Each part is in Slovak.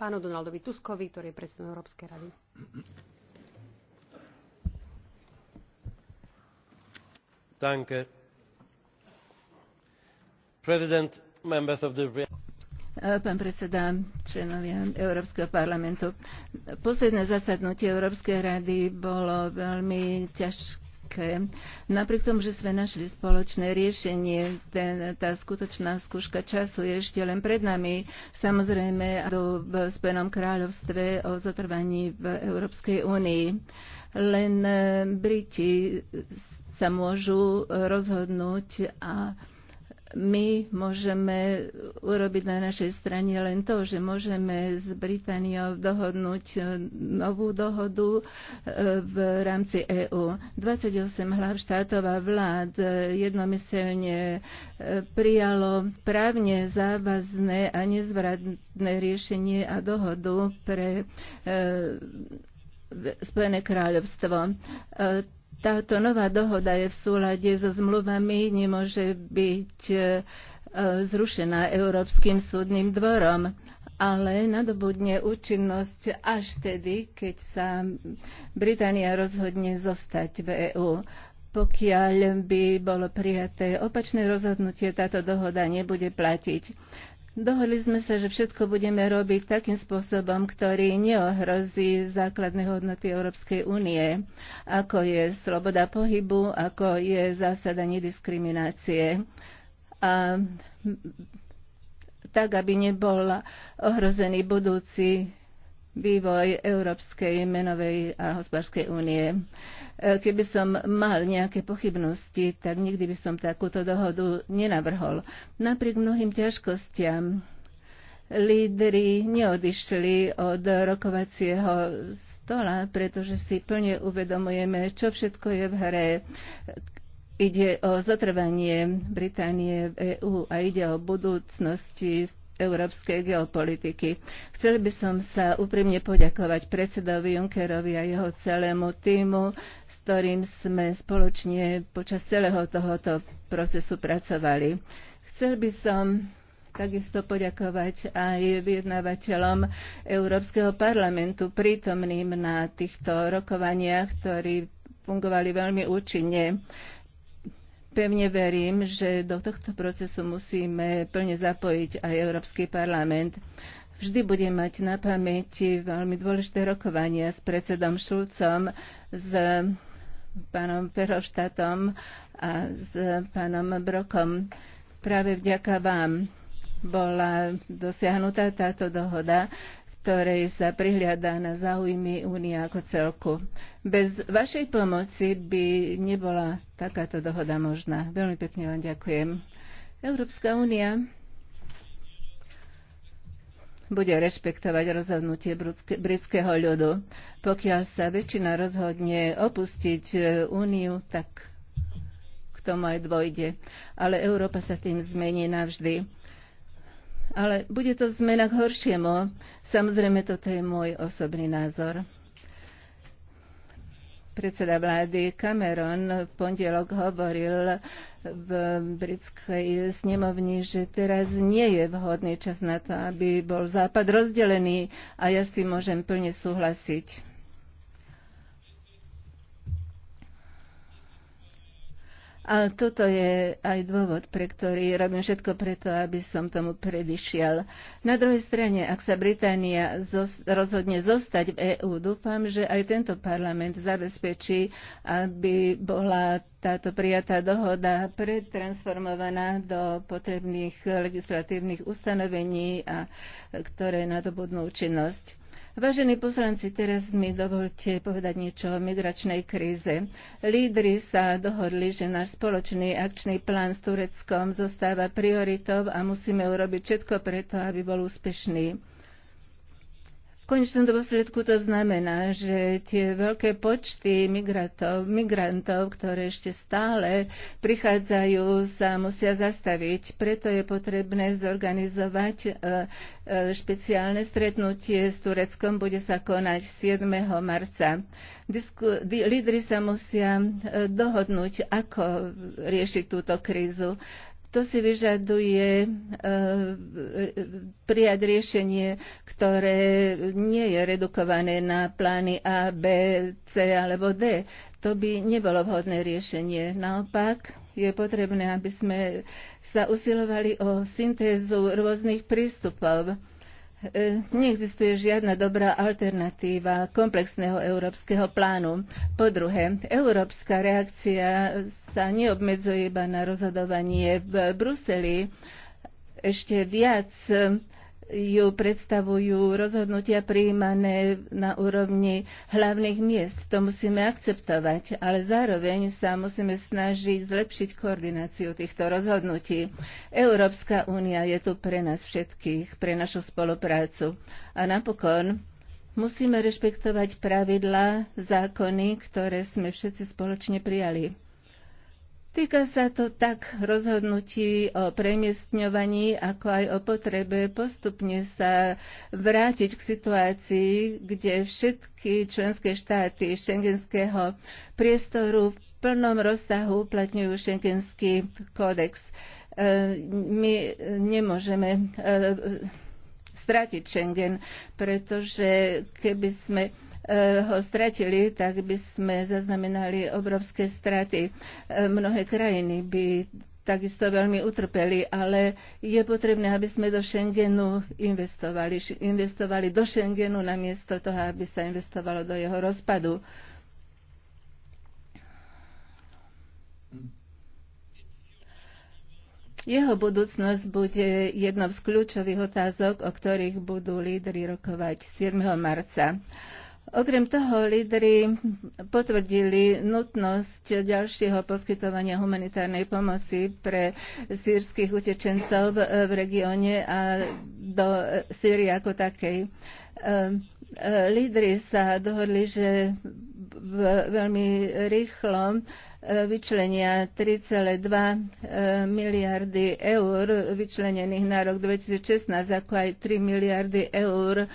pánu Donaldovi Tuskovi, ktorý je predsedom Európskej rady. Danke. President, members of the eh, pán predseda, členovia Európskeho parlamentu. Posledné zasadnutie Európskej rady bolo veľmi ťažké také. Napriek tomu, že sme našli spoločné riešenie, ten, tá skutočná skúška času je ešte len pred nami. Samozrejme, do, v Spojenom kráľovstve o zotrvaní v Európskej únii. Len eh, Briti sa môžu rozhodnúť a my môžeme urobiť na našej strane len to, že môžeme s Britániou dohodnúť e, novú dohodu e, v rámci EÚ. 28 hlav štátov a vlád e, jednomyselne prijalo právne závazné a nezvratné riešenie a dohodu pre Spojené kráľovstvo. Táto nová dohoda je v súlade so zmluvami, nemôže byť e, zrušená Európskym súdnym dvorom, ale nadobudne účinnosť až tedy, keď sa Británia rozhodne zostať v EÚ. Pokiaľ by bolo prijaté opačné rozhodnutie, táto dohoda nebude platiť. Dohodli sme sa, že všetko budeme robiť takým spôsobom, ktorý neohrozí základné hodnoty Európskej únie, ako je sloboda pohybu, ako je zásada nediskriminácie. A tak, aby nebol ohrozený budúci vývoj Európskej menovej a hospodárskej únie. Keby som mal nejaké pochybnosti, tak nikdy by som takúto dohodu nenavrhol. Napriek mnohým ťažkostiam lídry neodišli od rokovacieho stola, pretože si plne uvedomujeme, čo všetko je v hre. Ide o zotrvanie Británie v EÚ a ide o budúcnosti európskej geopolitiky. Chcel by som sa úprimne poďakovať predsedovi Junckerovi a jeho celému týmu, s ktorým sme spoločne počas celého tohoto procesu pracovali. Chcel by som takisto poďakovať aj vyjednávateľom Európskeho parlamentu prítomným na týchto rokovaniach, ktorí fungovali veľmi účinne. Pevne verím, že do tohto procesu musíme plne zapojiť aj Európsky parlament. Vždy budem mať na pamäti veľmi dôležité rokovania s predsedom Šulcom, s pánom Ferroštátom a s pánom Brokom. Práve vďaka vám bola dosiahnutá táto dohoda ktorej sa prihliada na záujmy únie ako celku. Bez vašej pomoci by nebola takáto dohoda možná. Veľmi pekne vám ďakujem. Európska únia bude rešpektovať rozhodnutie britského ľudu. Pokiaľ sa väčšina rozhodne opustiť e, úniu, tak k tomu aj dôjde. Ale Európa sa tým zmení navždy. Ale bude to zmena k horšiemu. Samozrejme, toto je môj osobný názor. Predseda vlády Cameron v pondelok hovoril v britskej snemovni, že teraz nie je vhodný čas na to, aby bol Západ rozdelený a ja s tým môžem plne súhlasiť. A toto je aj dôvod, pre ktorý robím všetko preto, aby som tomu predišiel. Na druhej strane, ak sa Británia zos- rozhodne zostať v EÚ, dúfam, že aj tento parlament zabezpečí, aby bola táto prijatá dohoda pretransformovaná do potrebných legislatívnych ustanovení, a ktoré nadobudnú účinnosť. Vážení poslanci, teraz mi dovolte povedať niečo o migračnej kríze. Lídry sa dohodli, že náš spoločný akčný plán s Tureckom zostáva prioritou a musíme urobiť všetko preto, aby bol úspešný konečnom dôsledku to znamená, že tie veľké počty migrantov, migrantov, ktoré ešte stále prichádzajú, sa musia zastaviť. Preto je potrebné zorganizovať e, e, špeciálne stretnutie s Tureckom. Bude sa konať 7. marca. Disku, lídry sa musia e, dohodnúť, ako riešiť túto krízu. To si vyžaduje e, e, prijať riešenie, ktoré nie je redukované na plány A, B, C alebo D. To by nebolo vhodné riešenie. Naopak je potrebné, aby sme sa usilovali o syntézu rôznych prístupov E, neexistuje žiadna dobrá alternatíva komplexného európskeho plánu. Po druhé, európska reakcia sa neobmedzuje iba na rozhodovanie v Bruseli. Ešte viac ju predstavujú rozhodnutia prijímané na úrovni hlavných miest. To musíme akceptovať, ale zároveň sa musíme snažiť zlepšiť koordináciu týchto rozhodnutí. Európska únia je tu pre nás všetkých, pre našu spoluprácu. A napokon musíme rešpektovať pravidlá, zákony, ktoré sme všetci spoločne prijali. Týka sa to tak rozhodnutí o premiestňovaní, ako aj o potrebe postupne sa vrátiť k situácii, kde všetky členské štáty šengenského priestoru v plnom rozsahu uplatňujú šengenský kódex. E, my nemôžeme e, e, stratiť Schengen, pretože keby sme Eh, ho stratili, tak by sme zaznamenali obrovské straty. Eh, mnohé krajiny by takisto veľmi utrpeli, ale je potrebné, aby sme do Schengenu investovali. Investovali do Schengenu namiesto toho, aby sa investovalo do jeho rozpadu. Jeho budúcnosť bude jednou z kľúčových otázok, o ktorých budú lídry rokovať 7. marca. Okrem toho lídry potvrdili nutnosť ďalšieho poskytovania humanitárnej pomoci pre sírskych utečencov v regióne a do Sýrie ako takej. Ehm, e, lídry sa dohodli, že veľmi rýchlo e, vyčlenia 3,2 e, miliardy eur vyčlenených na rok 2016, ako aj 3 miliardy eur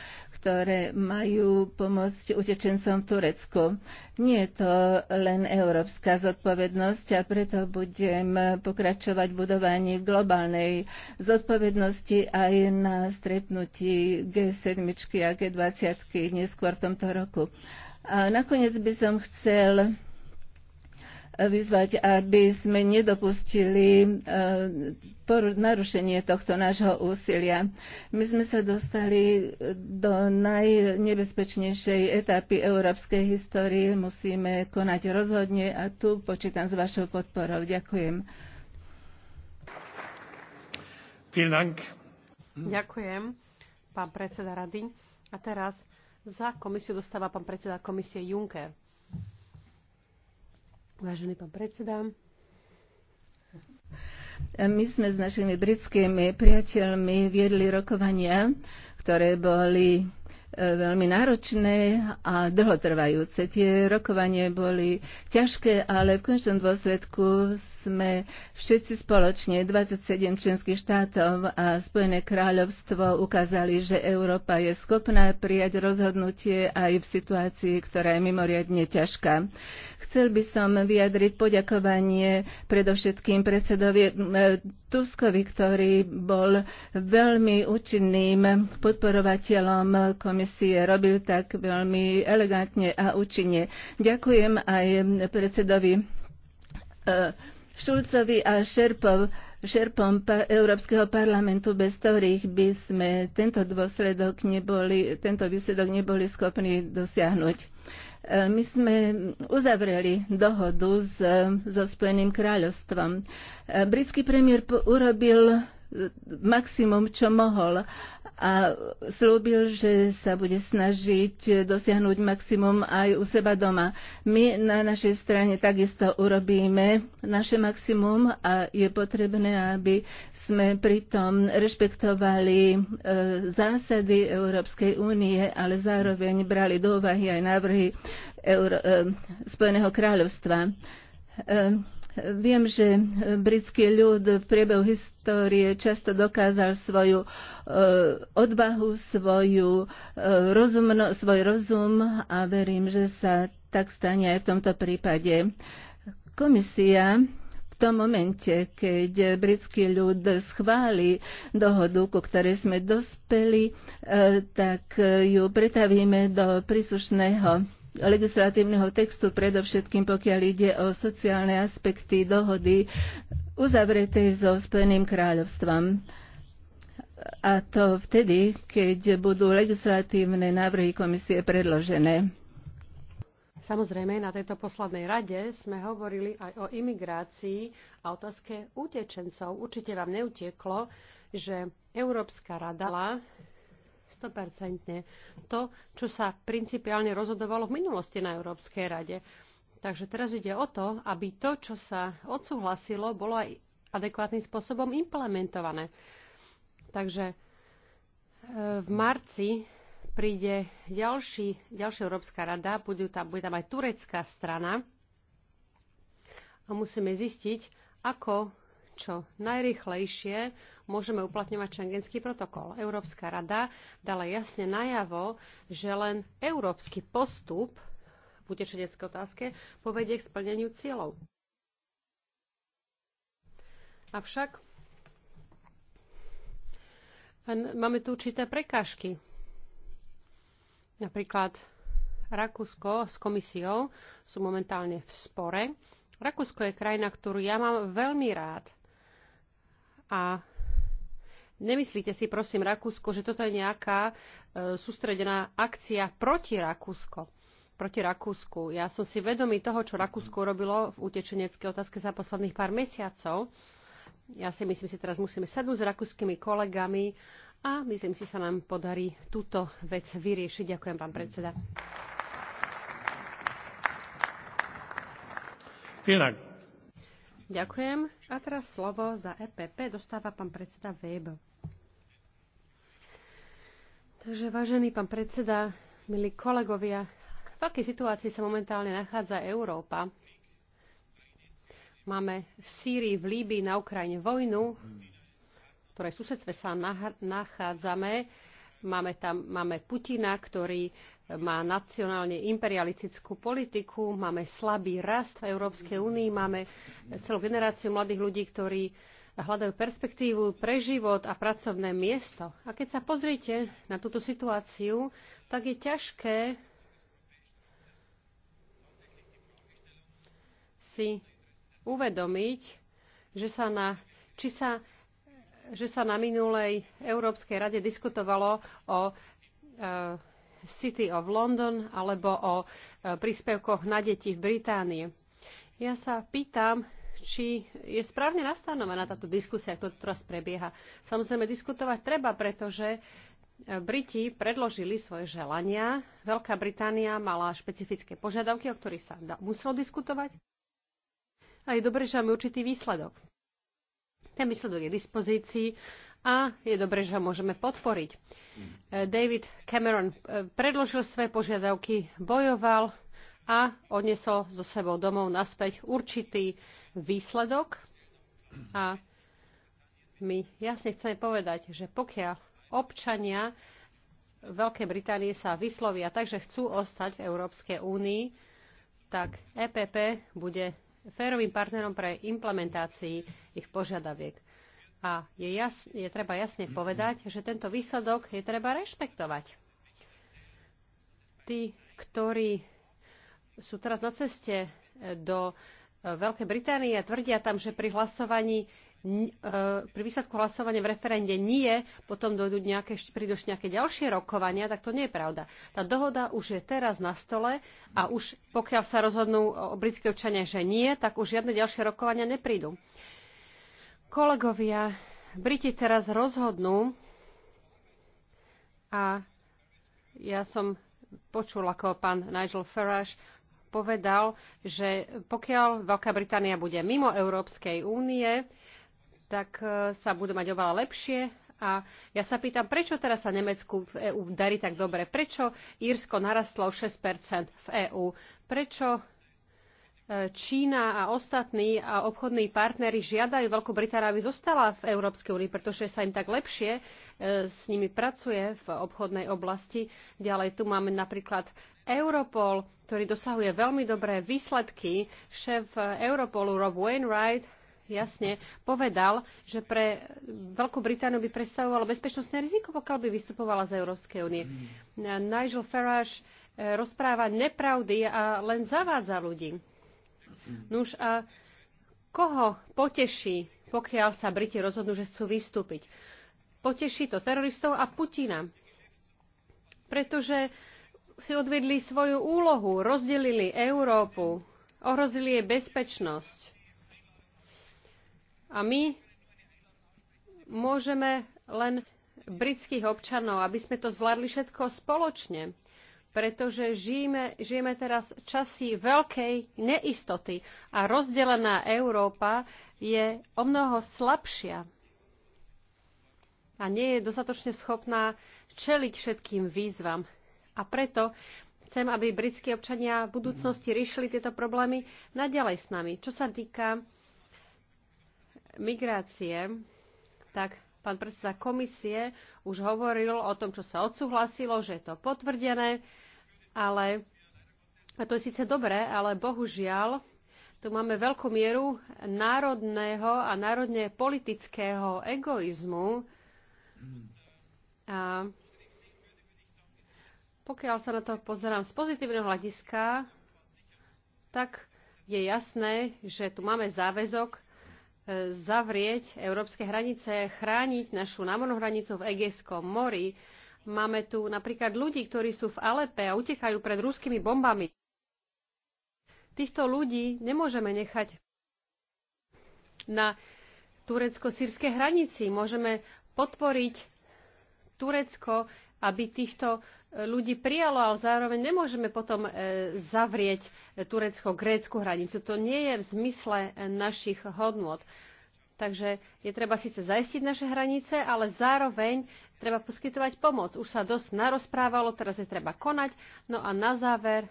ktoré majú pomôcť utečencom v Turecku. Nie je to len európska zodpovednosť a preto budem pokračovať v budovaní globálnej zodpovednosti aj na stretnutí G7 a G20 neskôr v tomto roku. A nakoniec by som chcel vyzvať, aby sme nedopustili eh, narušenie tohto nášho úsilia. My sme sa dostali do najnebezpečnejšej etapy európskej histórie. Musíme konať rozhodne a tu počítam s vašou podporou. Ďakujem. Ďakujem, pán predseda rady. A teraz za komisiu dostáva pán predseda komisie Juncker. Vážený pán predseda, my sme s našimi britskými priateľmi viedli rokovania, ktoré boli veľmi náročné a dlhotrvajúce. Tie rokovanie boli ťažké, ale v končnom dôsledku sme všetci spoločne, 27 členských štátov a Spojené kráľovstvo ukázali, že Európa je schopná prijať rozhodnutie aj v situácii, ktorá je mimoriadne ťažká. Chcel by som vyjadriť poďakovanie predovšetkým predsedovi eh, Tuskovi, ktorý bol veľmi účinným podporovateľom komisie komisie robil tak veľmi elegantne a účinne. Ďakujem aj predsedovi eh, Šulcovi a Šerpov, šerpom Európskeho parlamentu, bez ktorých by sme tento, dôsledok neboli, tento výsledok neboli schopní dosiahnuť. Eh, my sme uzavreli dohodu s, so Spojeným kráľovstvom. Eh, britský premiér urobil maximum, čo mohol a slúbil, že sa bude snažiť dosiahnuť maximum aj u seba doma. My na našej strane takisto urobíme naše maximum a je potrebné, aby sme pritom rešpektovali e, zásady Európskej únie, ale zároveň brali do úvahy aj návrhy e, Spojeného kráľovstva e, Viem, že britský ľud v priebehu histórie často dokázal svoju e, odvahu, svoju, e, rozumno, svoj rozum a verím, že sa tak stane aj v tomto prípade. Komisia v tom momente, keď britský ľud schváli dohodu, ku ktorej sme dospeli, e, tak ju pretavíme do príslušného legislatívneho textu, predovšetkým pokiaľ ide o sociálne aspekty dohody uzavretej so Spojeným kráľovstvom. A to vtedy, keď budú legislatívne návrhy komisie predložené. Samozrejme, na tejto poslednej rade sme hovorili aj o imigrácii a otázke utečencov. Určite vám neutieklo, že Európska rada 100% to, čo sa principiálne rozhodovalo v minulosti na Európskej rade. Takže teraz ide o to, aby to, čo sa odsúhlasilo, bolo aj adekvátnym spôsobom implementované. Takže e, v marci príde ďalší, ďalšia Európska rada, bude tam, bude tam aj turecká strana a musíme zistiť, ako čo najrychlejšie môžeme uplatňovať šengenský protokol. Európska rada dala jasne najavo, že len európsky postup v utečeneckej otázke povedie k splneniu cieľov. Avšak máme tu určité prekážky. Napríklad Rakúsko s komisiou sú momentálne v spore. Rakúsko je krajina, ktorú ja mám veľmi rád. A nemyslíte si, prosím, Rakúsko, že toto je nejaká e, sústredená akcia proti Rakúsko proti Rakúsku. Ja som si vedomý toho, čo Rakúsko urobilo v utečeneckej otázke za posledných pár mesiacov. Ja si myslím, si teraz musíme sadnúť s rakúskymi kolegami a myslím si, sa nám podarí túto vec vyriešiť. Ďakujem, pán predseda. Ďakujem. A teraz slovo za EPP dostáva pán predseda Weber. Takže vážený pán predseda, milí kolegovia, v akej situácii sa momentálne nachádza Európa? Máme v Sýrii, v Líbii, na Ukrajine vojnu, ktorej susedstve sa nachádzame. Máme tam máme Putina, ktorý má nacionálne imperialistickú politiku, máme slabý rast v Európskej únii, máme celú generáciu mladých ľudí, ktorí hľadajú perspektívu pre život a pracovné miesto. A keď sa pozriete na túto situáciu, tak je ťažké si uvedomiť, že sa na, či sa, že sa na minulej Európskej rade diskutovalo o e, City of London alebo o e, príspevkoch na deti v Británii. Ja sa pýtam, či je správne nastanovaná táto diskusia, ktorá teraz prebieha. Samozrejme, diskutovať treba, pretože e, Briti predložili svoje želania. Veľká Británia mala špecifické požiadavky, o ktorých sa muselo diskutovať. A je dobré, že máme určitý výsledok. Ten výsledok je dispozícii a je dobré, že ho môžeme podporiť. Mhm. E, David Cameron e, predložil svoje požiadavky, bojoval a odnesol zo sebou domov naspäť určitý výsledok. A my jasne chceme povedať, že pokiaľ občania Veľkej Británie sa vyslovia tak, že chcú ostať v Európskej únii, tak EPP bude férovým partnerom pre implementácii ich požiadaviek. A je, jas, je treba jasne povedať, že tento výsledok je treba rešpektovať. Tí, ktorí sú teraz na ceste e, do e, Veľkej Británie a tvrdia tam, že pri hlasovaní e, pri výsledku hlasovania v referende nie, potom dojdú nejaké, prídu nejaké ďalšie rokovania, tak to nie je pravda. Tá dohoda už je teraz na stole a už pokiaľ sa rozhodnú britské občania, že nie, tak už žiadne ďalšie rokovania neprídu. Kolegovia, Briti teraz rozhodnú a ja som počul, ako pán Nigel Farage povedal, že pokiaľ Veľká Británia bude mimo Európskej únie, tak e, sa budú mať oveľa lepšie. A ja sa pýtam, prečo teraz sa Nemecku v EÚ darí tak dobre? Prečo Írsko narastlo 6 v EÚ? Prečo Čína a ostatní a obchodní partnery žiadajú Veľkú Britániu, aby zostala v Európskej únii, pretože sa im tak lepšie e, s nimi pracuje v obchodnej oblasti. Ďalej tu máme napríklad Europol, ktorý dosahuje veľmi dobré výsledky. Šéf Europolu Rob Wainwright jasne povedal, že pre Veľkú Britániu by predstavovalo bezpečnostné riziko, pokiaľ by vystupovala z Európskej únie. Mm. Nigel Farage e, rozpráva nepravdy a len zavádza ľudí Mm. Nuž a koho poteší, pokiaľ sa Briti rozhodnú, že chcú vystúpiť? Poteší to teroristov a Putina. Pretože si odvedli svoju úlohu, rozdelili Európu, ohrozili jej bezpečnosť. A my môžeme len britských občanov, aby sme to zvládli všetko spoločne pretože žijeme, žijeme teraz časy veľkej neistoty a rozdelená Európa je o mnoho slabšia a nie je dostatočne schopná čeliť všetkým výzvam. A preto chcem, aby britskí občania v budúcnosti riešili tieto problémy naďalej s nami. Čo sa týka migrácie, tak pán predseda komisie už hovoril o tom, čo sa odsúhlasilo, že je to potvrdené ale a to je síce dobré, ale bohužiaľ tu máme veľkú mieru národného a národne politického egoizmu. A pokiaľ sa na to pozerám z pozitívneho hľadiska, tak je jasné, že tu máme záväzok e, zavrieť európske hranice, chrániť našu námornú hranicu v Egejskom mori. Máme tu napríklad ľudí, ktorí sú v Alepe a utekajú pred ruskými bombami. Týchto ľudí nemôžeme nechať na turecko-sírskej hranici. Môžeme podporiť Turecko, aby týchto e, ľudí prijalo, ale zároveň nemôžeme potom e, zavrieť turecko-grécku hranicu. To nie je v zmysle e, našich hodnot. Takže je treba síce zajistiť naše hranice, ale zároveň treba poskytovať pomoc. Už sa dosť narozprávalo, teraz je treba konať. No a na záver,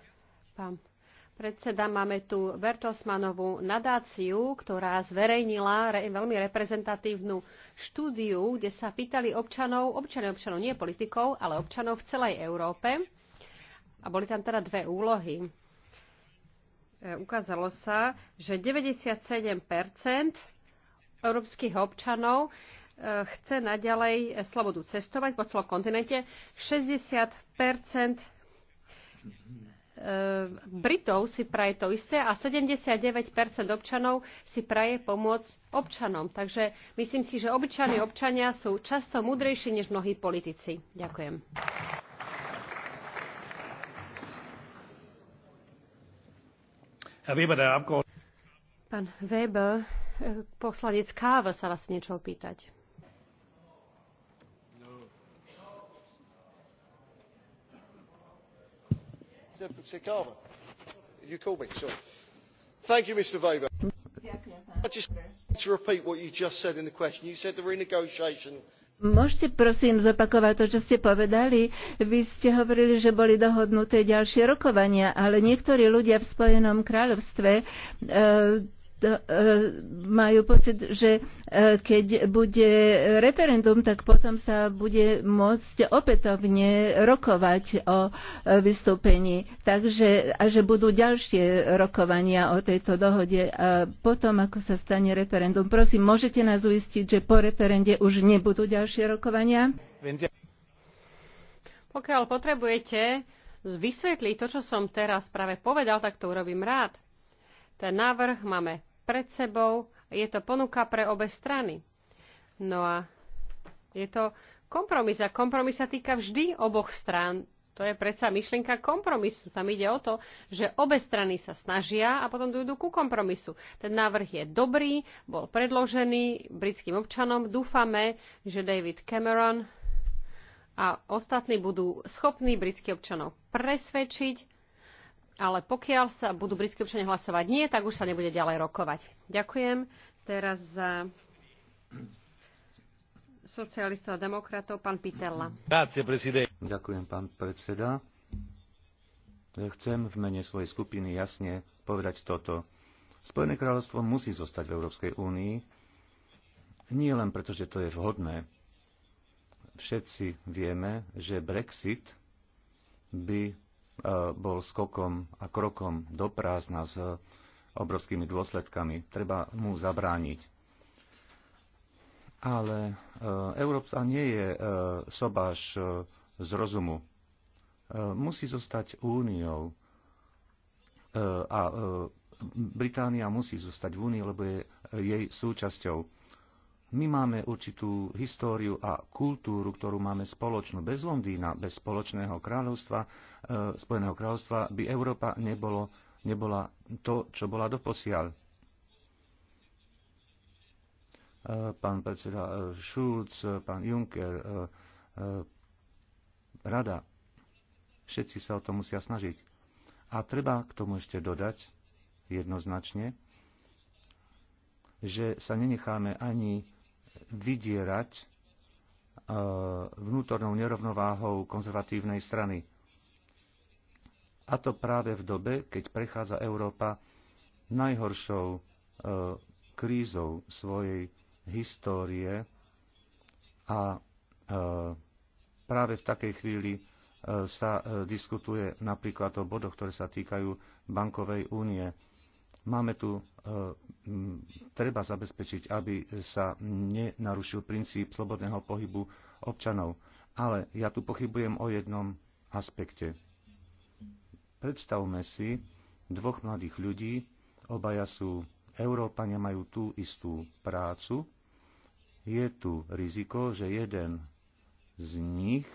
pán predseda, máme tu Bertelsmanovú nadáciu, ktorá zverejnila re, veľmi reprezentatívnu štúdiu, kde sa pýtali občanov, občanov, občanov, nie politikov, ale občanov v celej Európe. A boli tam teda dve úlohy. E, ukázalo sa, že 97 európskych občanov e, chce naďalej e, slobodu cestovať po celom kontinente. 60 e, Britov si praje to isté a 79 občanov si praje pomôcť občanom. Takže myslím si, že obyčajní občania sú často múdrejší než mnohí politici. Ďakujem. Pán Weber, Poslanec Káva sa vás niečo opýtať. No. Môžete prosím zopakovať to, čo ste povedali? Vy ste hovorili, že boli dohodnuté ďalšie rokovania, ale niektorí ľudia v Spojenom kráľovstve e, E, majú pocit, že e, keď bude referendum, tak potom sa bude môcť opätovne rokovať o e, vystúpení. Takže a že budú ďalšie rokovania o tejto dohode a potom, ako sa stane referendum. Prosím, môžete nás uistiť, že po referende už nebudú ďalšie rokovania? Pokiaľ potrebujete vysvetliť to, čo som teraz práve povedal, tak to urobím rád. Ten návrh máme pred sebou. Je to ponuka pre obe strany. No a je to kompromis a kompromis sa týka vždy oboch strán. To je predsa myšlienka kompromisu. Tam ide o to, že obe strany sa snažia a potom dojdú ku kompromisu. Ten návrh je dobrý, bol predložený britským občanom. Dúfame, že David Cameron a ostatní budú schopní britských občanov presvedčiť ale pokiaľ sa budú britskí občania hlasovať nie, tak už sa nebude ďalej rokovať. Ďakujem. Teraz za socialistov a demokratov pán Pitella. Ďakujem, pán predseda. Chcem v mene svojej skupiny jasne povedať toto. Spojené kráľovstvo musí zostať v Európskej únii, nie len preto, že to je vhodné. Všetci vieme, že Brexit by Eh, bol skokom a krokom do prázdna s obrovskými dôsledkami. Treba mu zabrániť. Ale eh, Európa nie je eh, sobáš z rozumu. Musí zostať úniou a Británia musí zostať v únii, lebo je jej súčasťou. My máme určitú históriu a kultúru, ktorú máme spoločnú. Bez Londýna, bez spoločného kráľovstva, e, Spojeného kráľovstva, by Európa nebolo, nebola to, čo bola doposiaľ. E, pán predseda e, Schulz, e, pán Juncker, e, e, rada, všetci sa o to musia snažiť. A treba k tomu ešte dodať jednoznačne, že sa nenecháme ani vydierať e, vnútornou nerovnováhou konzervatívnej strany. A to práve v dobe, keď prechádza Európa najhoršou e, krízou svojej histórie a e, práve v takej chvíli sa diskutuje napríklad o bodoch, ktoré sa týkajú bankovej únie. Máme tu treba zabezpečiť, aby sa nenarušil princíp slobodného pohybu občanov. Ale ja tu pochybujem o jednom aspekte. Predstavme si dvoch mladých ľudí, obaja sú Európania, majú tú istú prácu. Je tu riziko, že jeden z nich,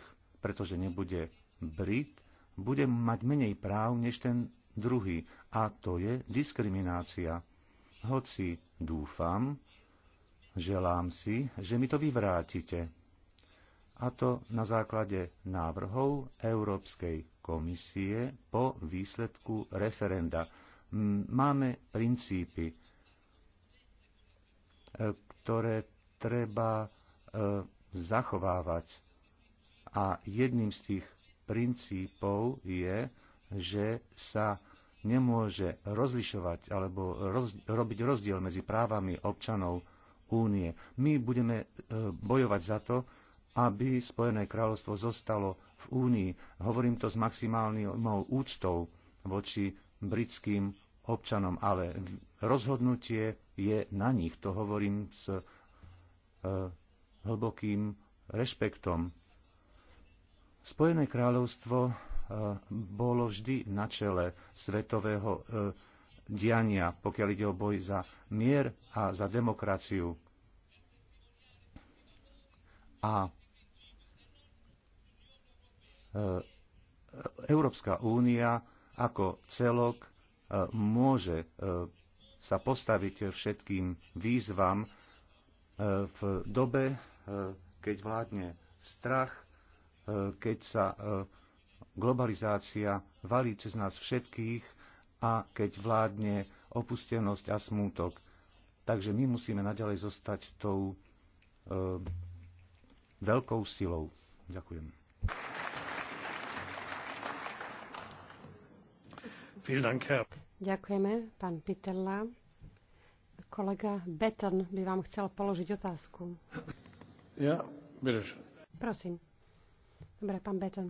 pretože nebude Brit, bude mať menej práv než ten druhý. A to je diskriminácia hoci dúfam, želám si, že mi to vyvrátite. A to na základe návrhov Európskej komisie po výsledku referenda. Máme princípy, e, ktoré treba e, zachovávať. A jedným z tých princípov je, že sa nemôže rozlišovať alebo roz, robiť rozdiel medzi právami občanov únie. My budeme e, bojovať za to, aby Spojené kráľovstvo zostalo v únii. Hovorím to s maximálnou úctou voči britským občanom, ale rozhodnutie je na nich. To hovorím s e, hlbokým rešpektom. Spojené kráľovstvo bolo vždy na čele svetového e, diania, pokiaľ ide o boj za mier a za demokraciu. A e, Európska únia ako celok e, môže sa postaviť všetkým výzvam v dobe, keď vládne strach, keď sa Globalizácia valí cez nás všetkých a keď vládne opustenosť a smútok. Takže my musíme naďalej zostať tou e, veľkou silou. Ďakujem. Ďakujeme, pán Piterla. Kolega Beton by vám chcel položiť otázku. Ja, Prosím. Dobre, pán Beton.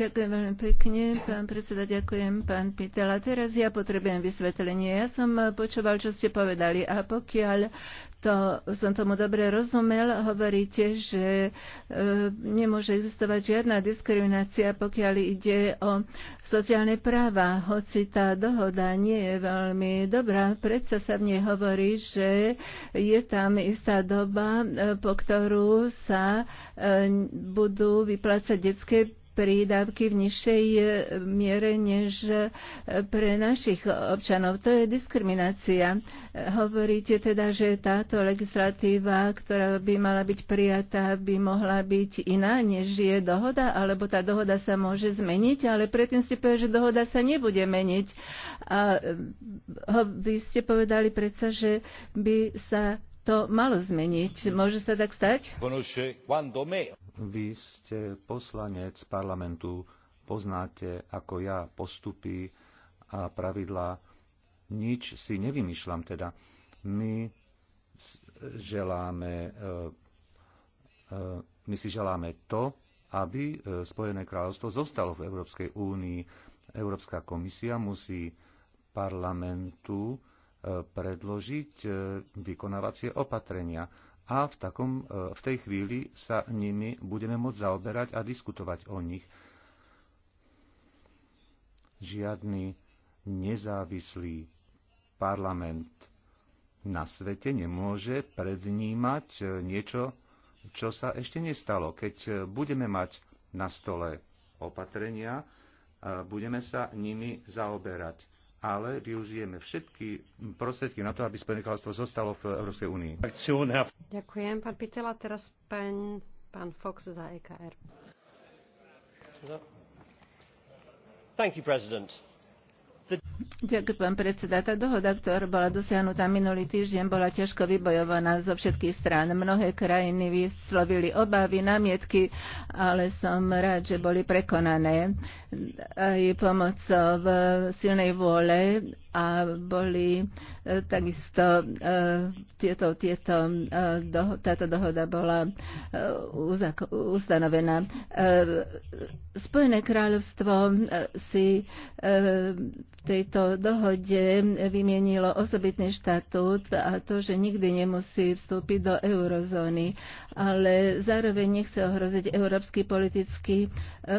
Ďakujem veľmi pekne, pán predseda, ďakujem, pán Pitel. A teraz ja potrebujem vysvetlenie. Ja som počúval, čo ste povedali a pokiaľ to, som tomu dobre rozumel, hovoríte, že e, nemôže existovať žiadna diskriminácia, pokiaľ ide o sociálne práva, hoci tá dohoda nie je veľmi dobrá. Predsa sa v nej hovorí, že je tam istá doba, e, po ktorú sa e, budú vyplácať detské prídavky v nižšej e, miere než e, pre našich občanov. To je diskriminácia. Hovoríte teda, že táto legislatíva, ktorá by mala byť prijatá, by mohla byť iná, než je dohoda, alebo tá dohoda sa môže zmeniť, ale predtým si povedal, že dohoda sa nebude meniť. A e, vy ste povedali predsa, že by sa to malo zmeniť. Môže sa tak stať? Vy ste poslanec parlamentu, poznáte ako ja postupy a pravidlá. Nič si nevymýšľam teda. My želáme, e, e, my si želáme to, aby e, Spojené kráľovstvo zostalo v Európskej únii. Európska komisia musí parlamentu predložiť e, vykonávacie opatrenia a v, takom, e, v tej chvíli sa nimi budeme môcť zaoberať a diskutovať o nich. Žiadny nezávislý parlament na svete nemôže prednímať e, niečo, čo sa ešte nestalo. Keď budeme mať na stole opatrenia, budeme sa nimi zaoberať ale využijeme všetky prostriedky na to, aby Spojené kráľovstvo zostalo v Európskej únii. Ďakujem, pán Pitela. Teraz pán, pán Fox za EKR. Thank you, President. The... Ďakujem, pán predseda. Tá dohoda, ktorá bola dosiahnutá minulý týždeň, bola ťažko vybojovaná zo všetkých strán. Mnohé krajiny vyslovili obavy, námietky, ale som rád, že boli prekonané aj pomocou silnej vôle a boli e, takisto e, tieto, tieto, e, táto dohoda bola ustanovená. Spojené kráľovstvo si v tej tejto dohode vymienilo osobitný štatút a to, že nikdy nemusí vstúpiť do eurozóny ale zároveň nechce ohroziť európsky politický e,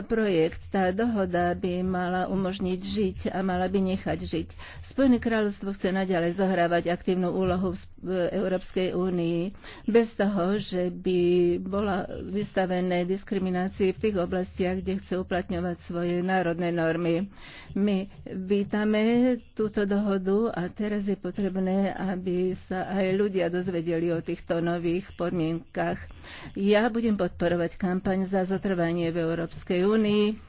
projekt. Tá dohoda by mala umožniť žiť a mala by nechať žiť. Spojené kráľovstvo chce naďalej zohrávať aktívnu úlohu v Európskej únii bez toho, že by bola vystavené diskriminácii v tých oblastiach, kde chce uplatňovať svoje národné normy. My vítame túto dohodu a teraz je potrebné, aby sa aj ľudia dozvedeli o týchto nových podmienkach voľbách. Ja budem podporovať kampaň za zotrvanie v Európskej únii.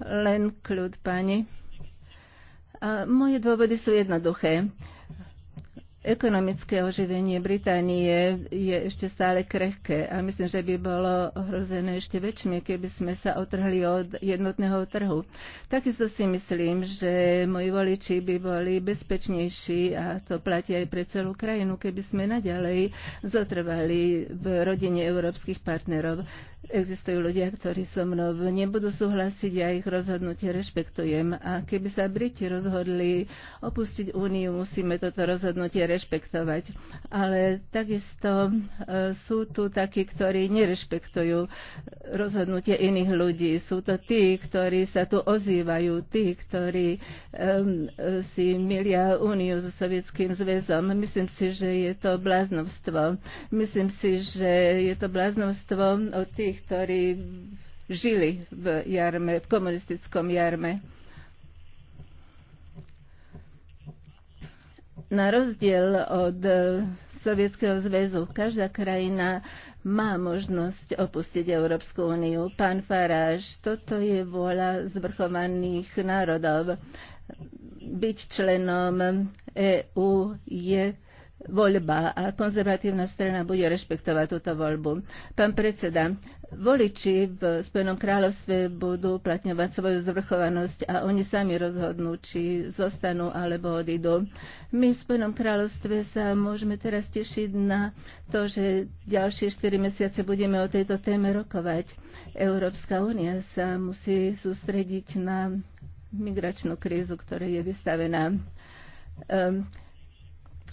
Len kľud, pani. A moje dôvody sú jednoduché. Ekonomické oživenie Británie je ešte stále krehké a myslím, že by bolo ohrozené ešte väčšie, keby sme sa otrhli od jednotného trhu. Takisto si myslím, že moji voliči by boli bezpečnejší a to platí aj pre celú krajinu, keby sme naďalej zotrvali v rodine európskych partnerov. Existujú ľudia, ktorí so mnou nebudú súhlasiť, ja ich rozhodnutie rešpektujem. A keby sa Briti rozhodli opustiť Úniu, musíme toto rozhodnutie rešpektovať. Ale takisto e, sú tu takí, ktorí nerešpektujú rozhodnutie iných ľudí. Sú to tí, ktorí sa tu ozývajú, tí, ktorí um, si milia Úniu so Sovietským zväzom. Myslím si, že je to bláznovstvo. Myslím si, že je to bláznovstvo od tých, tých, ktorí žili v jarme, v komunistickom jarme. Na rozdiel od eh, Sovietskeho zväzu. Každá krajina má možnosť opustiť Európsku úniu. Pán Faráž, toto je vôľa zvrchovaných národov. Byť členom EÚ je voľba a konzervatívna strana bude rešpektovať túto voľbu. Pán predseda, voliči v Spojenom kráľovstve budú uplatňovať svoju zvrchovanosť a oni sami rozhodnú, či zostanú alebo odídu. My v Spojenom kráľovstve sa môžeme teraz tešiť na to, že ďalšie 4 mesiace budeme o tejto téme rokovať. Európska únia sa musí sústrediť na migračnú krízu, ktorá je vystavená. Um,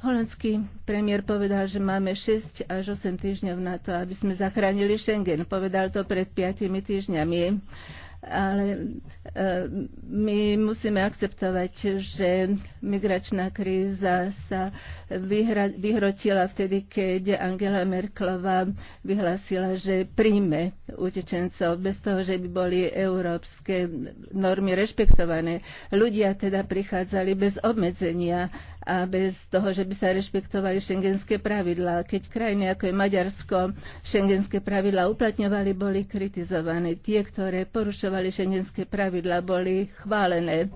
Holandský premiér povedal, že máme 6 až 8 týždňov na to, aby sme zachránili Schengen. Povedal to pred 5 týždňami. Ale e, my musíme akceptovať, že migračná kríza sa vyhra, vyhrotila vtedy, keď Angela Merklova vyhlásila, že príjme utečencov bez toho, že by boli európske normy rešpektované. Ľudia teda prichádzali bez obmedzenia a bez toho, že by sa rešpektovali šengenské pravidlá. Keď krajiny ako je Maďarsko šengenské pravidlá uplatňovali, boli kritizované. Tie, ktoré porušovali šengenské pravidlá, boli chválené.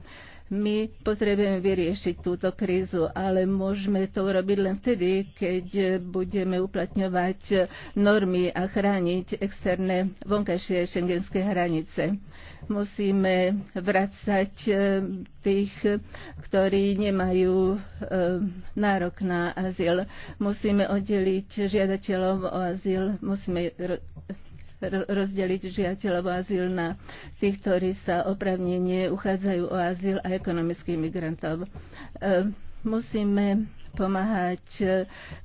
My potrebujeme vyriešiť túto krízu, ale môžeme to urobiť len vtedy, keď budeme uplatňovať normy a chrániť externé vonkajšie šengenské hranice musíme vracať e, tých, ktorí nemajú e, nárok na azyl. Musíme oddeliť žiadateľov o azyl, musíme rozdeliť žiateľov azyl na tých, ktorí sa opravnenie uchádzajú o azyl a ekonomických migrantov. E, musíme pomáhať e,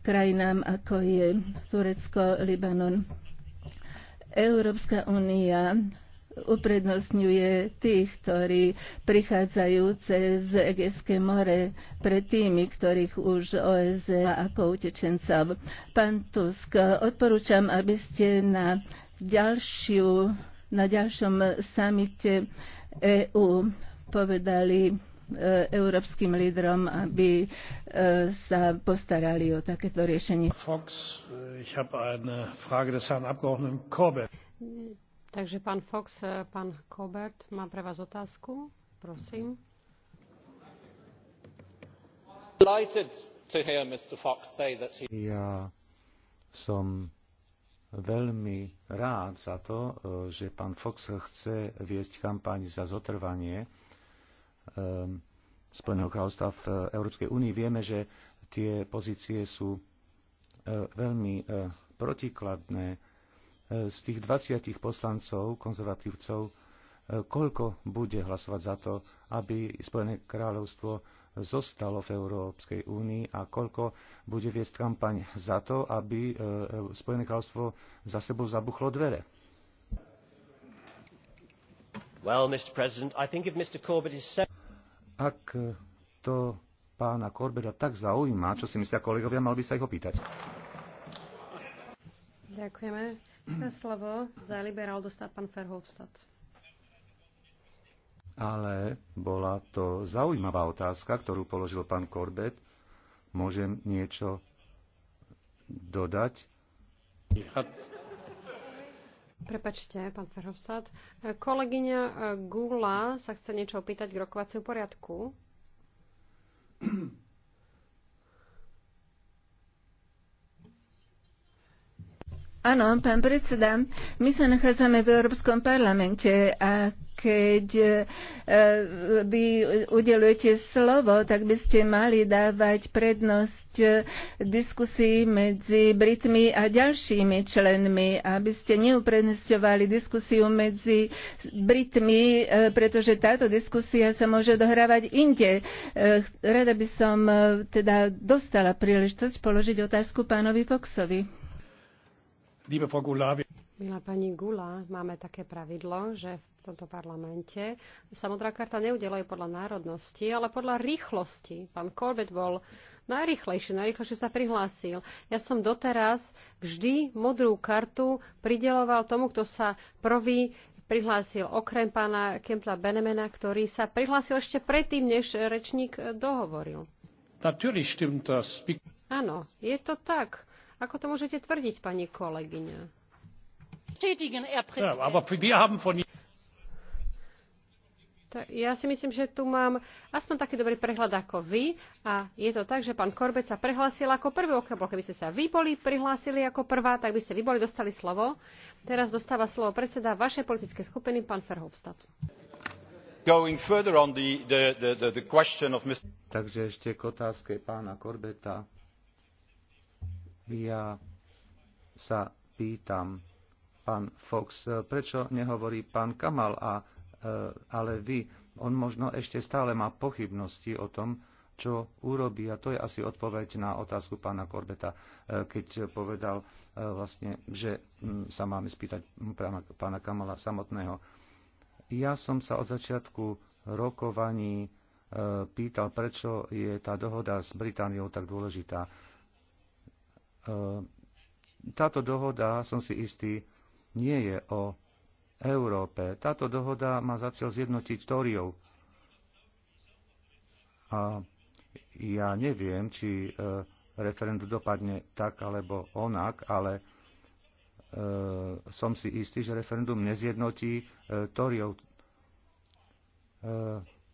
krajinám, ako je Turecko, Libanon. Európska únia uprednostňuje tých, ktorí prichádzajú cez Egejské more pred tými, ktorých už OSZ e ako utečencov. Pán Tusk, odporúčam, aby ste na ďalšiu, na ďalšom samite EU povedali e, európskym lídrom, aby e, sa postarali o takéto riešenie. Fox, e, ich habe eine Frage des Herrn Abgeordneten Corbett. Takže pán Fox, pán Kobert, má pre vás otázku. Prosím. Ja som veľmi rád za to, e, že pán Fox chce viesť kampaň za zotrvanie e, Spojeného kráľovstva v e, Európskej únii. Vieme, že tie pozície sú veľmi protikladné. Z tých 20 poslancov, konzervatívcov, koľko bude hlasovať za to, aby Spojené kráľovstvo zostalo v Európskej únii a koľko bude viesť kampaň za to, aby e, Spojené kráľovstvo za sebou zabuchlo dvere. Ak to pána Korbeda tak zaujíma, čo si myslia kolegovia, mal by sa ich opýtať. Ďakujeme. Na slovo za liberál dostá pán Ferhofstadt ale bola to zaujímavá otázka, ktorú položil pán Korbet. Môžem niečo dodať? Prepačte, pán Ferhofstad. Kolegyňa Gula sa chce niečo opýtať k rokovaciu poriadku. Áno, pán predseda, my sa nachádzame v Európskom parlamente a keď e, vy udelujete slovo, tak by ste mali dávať prednosť e, diskusii medzi Britmi a ďalšími členmi, aby ste neuprednostňovali diskusiu medzi Britmi, e, pretože táto diskusia sa môže dohrávať inde. Rada by som teda dostala príležitosť položiť otázku pánovi Foxovi. Liebe Frau Gulavi, Milá pani Gula, máme také pravidlo, že v tomto parlamente sa modrá karta neudelajú podľa národnosti, ale podľa rýchlosti. Pán Corbett bol najrychlejší, najrychlejšie sa prihlásil. Ja som doteraz vždy modrú kartu prideloval tomu, kto sa prvý prihlásil, okrem pána Kempla Benemena, ktorý sa prihlásil ešte predtým, než rečník dohovoril. Áno, je to tak. Ako to môžete tvrdiť, pani kolegyňa? Er ja si myslím, že tu mám aspoň taký dobrý prehľad ako vy a je to tak, že pán corbett sa prihlásil ako prvý okamžik. Keby ste sa vy boli prihlásili ako prvá, tak by ste vy boli dostali slovo. Teraz dostáva slovo predseda vašej politické skupiny, pán verhofstadt Takže ešte k otázke pána Korbeta. Ja sa pýtam, pán Fox, e, prečo nehovorí pán Kamal, a, e, ale vy? On možno ešte stále má pochybnosti o tom, čo urobí. A to je asi odpoveď na otázku pána Korbeta, e, keď povedal vlastne, že sa máme spýtať pána Kamala samotného. Ja som sa od začiatku rokovaní pýtal, prečo je tá dohoda s Britániou tak dôležitá. Táto dohoda, som si istý, nie je o Európe. Táto dohoda má za cieľ zjednotiť Tóriov. A ja neviem, či e, referendum dopadne tak alebo onak, ale e, som si istý, že referendum nezjednotí E, e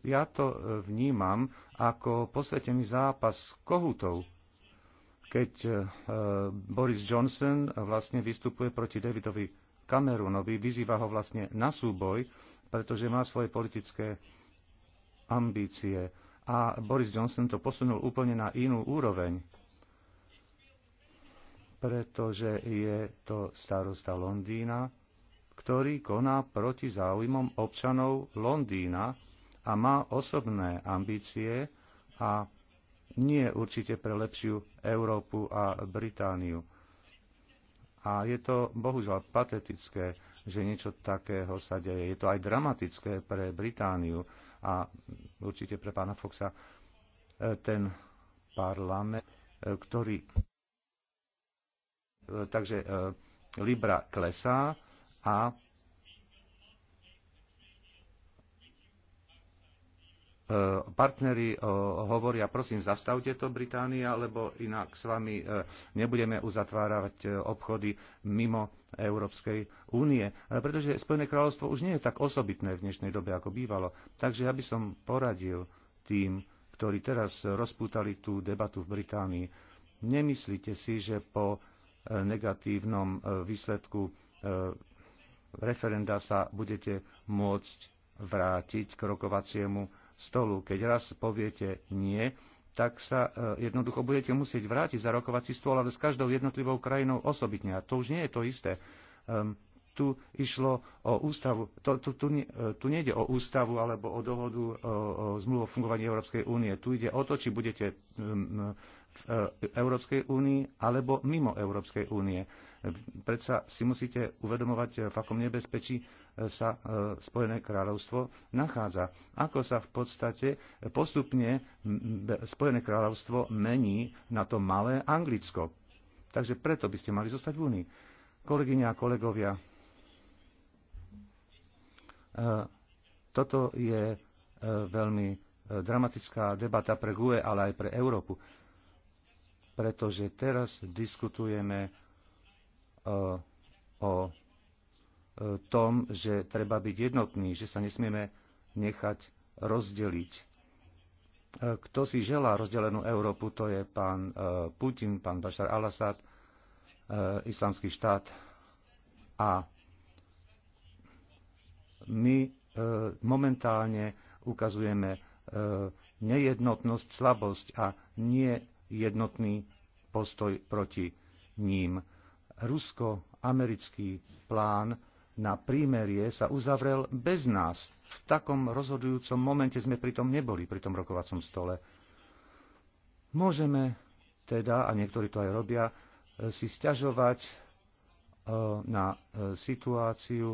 Ja to vnímam ako posvetený zápas kohutov, keď Boris Johnson vlastne vystupuje proti Davidovi Kamerunovi, vyzýva ho vlastne na súboj, pretože má svoje politické ambície. A Boris Johnson to posunul úplne na inú úroveň, pretože je to starosta Londýna, ktorý koná proti záujmom občanov Londýna a má osobné ambície a nie určite pre lepšiu Európu a Britániu. A je to bohužiaľ patetické, že niečo takého sa deje. Je to aj dramatické pre Britániu a určite pre pána Foxa e, ten parlament, e, ktorý. E, takže Libra klesá a E, partneri e, hovoria, prosím, zastavte to Británia, lebo inak s vami e, nebudeme uzatvárať obchody mimo Európskej únie. Pretože Spojené kráľovstvo už nie je tak osobitné v dnešnej dobe, ako bývalo. Takže ja by som poradil tým, ktorí teraz rozpútali tú debatu v Británii. Nemyslíte si, že po negatívnom výsledku referenda sa budete môcť vrátiť k rokovaciemu stolu. Keď raz poviete nie, tak sa e, jednoducho budete musieť vrátiť za rokovací stôl, ale s každou jednotlivou krajinou osobitne. A to už nie je to isté. Um, tu išlo o ústavu, to, tu, tu, e, tu nejde o ústavu alebo o dohodu e, o, o zmluvu o fungovaní Európskej únie. Tu ide o to, či budete um, v Európskej únii alebo mimo Európskej únie. Predsa si musíte uvedomovať, v akom nebezpečí e, sa e, Spojené kráľovstvo nachádza. Ako sa v podstate postupne Spojené kráľovstvo mení na to malé Anglicko. Takže preto by ste mali zostať v Únii. Kolegyne a kolegovia, e, toto je veľmi dramatická debata pre GUE, ale aj pre Európu pretože teraz diskutujeme o tom, že treba byť jednotný, že sa nesmieme nechať rozdeliť. E, kto si želá rozdelenú Európu, to je pán e, Putin, pán Bashar al-Assad, e, islamský štát a my momentálne ukazujeme nejednotnosť, slabosť a nie jednotný postoj proti ním rusko-americký plán na prímerie sa uzavrel bez nás. V takom rozhodujúcom momente sme pritom neboli pri tom rokovacom stole. Môžeme teda, a niektorí to aj robia, si stiažovať e, na e, situáciu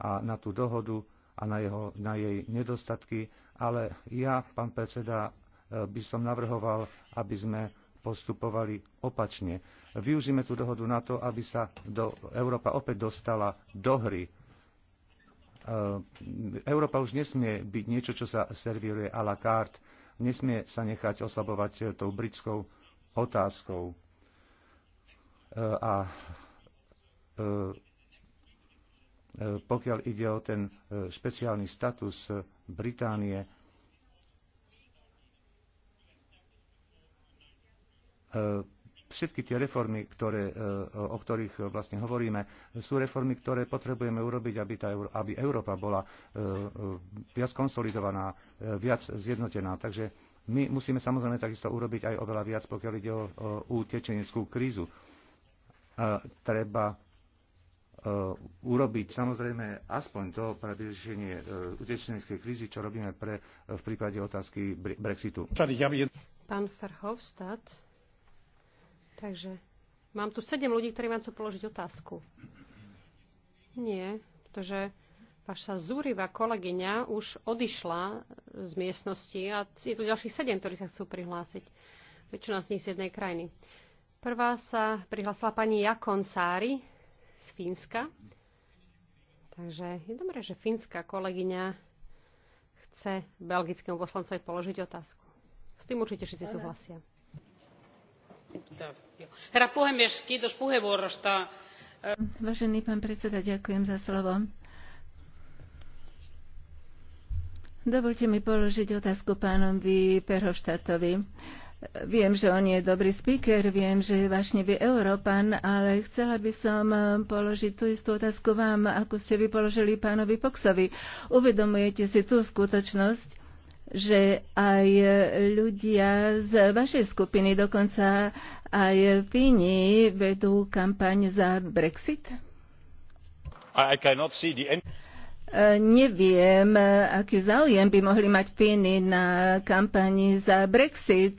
a na tú dohodu a na, jeho, na jej nedostatky, ale ja, pán predseda, e, by som navrhoval, aby sme postupovali opačne. Využíme tú dohodu na to, aby sa do, Európa opäť dostala do hry. E, Európa už nesmie byť niečo, čo sa servíruje à la carte. Nesmie sa nechať oslabovať tou britskou otázkou. E, a e, pokiaľ ide o ten špeciálny status Británie, E, všetky tie reformy, ktoré, e, o ktorých vlastne hovoríme, sú reformy, ktoré potrebujeme urobiť, aby, tá, aby Európa bola e, viac konsolidovaná, viac zjednotená. Takže my musíme samozrejme takisto urobiť aj oveľa viac, pokiaľ ide o, o utečeneckú krízu. A treba urobiť samozrejme aspoň to pre vyriešenie utečeneckej krízy, čo robíme pre, v prípade otázky Brexitu. Pán Verhofstadt, Takže mám tu sedem ľudí, ktorí vám chcú položiť otázku. Nie, pretože vaša zúrivá kolegyňa už odišla z miestnosti a je tu ďalších sedem, ktorí sa chcú prihlásiť. Väčšina z nich z jednej krajiny. Prvá sa prihlásila pani Jakon Sári z Fínska. Takže je dobré, že fínska kolegyňa chce belgickému poslancovi položiť otázku. S tým určite všetci súhlasia herra puhemies kiitos puheenvuorosta. vážený pán predseda ďakujem za slovo. dovoľte mi položiť otázku pánovi verhofstadtovi. Viem, že on je dobrý speaker, viem, že je vášnivý Európan, ale chcela by som položiť tú istú otázku vám, ako ste vy položili pánovi Foxovi. Uvedomujete si tú skutočnosť, že aj ľudia z vašej skupiny, dokonca aj Fíni, vedú kampaň za Brexit? I cannot see the end. E, neviem, aký záujem by mohli mať Fíny na kampani za Brexit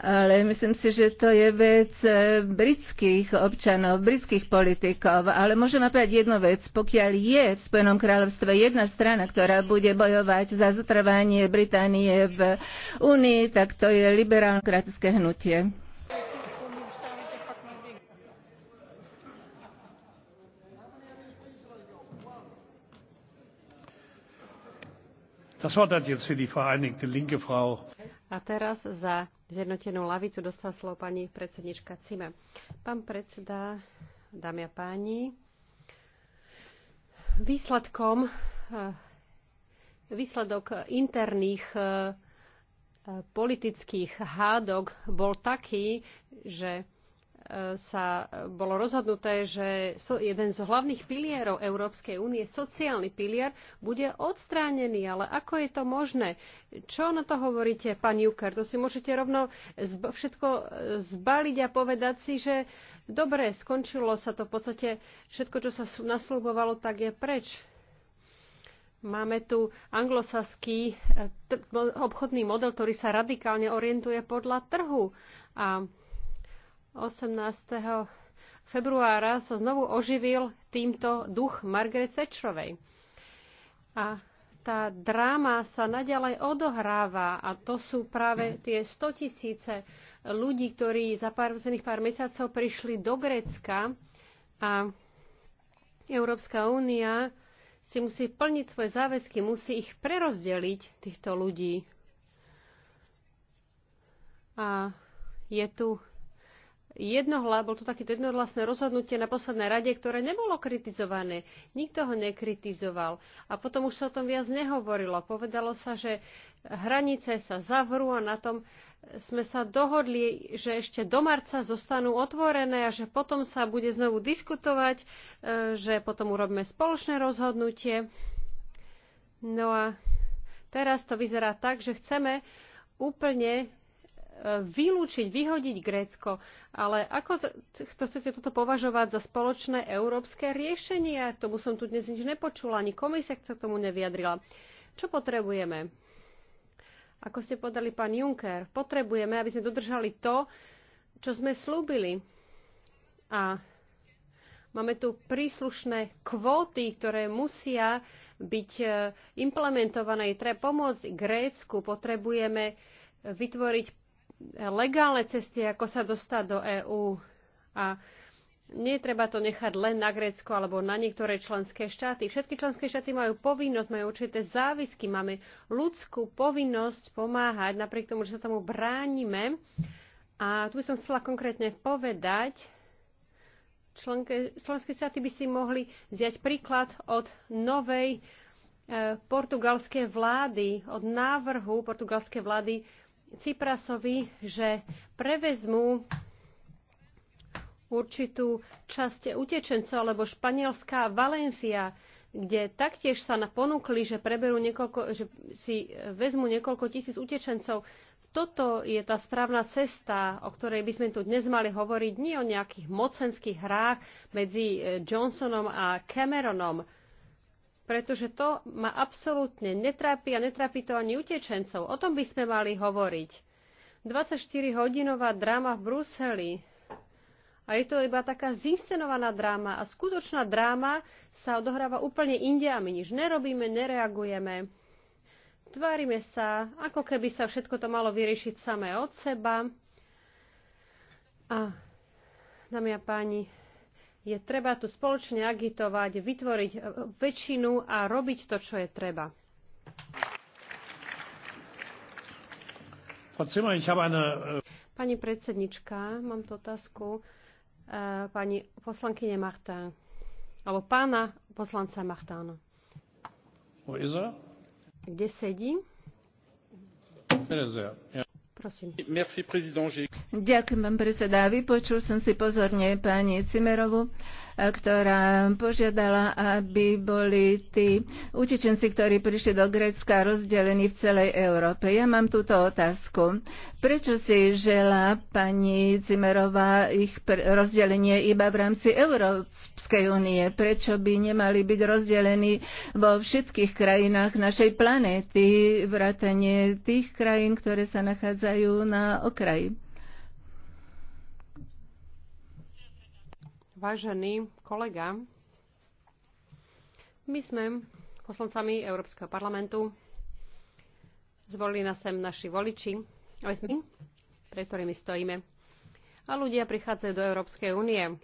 ale myslím si, že to je vec e, britských občanov, britských politikov. Ale môžeme povedať jednu vec. Pokiaľ je v Spojenom kráľovstve jedna strana, ktorá bude bojovať za zotrvanie Británie v Únii, tak to je liberálno-kratické hnutie. Das Wort hat jetzt für die Vereinigte Linke Frau. A teraz za zjednotenú lavicu dostala slovo pani predsednička Cima. Pán predseda, dámy a páni, výsledkom eh, výsledok interných eh, politických hádok bol taký, že sa e, bolo rozhodnuté, že jeden z hlavných pilierov Európskej únie, sociálny pilier, bude odstránený. Ale ako je to možné? Čo na to hovoríte, pán Juker? To si môžete rovno všetko e, zbaliť a povedať si, že dobre, skončilo sa to v podstate. Všetko, čo sa naslúbovalo, tak je preč. Máme tu anglosaský e, obchodný model, ktorý sa radikálne orientuje podľa trhu. A 18. februára sa znovu oživil týmto duch Margaret Thatcherovej. A tá dráma sa naďalej odohráva a to sú práve tie 100 tisíce ľudí, ktorí za pár, pár mesiacov prišli do Grécka a Európska únia si musí plniť svoje záväzky, musí ich prerozdeliť, týchto ľudí. A je tu jednohla, bol to takéto jednohlasné rozhodnutie na poslednej rade, ktoré nebolo kritizované. Nikto ho nekritizoval. A potom už sa o tom viac nehovorilo. Povedalo sa, že hranice sa zavrú a na tom sme sa dohodli, že ešte do marca zostanú otvorené a že potom sa bude znovu diskutovať, e, že potom urobíme spoločné rozhodnutie. No a teraz to vyzerá tak, že chceme úplne vylúčiť, vyhodiť Grécko. Ale ako to, chcete toto považovať za spoločné európske riešenie? tomu som tu dnes nič nepočula, ani komisia sa tomu nevyjadrila. Čo potrebujeme? Ako ste podali pán Juncker, potrebujeme, aby sme dodržali to, čo sme slúbili. A máme tu príslušné kvóty, ktoré musia byť eh, implementované. Treba pomôcť Grécku, potrebujeme vytvoriť legálne cesty, ako sa dostať do EÚ. A netreba to nechať len na Grécko alebo na niektoré členské štáty. Všetky členské štáty majú povinnosť, majú určité závisky, máme ľudskú povinnosť pomáhať, napriek tomu, že sa tomu bránime. A tu by som chcela konkrétne povedať, členské, členské štáty by si mohli vziať príklad od novej e, portugalskej vlády, od návrhu portugalskej vlády Ciprasovi, že prevezmú určitú časť utečencov, alebo španielská Valencia, kde taktiež sa ponúkli, že, preberú niekoľko, že si e, vezmu niekoľko tisíc utečencov. Toto je tá správna cesta, o ktorej by sme tu dnes mali hovoriť, nie o nejakých mocenských hrách medzi e, Johnsonom a Cameronom pretože to ma absolútne netrápi a netrápi to ani utečencov. O tom by sme mali hovoriť. 24-hodinová dráma v Bruseli. A je to iba taká zinscenovaná dráma a skutočná dráma sa odohráva úplne inde a my nič nerobíme, nereagujeme. Tvárime sa, ako keby sa všetko to malo vyriešiť samé od seba. A dámy a páni, je treba tu spoločne agitovať, vytvoriť e, väčšinu a robiť to, čo je treba. Äh, pani predsednička, mám tu otázku. E, pani poslankyne Martin, alebo pána poslanca Martána. Er? Kde sedí? Yeah. Prosím. pani Ďakujem, pán predseda. Vypočul som si pozorne pani Cimerovu ktorá požiadala, aby boli tí utečenci, ktorí prišli do Grécka, rozdelení v celej Európe. Ja mám túto otázku. Prečo si žela pani Cimerová ich rozdelenie iba v rámci Európskej únie? Prečo by nemali byť rozdelení vo všetkých krajinách našej planéty, vrátanie tých krajín, ktoré sa nachádzajú na okraji? Vážený kolega, my sme poslancami Európskeho parlamentu. Zvolili nás sem naši voliči, ale sme, pre ktorými stojíme. A ľudia prichádzajú do Európskej únie.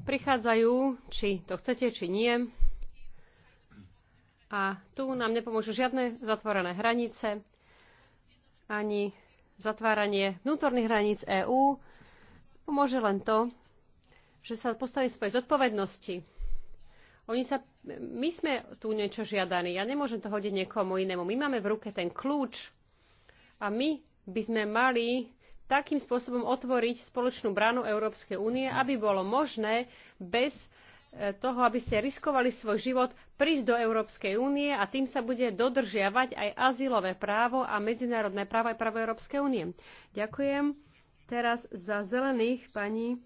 Prichádzajú, či to chcete, či nie. A tu nám nepomôžu žiadne zatvorené hranice, ani zatváranie vnútorných hraníc EÚ, Pomôže len to, že sa postavím svojej zodpovednosti. Oni sa, my sme tu niečo žiadaní. Ja nemôžem to hodiť niekomu inému. My máme v ruke ten kľúč a my by sme mali takým spôsobom otvoriť spoločnú bránu Európskej únie, aby bolo možné bez e, toho, aby ste riskovali svoj život, prísť do Európskej únie a tým sa bude dodržiavať aj azylové právo a medzinárodné právo aj právo Európskej únie. Ďakujem. Teraz za zelených pani e,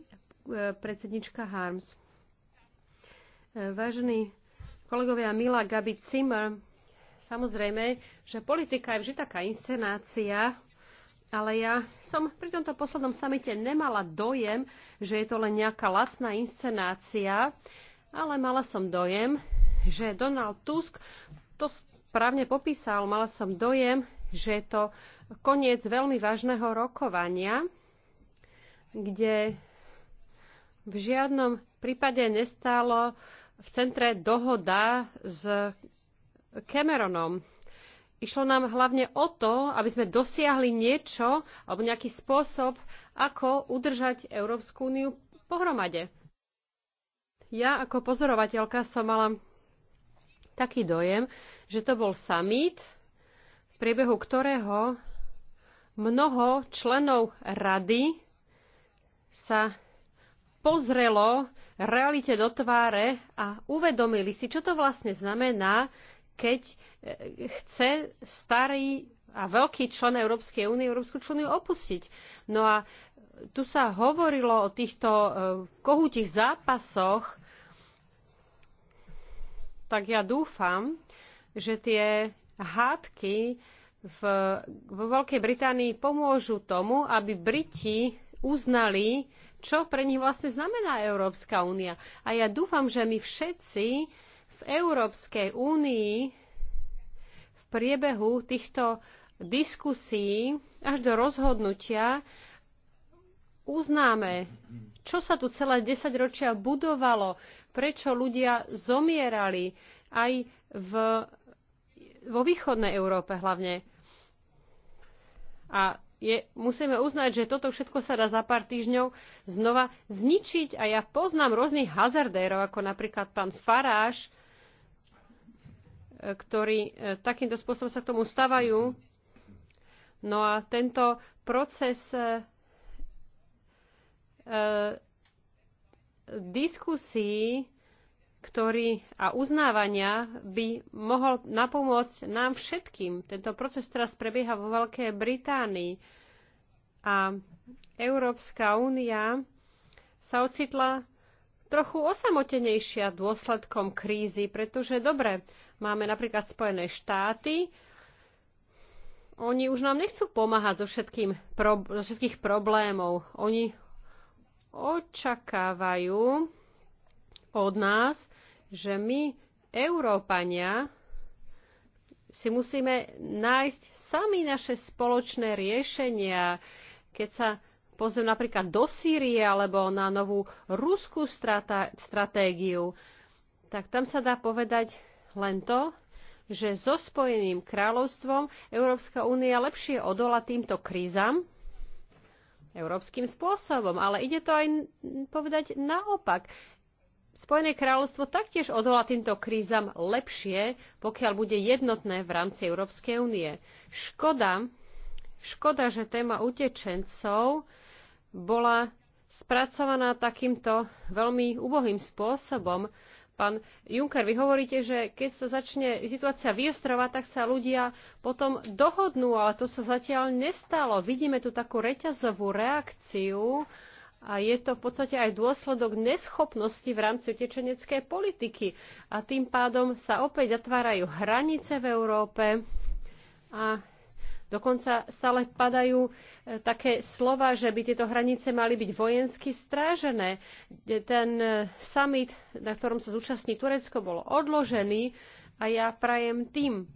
predsednička Harms. E, vážení kolegovia, Mila Gabi Zimmer, samozrejme, že politika je vždy taká inscenácia, ale ja som pri tomto poslednom samite nemala dojem, že je to len nejaká lacná inscenácia, ale mala som dojem, že Donald Tusk to správne popísal. Mala som dojem, že je to koniec veľmi vážneho rokovania kde v žiadnom prípade nestálo v centre dohoda s Cameronom. Išlo nám hlavne o to, aby sme dosiahli niečo alebo nejaký spôsob, ako udržať Európsku úniu pohromade. Ja ako pozorovateľka som mala taký dojem, že to bol summit, v priebehu ktorého mnoho členov rady sa pozrelo realite do tváre a uvedomili si, čo to vlastne znamená, keď eh, chce starý a veľký člen Európskej únie Európsku členu opustiť. No a tu sa hovorilo o týchto eh, kohutých zápasoch, tak ja dúfam, že tie hádky v, vo Veľkej Británii pomôžu tomu, aby Briti uznali, čo pre nich vlastne znamená Európska únia. A ja dúfam, že my všetci v Európskej únii v priebehu týchto diskusí až do rozhodnutia uznáme, čo sa tu celé desaťročia budovalo, prečo ľudia zomierali aj v, vo východnej Európe hlavne. A je, musíme uznať, že toto všetko sa dá za pár týždňov znova zničiť. A ja poznám rôznych hazardérov, ako napríklad pán Faráš, e, ktorí e, takýmto spôsobom sa k tomu stavajú. No a tento proces e, e diskusí ktorý a uznávania by mohol napomôcť nám všetkým. Tento proces teraz prebieha vo Veľkej Británii a Európska únia sa ocitla trochu osamotenejšia dôsledkom krízy, pretože dobre, máme napríklad Spojené štáty, oni už nám nechcú pomáhať zo, všetkým, zo všetkých problémov. Oni očakávajú, od nás, že my, Európania, si musíme nájsť sami naše spoločné riešenia. Keď sa pozriem napríklad do Sýrie alebo na novú ruskú stratégiu, tak tam sa dá povedať len to, že so Spojeným kráľovstvom Európska únia lepšie odola týmto krízam európskym spôsobom. Ale ide to aj povedať naopak. Spojené kráľovstvo taktiež odolá týmto krízam lepšie, pokiaľ bude jednotné v rámci Európskej únie. Škoda, škoda, že téma utečencov bola spracovaná takýmto veľmi ubohým spôsobom. Pán Juncker, vy hovoríte, že keď sa začne situácia vyostrovať, tak sa ľudia potom dohodnú, ale to sa zatiaľ nestalo. Vidíme tu takú reťazovú reakciu, a je to v podstate aj dôsledok neschopnosti v rámci utečeneckej politiky. A tým pádom sa opäť zatvárajú hranice v Európe a dokonca stále padajú e, také slova, že by tieto hranice mali byť vojensky strážené. E, ten e, summit, na ktorom sa zúčastní Turecko, bol odložený a ja prajem tým,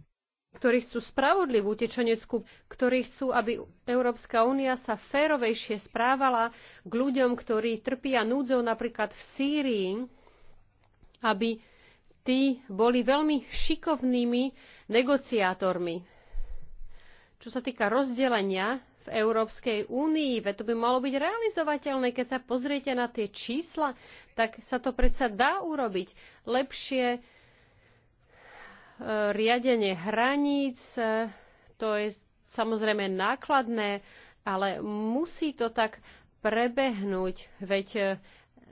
ktorí chcú spravodlivú utečeneckú, ktorí chcú, aby Európska únia sa férovejšie správala k ľuďom, ktorí trpia núdzou napríklad v Sýrii, aby tí boli veľmi šikovnými negociátormi. Čo sa týka rozdelenia v Európskej únii, veď to by malo byť realizovateľné. Keď sa pozriete na tie čísla, tak sa to predsa dá urobiť. Lepšie riadenie hraníc, to je samozrejme nákladné, ale musí to tak prebehnúť, veď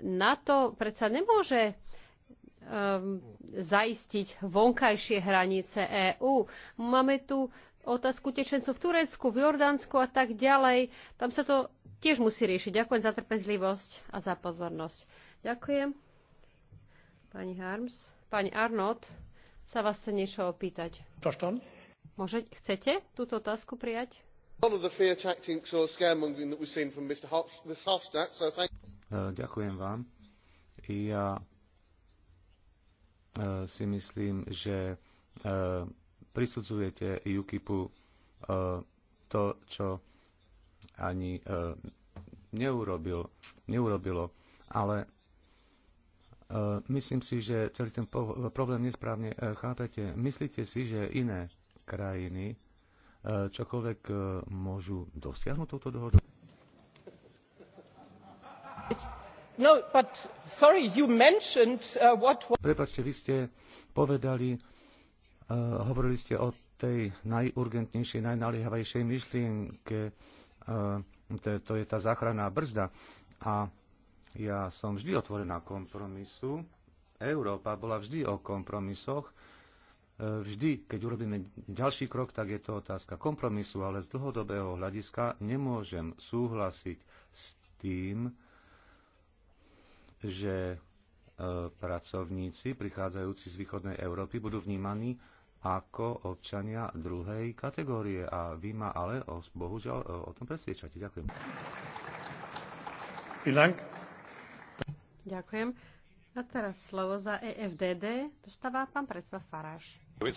NATO predsa nemôže um, zaistiť vonkajšie hranice EÚ. Máme tu otázku tečencov v Turecku, v Jordánsku a tak ďalej. Tam sa to tiež musí riešiť. Ďakujem za trpezlivosť a za pozornosť. Ďakujem. Pani Harms. Pani Arnott sa vás chce niečo opýtať. Môže, chcete túto otázku prijať? Eh, ďakujem vám. Ja eh, si myslím, že eh, prisudzujete UKIPu to, čo ani neurobil, neurobilo, ale Eh, myslím si, že celý ten problém nesprávne eh, chápete. Myslíte si, že iné krajiny eh, čokoľvek môžu dosiahnuť touto dohodu? No, but sorry, you mentioned uh, what... Prepačte, vy ste povedali, uh, hovorili ste o tej najurgentnejšej, najnaliehavejšej myšlienke, uh, to, to je tá záchranná brzda. A ja som vždy otvorená kompromisu. Európa bola vždy o kompromisoch. E, vždy, keď urobíme ďalší krok, tak je to otázka kompromisu, ale z dlhodobého hľadiska nemôžem súhlasiť s tým, že e, pracovníci prichádzajúci z východnej Európy budú vnímaní ako občania druhej kategórie. A vy ma ale, bohužiaľ, e, o tom presviečate. Ďakujem. Vielen Dank. Ďakujem. A teraz slovo za EFDD dostáva pán predseda Faráš. E,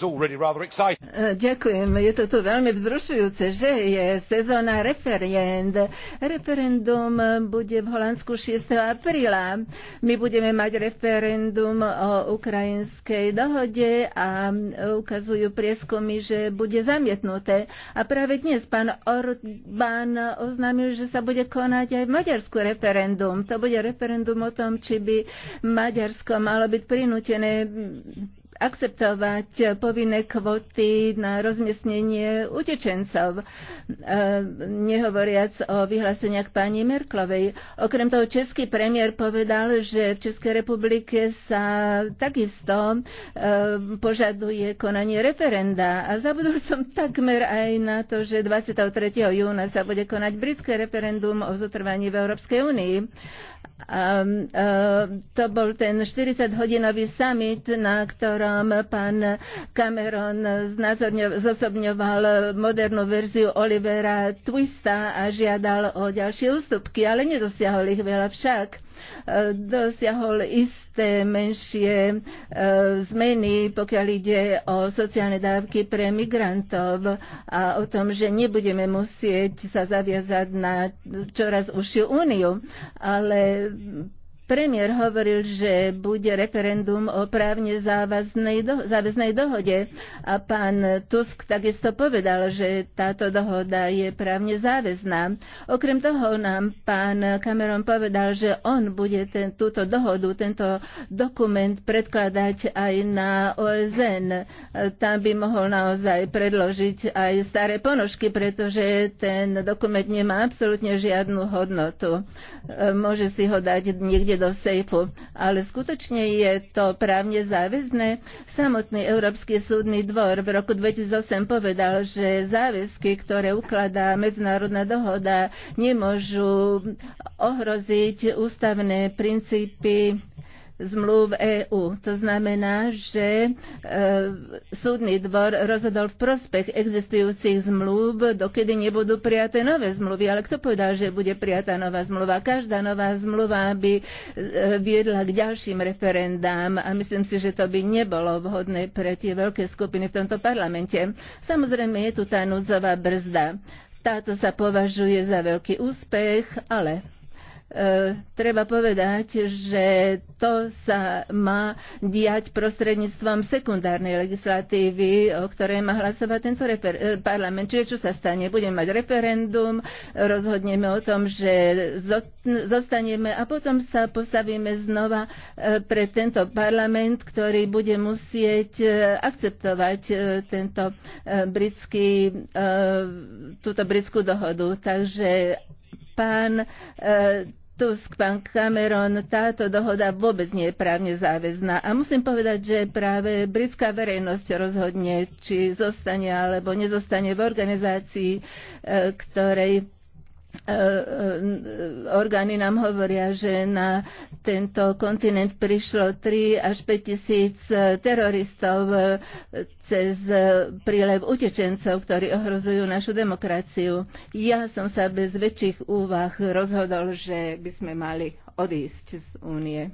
ďakujem, je to tu veľmi vzrušujúce, že je sezóna referend. Referendum bude v Holandsku 6. apríla. My budeme mať referendum o ukrajinskej dohode a ukazujú prieskumy, že bude zamietnuté. A práve dnes pán Orbán oznámil, že sa bude konať aj v Maďarsku referendum. To bude referendum o tom, či by Maďarsko malo byť prinútené akceptovať povinné kvoty na rozmiestnenie utečencov, e, nehovoriac o vyhláseniach pani Merklovej. Okrem toho český premiér povedal, že v Českej republike sa takisto e, požaduje konanie referenda. A zabudol som takmer aj na to, že 23. júna sa bude konať britské referendum o zotrvaní v Európskej únii. Um, um, to bol ten 40-hodinový summit, na ktorom pán Cameron zosobňoval modernú verziu Olivera Twista a žiadal o ďalšie ústupky, ale nedosiahol ich veľa však dosiahol isté menšie e, zmeny, pokiaľ ide o sociálne dávky pre migrantov a o tom, že nebudeme musieť sa zaviazať na čoraz užšiu úniu. Ale Premiér hovoril, že bude referendum o právne záväznej, do, záväznej dohode a pán Tusk takisto povedal, že táto dohoda je právne záväzná. Okrem toho nám pán Cameron povedal, že on bude ten, túto dohodu, tento dokument predkladať aj na OSN. Tam by mohol naozaj predložiť aj staré ponožky, pretože ten dokument nemá absolútne žiadnu hodnotu. Môže si ho dať niekde do sejfu. Ale skutočne je to právne záväzné. Samotný Európsky súdny dvor v roku 2008 povedal, že záväzky, ktoré ukladá medzinárodná dohoda, nemôžu ohroziť ústavné princípy zmluv EÚ. To znamená, že e, súdny dvor rozhodol v prospech existujúcich zmluv, dokedy nebudú prijaté nové zmluvy. Ale kto povedal, že bude prijatá nová zmluva? Každá nová zmluva by e, viedla k ďalším referendám a myslím si, že to by nebolo vhodné pre tie veľké skupiny v tomto parlamente. Samozrejme je tu tá núdzová brzda. Táto sa považuje za veľký úspech, ale E, treba povedať, že to sa má diať prostredníctvom sekundárnej legislatívy, o ktorej má hlasovať tento e, parlament. Čiže čo sa stane? Budeme mať referendum, rozhodneme o tom, že zostaneme a potom sa postavíme znova e, pre tento parlament, ktorý bude musieť akceptovať tento britský, túto britskú dohodu. Takže pán e, Tusk, pán Cameron, táto dohoda vôbec nie je právne záväzná. A musím povedať, že práve britská verejnosť rozhodne, či zostane alebo nezostane v organizácii, e, ktorej E, e, orgány nám hovoria, že na tento kontinent prišlo 3 až 5 tisíc e, teroristov cez prílev utečencov, ktorí ohrozujú našu demokraciu. Ja som sa bez väčších úvah rozhodol, že by sme mali odísť z únie.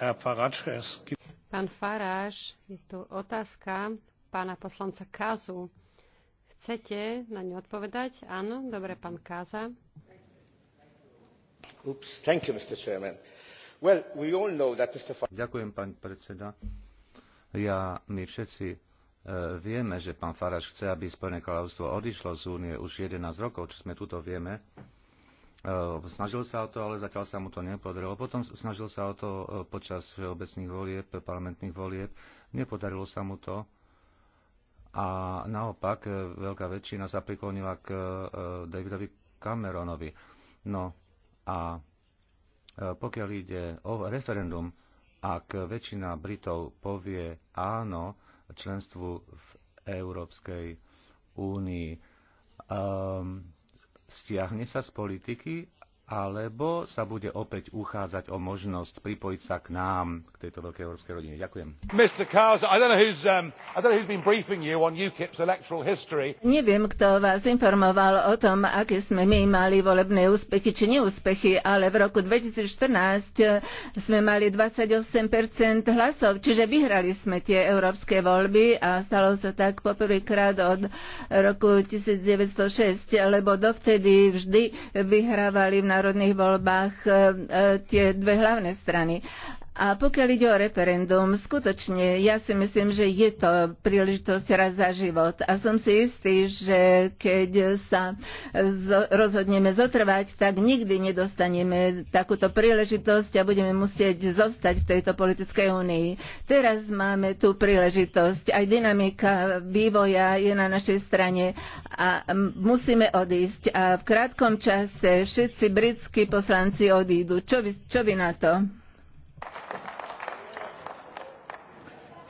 Herr Paratsch, es gibt Pán Faráš, je tu otázka pána poslanca Kazu. Chcete na ňu odpovedať? Áno, dobre, pán Kaza. Oops, thank you, Mr. Chairman. Well, we all know that Mr. Far- Ďakujem, pán predseda. Ja, my všetci e, vieme, že pán faráš chce, aby Spojené kráľovstvo odišlo z únie už 11 rokov, čo sme tuto vieme Ehm, snažil sa o to, ale zatiaľ sa mu to nepodarilo. Potom snažil sa o to ehm, počas obecných volieb, parlamentných volieb. Nepodarilo sa mu to. A naopak ehm, veľká väčšina sa priklonila k Davidovi Cameronovi. No a pokiaľ ide o referendum, ak väčšina Britov povie áno členstvu v Európskej únii, um, stiahne sa z politiky alebo sa bude opäť uchádzať o možnosť pripojiť sa k nám, k tejto veľkej európskej rodine. Ďakujem. Um, Neviem, kto vás informoval o tom, aké sme my mali volebné úspechy či neúspechy, ale v roku 2014 eh, sme mali 28% hlasov, čiže vyhrali sme tie európske voľby a stalo sa tak poprvýkrát od roku 1906, lebo dovtedy vždy vyhrávali v národných voľbách e, e, tie dve hlavné strany. A pokiaľ ide o referendum, skutočne ja si myslím, že je to príležitosť raz za život. A som si istý, že keď sa rozhodneme zotrvať, tak nikdy nedostaneme takúto príležitosť a budeme musieť zostať v tejto politickej únii. Teraz máme tú príležitosť. Aj dynamika vývoja je na našej strane a musíme odísť. A v krátkom čase všetci britskí poslanci odídu. Čo vy, čo vy na to?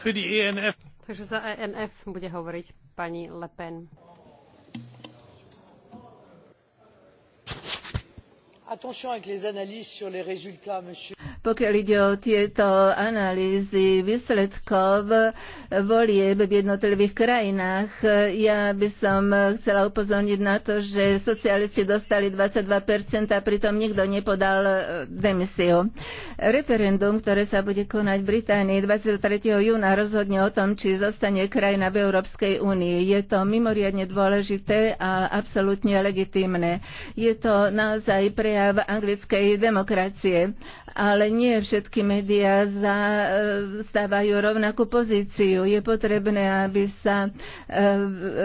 E Takže za ENF bude hovoriť pani Le Pen. Pokiaľ ide o tieto analýzy výsledkov volieb v jednotlivých krajinách, ja by som chcela upozorniť na to, že socialisti dostali 22% a pritom nikto nepodal e, demisiu. Referendum, ktoré sa bude konať v Británii 23. júna, rozhodne o tom, či zostane krajina v Európskej únii. Je to mimoriadne dôležité a absolútne legitimné. Je to naozaj prejav prejav anglickej demokracie. Ale nie všetky médiá zastávajú e, rovnakú pozíciu. Je potrebné, aby sa e,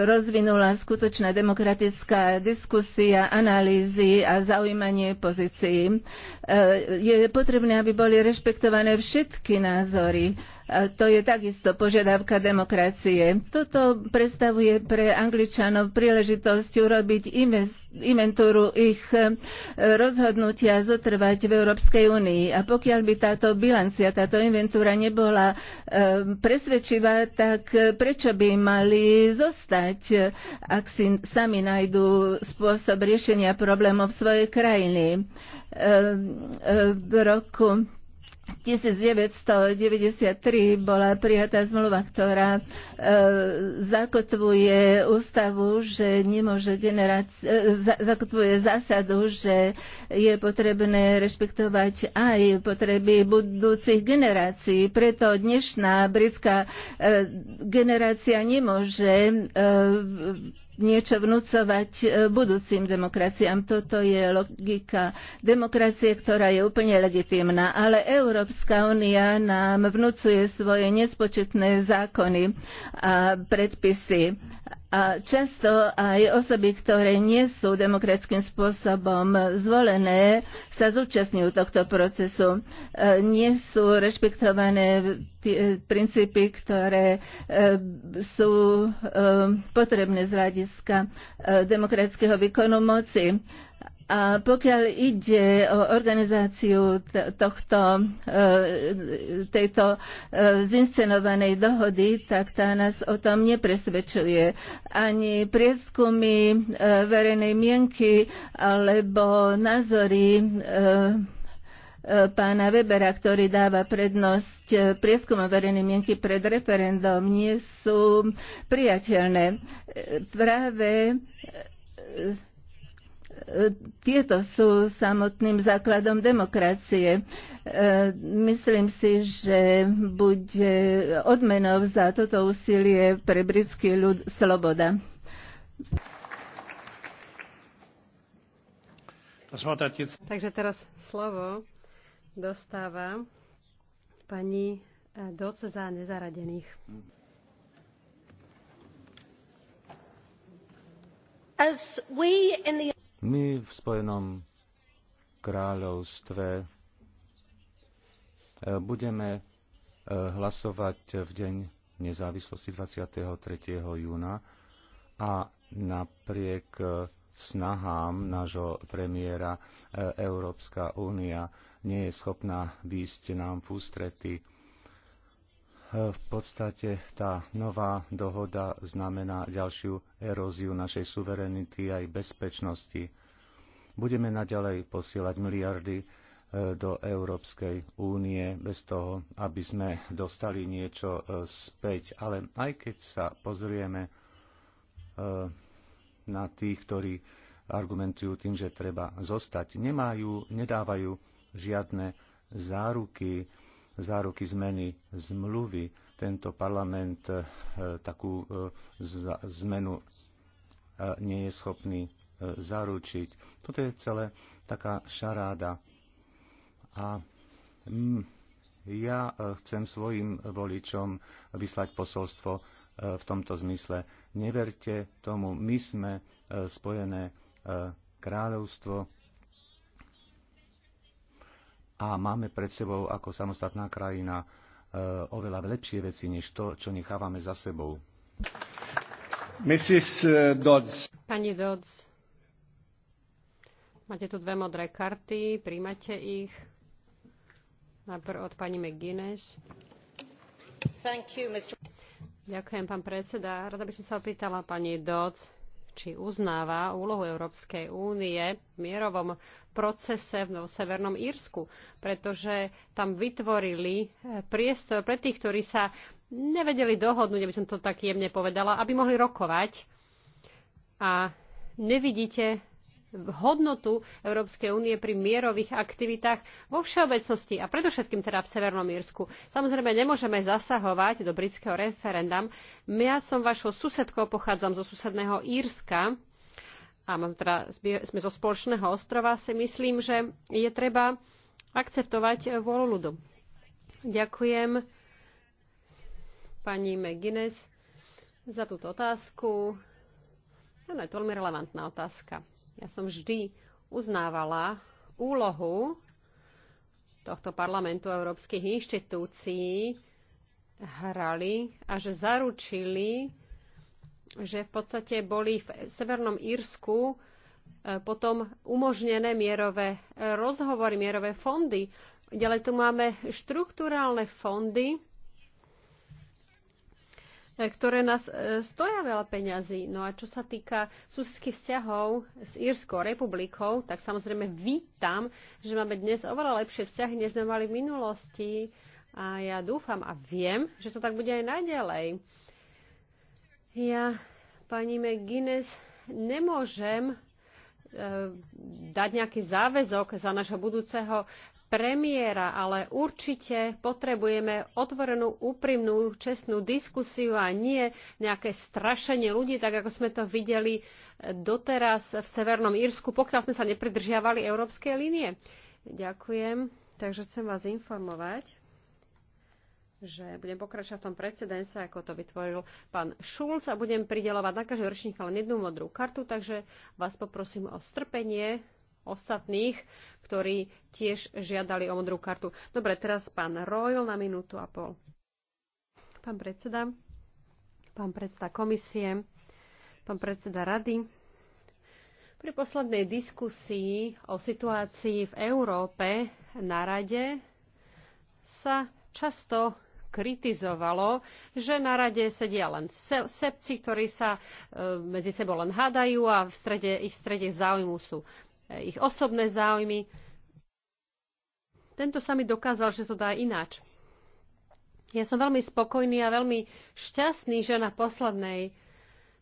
rozvinula skutočná demokratická diskusia, analýzy a zaujímanie pozícií. E, je potrebné, aby boli rešpektované všetky názory to je takisto požiadavka demokracie. Toto predstavuje pre Angličanov príležitosť urobiť inventúru ich e, rozhodnutia zotrvať v Európskej únii. A pokiaľ by táto bilancia, táto inventúra nebola e, presvedčivá, tak e, prečo by mali zostať, ak si sami nájdú spôsob riešenia problémov svojej krajiny? V roku 1993 bola prijatá zmluva, ktorá e, zakotvuje ústavu, že nemôže generácia, e, za, zakotvuje zásadu, že je potrebné rešpektovať aj potreby budúcich generácií. Preto dnešná britská e, generácia nemôže e, niečo vnúcovať e, budúcim demokraciám. Toto je logika demokracie, ktorá je úplne legitimná. Ale Európska únia nám vnúcuje svoje nespočetné zákony a predpisy a často aj osoby, ktoré nie sú demokratickým spôsobom zvolené, sa zúčastňujú tohto procesu. E, nie sú rešpektované princípy, ktoré e, sú e, potrebné z hľadiska demokratického výkonu moci. A pokiaľ ide o organizáciu tohto, e, tejto e, zinscenovanej dohody, tak tá nás o tom nepresvedčuje. Ani prieskumy e, verejnej mienky alebo názory pána Webera, ktorý dáva prednosť prieskumu verejnej mienky pred referendom nie sú priateľné. Práve tieto sú samotným základom demokracie. E, myslím si, že bude odmenou za toto úsilie pre britský ľud sloboda. Takže teraz slovo dostáva pani e, Doc za nezaradených. As we in the my v Spojenom kráľovstve eh, budeme eh, hlasovať v deň nezávislosti 23. júna a napriek eh, snahám nášho premiéra Európska únia nie je schopná výjsť nám v ústrety v podstate tá nová dohoda znamená ďalšiu eróziu našej suverenity aj bezpečnosti. Budeme naďalej posielať miliardy e, do Európskej únie bez toho, aby sme dostali niečo e, späť. Ale aj keď sa pozrieme e, na tých, ktorí argumentujú tým, že treba zostať, nemajú, nedávajú žiadne záruky, záruky zmeny zmluvy. Tento parlament e, takú e, zmenu e, nie je schopný zaručiť. Toto je celé taká šaráda. A mm, ja chcem svojim voličom vyslať posolstvo v tomto zmysle. Neverte tomu, my sme spojené kráľovstvo a máme pred sebou ako samostatná krajina e, oveľa lepšie veci, než to, čo nechávame za sebou. Mrs. E, Dodds. Pani Dodds, máte tu dve modré karty, príjmate ich. Najprv od pani McGuinness. Thank you, Mr. Ďakujem, pán predseda. Rada by som sa opýtala pani Dodds, či uznáva úlohu Európskej únie v mierovom procese v Severnom Írsku, pretože tam vytvorili eh, priestor pre tých, ktorí sa nevedeli dohodnúť, aby som to tak jemne povedala, aby mohli rokovať. A nevidíte hodnotu Európskej únie pri mierových aktivitách vo všeobecnosti a predovšetkým teda v Severnom Írsku. Samozrejme, nemôžeme zasahovať do britského referenda. Ja som vašou susedkou, pochádzam zo susedného Írska a mám teda, sme zo spoločného ostrova, si myslím, že je treba akceptovať vôľu ľudu. Ďakujem pani McGuinness za túto otázku. Áno, je to veľmi relevantná otázka. Ja som vždy uznávala úlohu tohto parlamentu európskych inštitúcií hrali a že zaručili, že v podstate boli v Severnom Írsku e, potom umožnené mierové e, rozhovory, mierové fondy. Ďalej tu máme štruktúrálne fondy, E, ktoré nás e, stoja veľa peňazí. No a čo sa týka susedských vzťahov s Írskou republikou, tak samozrejme vítam, že máme dnes oveľa lepšie vzťahy, než sme mali v minulosti. A ja dúfam a viem, že to tak bude aj naďalej. Ja, pani McGuinness, nemôžem e, dať nejaký záväzok za našho budúceho premiéra, ale určite potrebujeme otvorenú, úprimnú, čestnú diskusiu a nie nejaké strašenie ľudí, tak ako sme to videli e, doteraz v Severnom Írsku, pokiaľ sme sa nepridržiavali európskej línie. Ďakujem. Takže chcem vás informovať, že budem pokračovať v tom precedense, ako to vytvoril pán Šulc a budem pridelovať na každého ročníka len jednu modrú kartu, takže vás poprosím o strpenie ostatných, ktorí tiež žiadali o modrú kartu. Dobre, teraz pán Royal na minútu a pol. Pán predseda, pán predseda komisie, pán predseda rady. Pri poslednej diskusii o situácii v Európe na rade sa často kritizovalo, že na rade sedia len se sepci, ktorí sa e, medzi sebou len hádajú a v strede, ich strede záujmu sú E, ich osobné záujmy. Tento sa mi dokázal, že to dá ináč. Ja som veľmi spokojný a veľmi šťastný, že na poslednej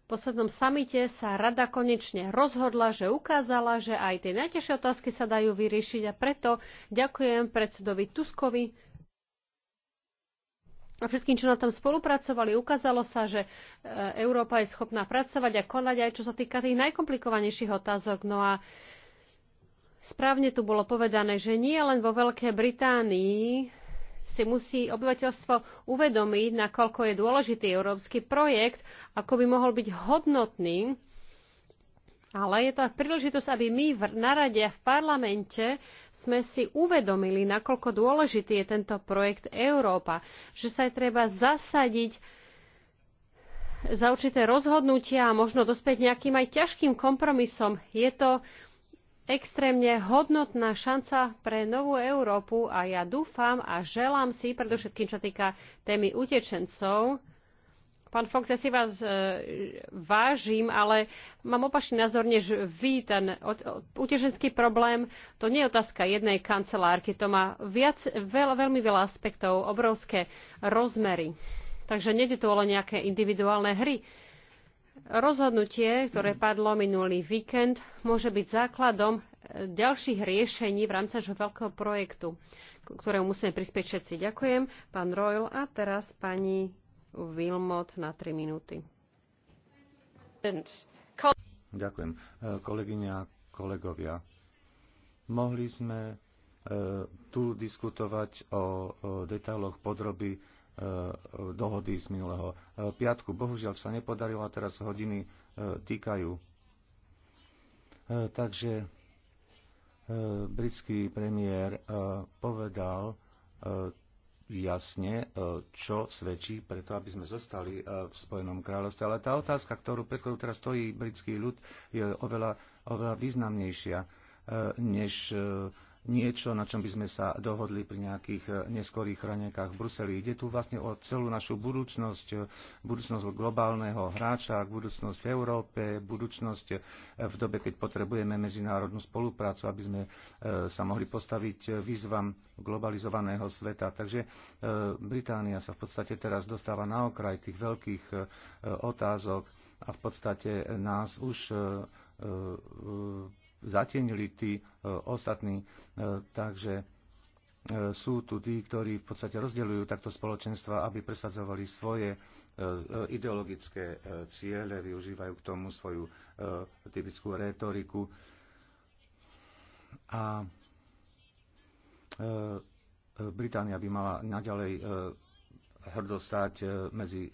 poslednom samite sa rada konečne rozhodla, že ukázala, že aj tie najtežšie otázky sa dajú vyriešiť a preto ďakujem predsedovi Tuskovi a všetkým, čo na tom spolupracovali. Ukázalo sa, že e, Európa je schopná pracovať a konať aj čo sa týka tých najkomplikovanejších otázok. No a Správne tu bolo povedané, že nie len vo Veľkej Británii si musí obyvateľstvo uvedomiť, nakoľko je dôležitý európsky projekt, ako by mohol byť hodnotný, ale je to aj príležitosť, aby my v, narade a v parlamente sme si uvedomili, nakoľko dôležitý je tento projekt Európa, že sa je treba zasadiť za určité rozhodnutia a možno dospäť nejakým aj ťažkým kompromisom. Je to extrémne hodnotná šanca pre novú Európu a ja dúfam a želám si, predovšetkým čo týka témy utečencov, Pán Fox, ja si vás e, vážim, ale mám opačný názor než vy. Ten o, utečenský problém, to nie je otázka jednej kancelárky, to má viac, veľ, veľmi veľa aspektov, obrovské rozmery. Takže je to o nejaké individuálne hry. Rozhodnutie, ktoré padlo minulý víkend, môže byť základom eh, ďalších riešení v rámci nášho veľkého projektu, ktorému musíme prispieť všetci. Ďakujem, pán Royal. A teraz pani Wilmot na 3 minúty. Ďakujem. Eh, Kolegyňa, kolegovia, mohli sme eh, tu diskutovať o detailoch podroby E, dohody z minulého e, piatku. Bohužiaľ sa nepodarilo a teraz hodiny e, týkajú. Takže britský premiér povedal jasne, čo svedčí preto, aby sme zostali v Spojenom kráľovstve. Ale tá otázka, ktorú, pred ktorou teraz stojí britský ľud, je oveľa, oveľa významnejšia, než niečo, na čom by sme sa dohodli pri nejakých eh, neskorých hranekách v Bruseli. Ide tu vlastne o celú našu budúcnosť, eh, budúcnosť globálneho hráča, budúcnosť v Európe, budúcnosť eh, v dobe, keď potrebujeme medzinárodnú spoluprácu, aby sme sa mohli postaviť výzvam globalizovaného sveta. Takže Británia sa v podstate teraz dostáva na okraj tých veľkých otázok a v podstate nás už zatienili tí e, ostatní. E, takže e, sú tu tí, ktorí v podstate rozdeľujú takto spoločenstva, aby presadzovali svoje ideologické ciele, využívajú k tomu svoju typickú rétoriku. A Británia by mala naďalej hrdostať medzi,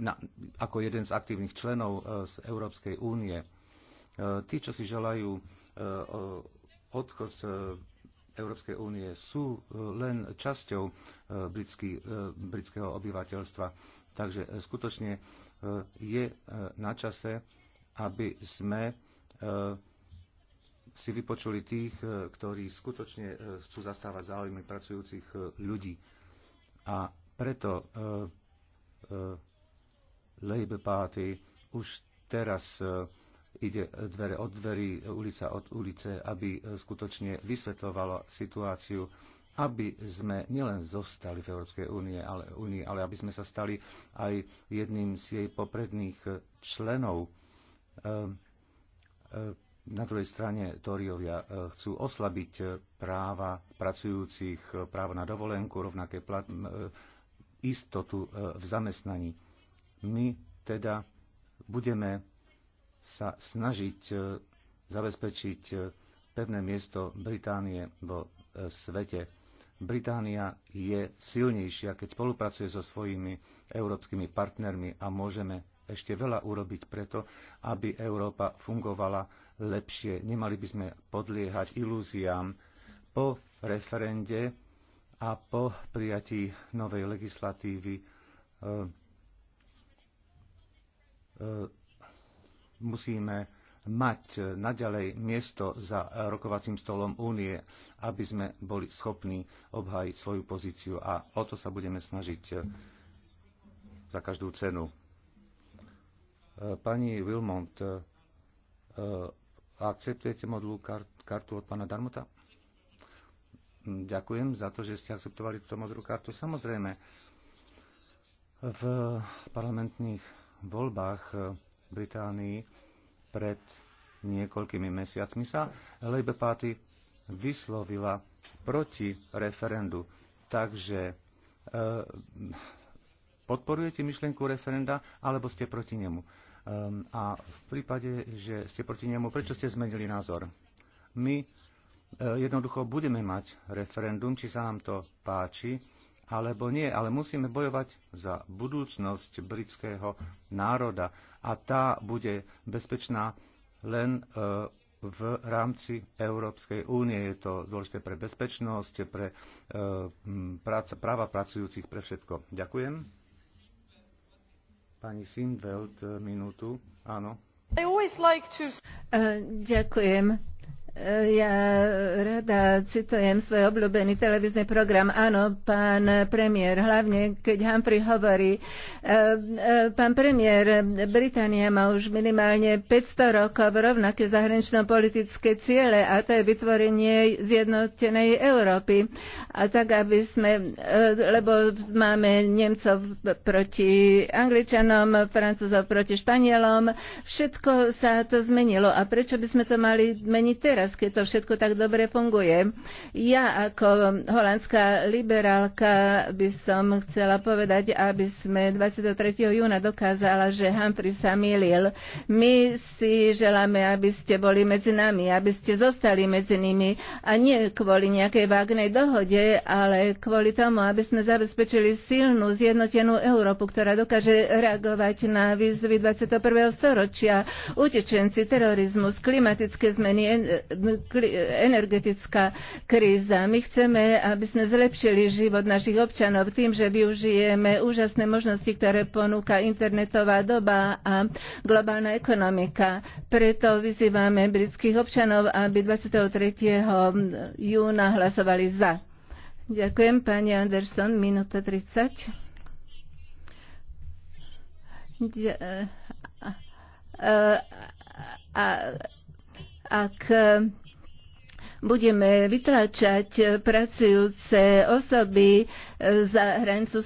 na, ako jeden z aktívnych členov z Európskej únie. E, tí, čo si želajú e, odchod z e, Európskej únie, sú len časťou britského obyvateľstva. Takže skutočne je na čase, aby sme si vypočuli tých, ktorí skutočne chcú zastávať záujmy pracujúcich ľudí. A preto Labour Party už teraz ide dvere od dverí, ulica od ulice, aby e, skutočne vysvetlovalo situáciu, aby sme nielen zostali v Európskej únie, ale, únii, ale aby sme sa stali aj jedným z jej popredných členov. E, e, na druhej strane Tóriovia chcú oslabiť práva pracujúcich, právo na dovolenku, rovnaké plat, istotu v zamestnaní. My teda budeme sa snažiť e, zabezpečiť e, pevné miesto Británie vo e, svete. Británia je silnejšia, keď spolupracuje so svojimi európskymi partnermi a môžeme ešte veľa urobiť preto, aby Európa fungovala lepšie. Nemali by sme podliehať ilúziám. Po referende a po prijatí novej legislatívy musíme mať eh, naďalej miesto za eh, rokovacím stolom únie, aby sme boli schopní obhájiť svoju pozíciu a o to sa budeme snažiť eh, za každú cenu. Pani Wilmont, akceptujete modlú kartu od pána Darmota? Hm, ďakujem za to, že ste akceptovali túto modrú kartu. Samozrejme, v parlamentných voľbách Británii pred niekoľkými mesiacmi sa Labour Party vyslovila proti referendu. Takže e, podporujete myšlienku referenda alebo ste proti nemu? E, a v prípade, že ste proti nemu, prečo ste zmenili názor? My e, jednoducho budeme mať referendum, či sa nám to páči alebo nie, ale musíme bojovať za budúcnosť britského národa a tá bude bezpečná len e, v rámci Európskej únie. Je to dôležité pre bezpečnosť, pre e, práca, práva pracujúcich, pre všetko. Ďakujem. Pani Sindveld, minútu. Áno. Like to... uh, ďakujem. Ja rada citujem svoj obľúbený televízny program. Áno, pán premiér, hlavne keď Humphrey hovorí. E, e, pán premiér, Británia má už minimálne 500 rokov rovnaké zahranično-politické ciele a to je vytvorenie zjednotenej Európy. A tak, aby sme, e, lebo máme Nemcov proti Angličanom, Francúzov proti Španielom, všetko sa to zmenilo. A prečo by sme to mali meniť teraz? teraz, keď to všetko tak dobre funguje. Ja ako holandská liberálka by som chcela povedať, aby sme 23. júna dokázala, že Humphrey sa milil. My si želáme, aby ste boli medzi nami, aby ste zostali medzi nimi a nie kvôli nejakej vágnej dohode, ale kvôli tomu, aby sme zabezpečili silnú, zjednotenú Európu, ktorá dokáže reagovať na výzvy 21. storočia, utečenci, terorizmus, klimatické zmeny, energetická kríza. My chceme, aby sme zlepšili život našich občanov tým, že využijeme úžasné možnosti, ktoré ponúka internetová doba a globálna ekonomika. Preto vyzývame britských občanov, aby 23. júna hlasovali za. Ďakujem, pani Anderson. Minúta 30. Ja, a, a, a, ak e, budeme vytlačať pracujúce osoby e, za hranicu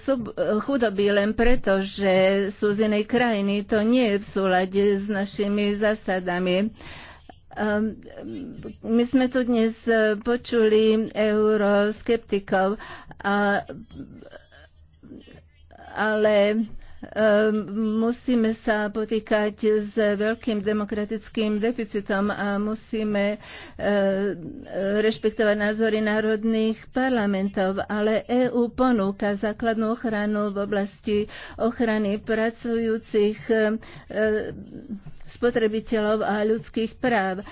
chudoby len preto, že sú z inej krajiny. To nie je v súlade s našimi zásadami. E, my sme tu dnes počuli euroskeptikov, ale Ehm, musíme sa potýkať s veľkým demokratickým deficitom a musíme ehm, rešpektovať názory národných parlamentov, ale EÚ ponúka základnú ochranu v oblasti ochrany pracujúcich ehm, spotrebiteľov a ľudských práv.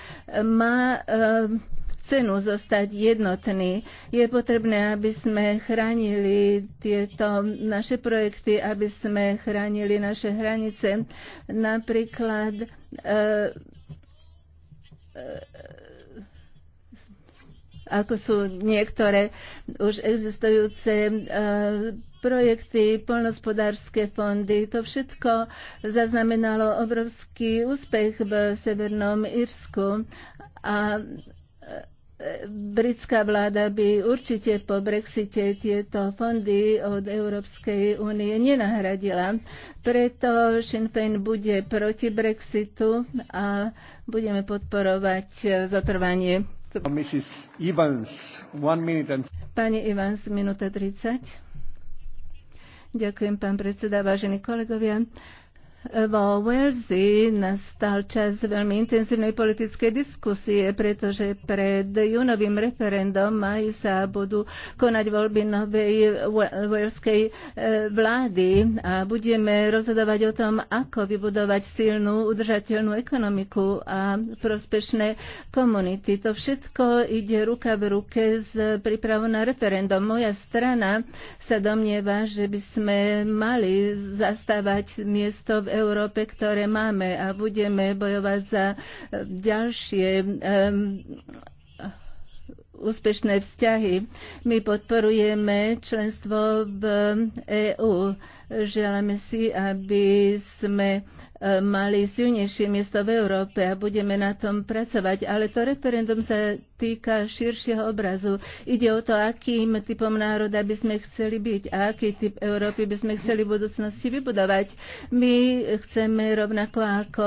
Má cenu zostať jednotní. Je potrebné, aby sme chránili tieto naše projekty, aby sme chránili naše hranice. Napríklad e, e, ako sú niektoré už existujúce e, projekty, polnospodárske fondy. To všetko zaznamenalo obrovský úspech v Severnom Irsku. A britská vláda by určite po Brexite tieto fondy od Európskej únie nenahradila. Preto Sinn Féin bude proti Brexitu a budeme podporovať e, zotrvanie. Mrs. Evans, one minute and... Pani Evans, minúta 30. Ďakujem, pán predseda, vážení kolegovia. Vo Walesi nastal čas veľmi intenzívnej politickej diskusie, pretože pred júnovým referendum aj sa budú konať voľby novej waleskej e, vlády a budeme rozhodovať o tom, ako vybudovať silnú, udržateľnú ekonomiku a prospešné komunity. To všetko ide ruka v ruke s prípravou na referendum. Moja strana sa domnieva, že by sme mali zastávať miesto v Európe, ktoré máme a budeme bojovať za eh, ďalšie eh, úspešné vzťahy. My podporujeme členstvo v EÚ. Želáme si, aby sme eh, mali silnejšie miesto v Európe a budeme na tom pracovať. Ale to referendum sa týka širšieho obrazu. Ide o to, akým typom národa by sme chceli byť a aký typ Európy by sme chceli v budúcnosti vybudovať. My chceme rovnako ako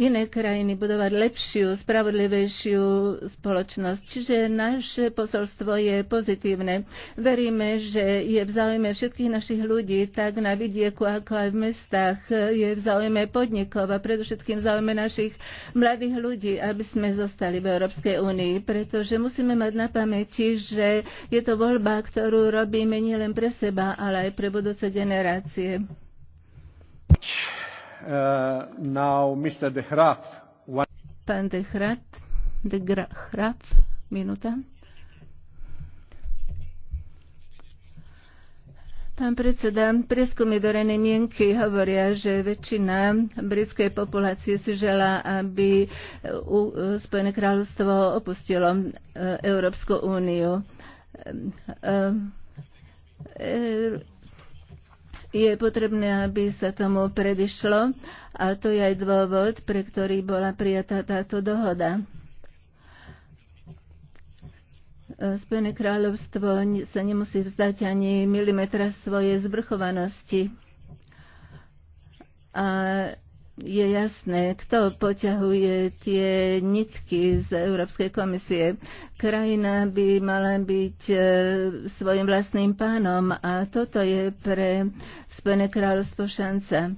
iné krajiny budovať lepšiu, spravodlivejšiu spoločnosť. Čiže naše posolstvo je pozitívne. Veríme, že je v záujme všetkých našich ľudí, tak na vidieku ako aj v mestách, je v záujme podnikov a predovšetkým v záujme našich mladých ľudí, aby sme zostali v Európskej únii. Preto pretože musíme mať na pamäti, že je to voľba, ktorú robíme nielen pre seba, ale aj pre budúce generácie. Uh, now, Mr. De Graaf. One... Pán De Graaf, De Graaf, minúta. Pán predseda, prieskumy verejnej mienky hovoria, že väčšina britskej populácie si žela, aby Spojené kráľovstvo opustilo e, Európsku úniu. E, e, je potrebné, aby sa tomu predišlo a to je aj dôvod, pre ktorý bola prijatá táto dohoda. Eh, Spojené kráľovstvo sa nemusí vzdať ani milimetra svojej zvrchovanosti. A je jasné, kto poťahuje tie nitky z Európskej komisie. Krajina by mala byť eh, svojim vlastným pánom a toto je pre Spojené kráľovstvo šanca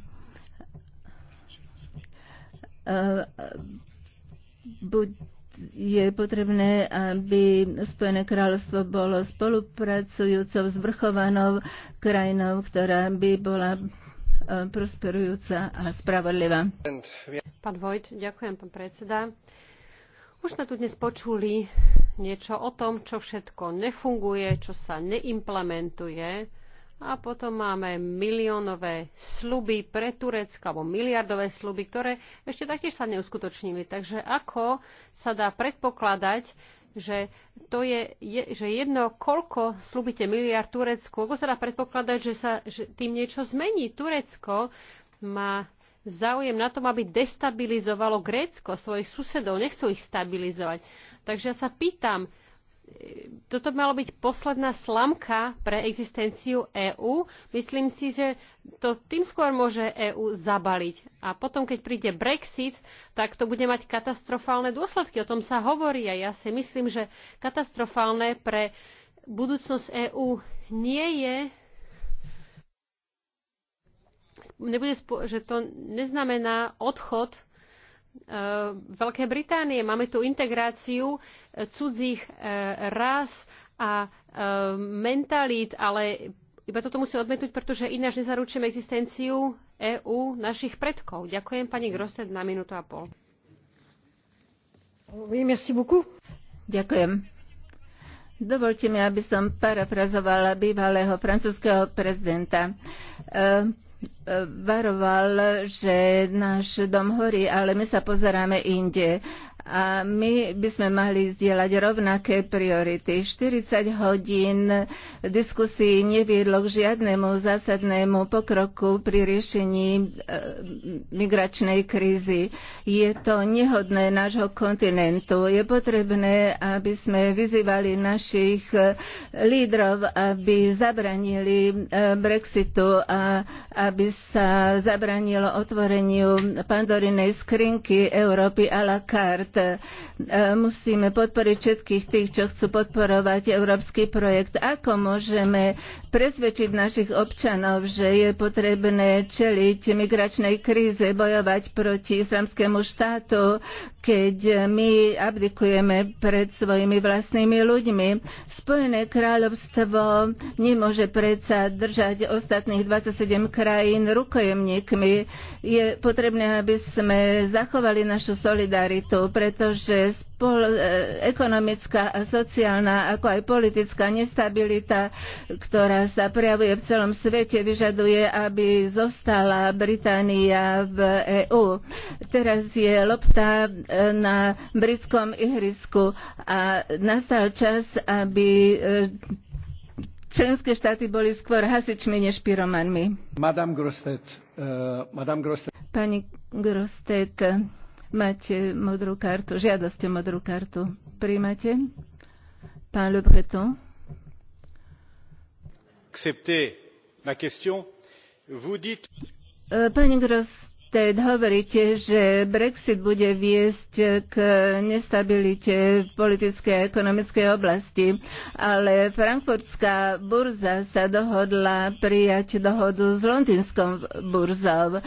eh, buď je potrebné, aby Spojené kráľovstvo bolo spolupracujúcou, zvrchovanou krajinou, ktorá by bola e, prosperujúca a spravodlivá. Pán Vojt, ďakujem, pán predseda. Už sme tu dnes počuli niečo o tom, čo všetko nefunguje, čo sa neimplementuje a potom máme miliónové sluby pre Turecko, alebo miliardové sluby, ktoré ešte taktiež sa neuskutočnili. Takže ako sa dá predpokladať, že to je, je že jedno, koľko slúbite miliard Turecku, ako sa dá predpokladať, že sa že tým niečo zmení. Turecko má záujem na tom, aby destabilizovalo Grécko, svojich susedov, nechcú ich stabilizovať. Takže ja sa pýtam, toto malo byť posledná slamka pre existenciu EÚ. Myslím si, že to tým skôr môže EÚ zabaliť. A potom, keď príde Brexit, tak to bude mať katastrofálne dôsledky. O tom sa hovorí a ja si myslím, že katastrofálne pre budúcnosť EÚ nie je nebude, že to neznamená odchod Eh, Veľkej Británie. Máme tu integráciu eh, cudzích eh, rás a mentalít, ale iba toto musí odmetnúť, pretože ináč nezaručíme existenciu EÚ našich predkov. Ďakujem pani Grosted na minútu a pol. Ďakujem. Dovolte mi, aby som parafrazovala bývalého francúzského prezidenta varoval, že náš dom horí, ale my sa pozeráme inde a my by sme mali zdieľať rovnaké priority. 40 hodín diskusí neviedlo k žiadnemu zásadnému pokroku pri riešení e, migračnej krízy. Je to nehodné nášho kontinentu. Je potrebné, aby sme vyzývali našich e, lídrov, aby zabranili e, Brexitu a aby sa zabranilo otvoreniu pandorinej skrinky Európy a la carte projekt. Musíme podporiť všetkých tých, čo chcú podporovať európsky projekt. Ako môžeme presvedčiť našich občanov, že je potrebné čeliť migračnej kríze, bojovať proti islamskému štátu, keď my abdikujeme pred svojimi vlastnými ľuďmi. Spojené kráľovstvo nemôže predsa držať ostatných 27 krajín rukojemníkmi. Je potrebné, aby sme zachovali našu solidaritu, pre pretože spol, e, ekonomická a sociálna, ako aj politická nestabilita, ktorá sa prejavuje v celom svete, vyžaduje, aby zostala Británia v EÚ. Teraz je lopta e, na britskom ihrisku a nastal čas, aby e, členské štáty boli skôr hasičmi než pyromanmi. Madame Grostet, uh, Madame Grostet. Pani Grostet, Máte modrú kartu, žiadosť o modrú kartu. Príjmate? Pán Le Breton. Acceptez ma question. Vous dites... Pani Gross, Instead hovoríte, že Brexit bude viesť k nestabilite v politickej a ekonomickej oblasti, ale frankfurtská burza sa dohodla prijať dohodu s londýnskou burzou.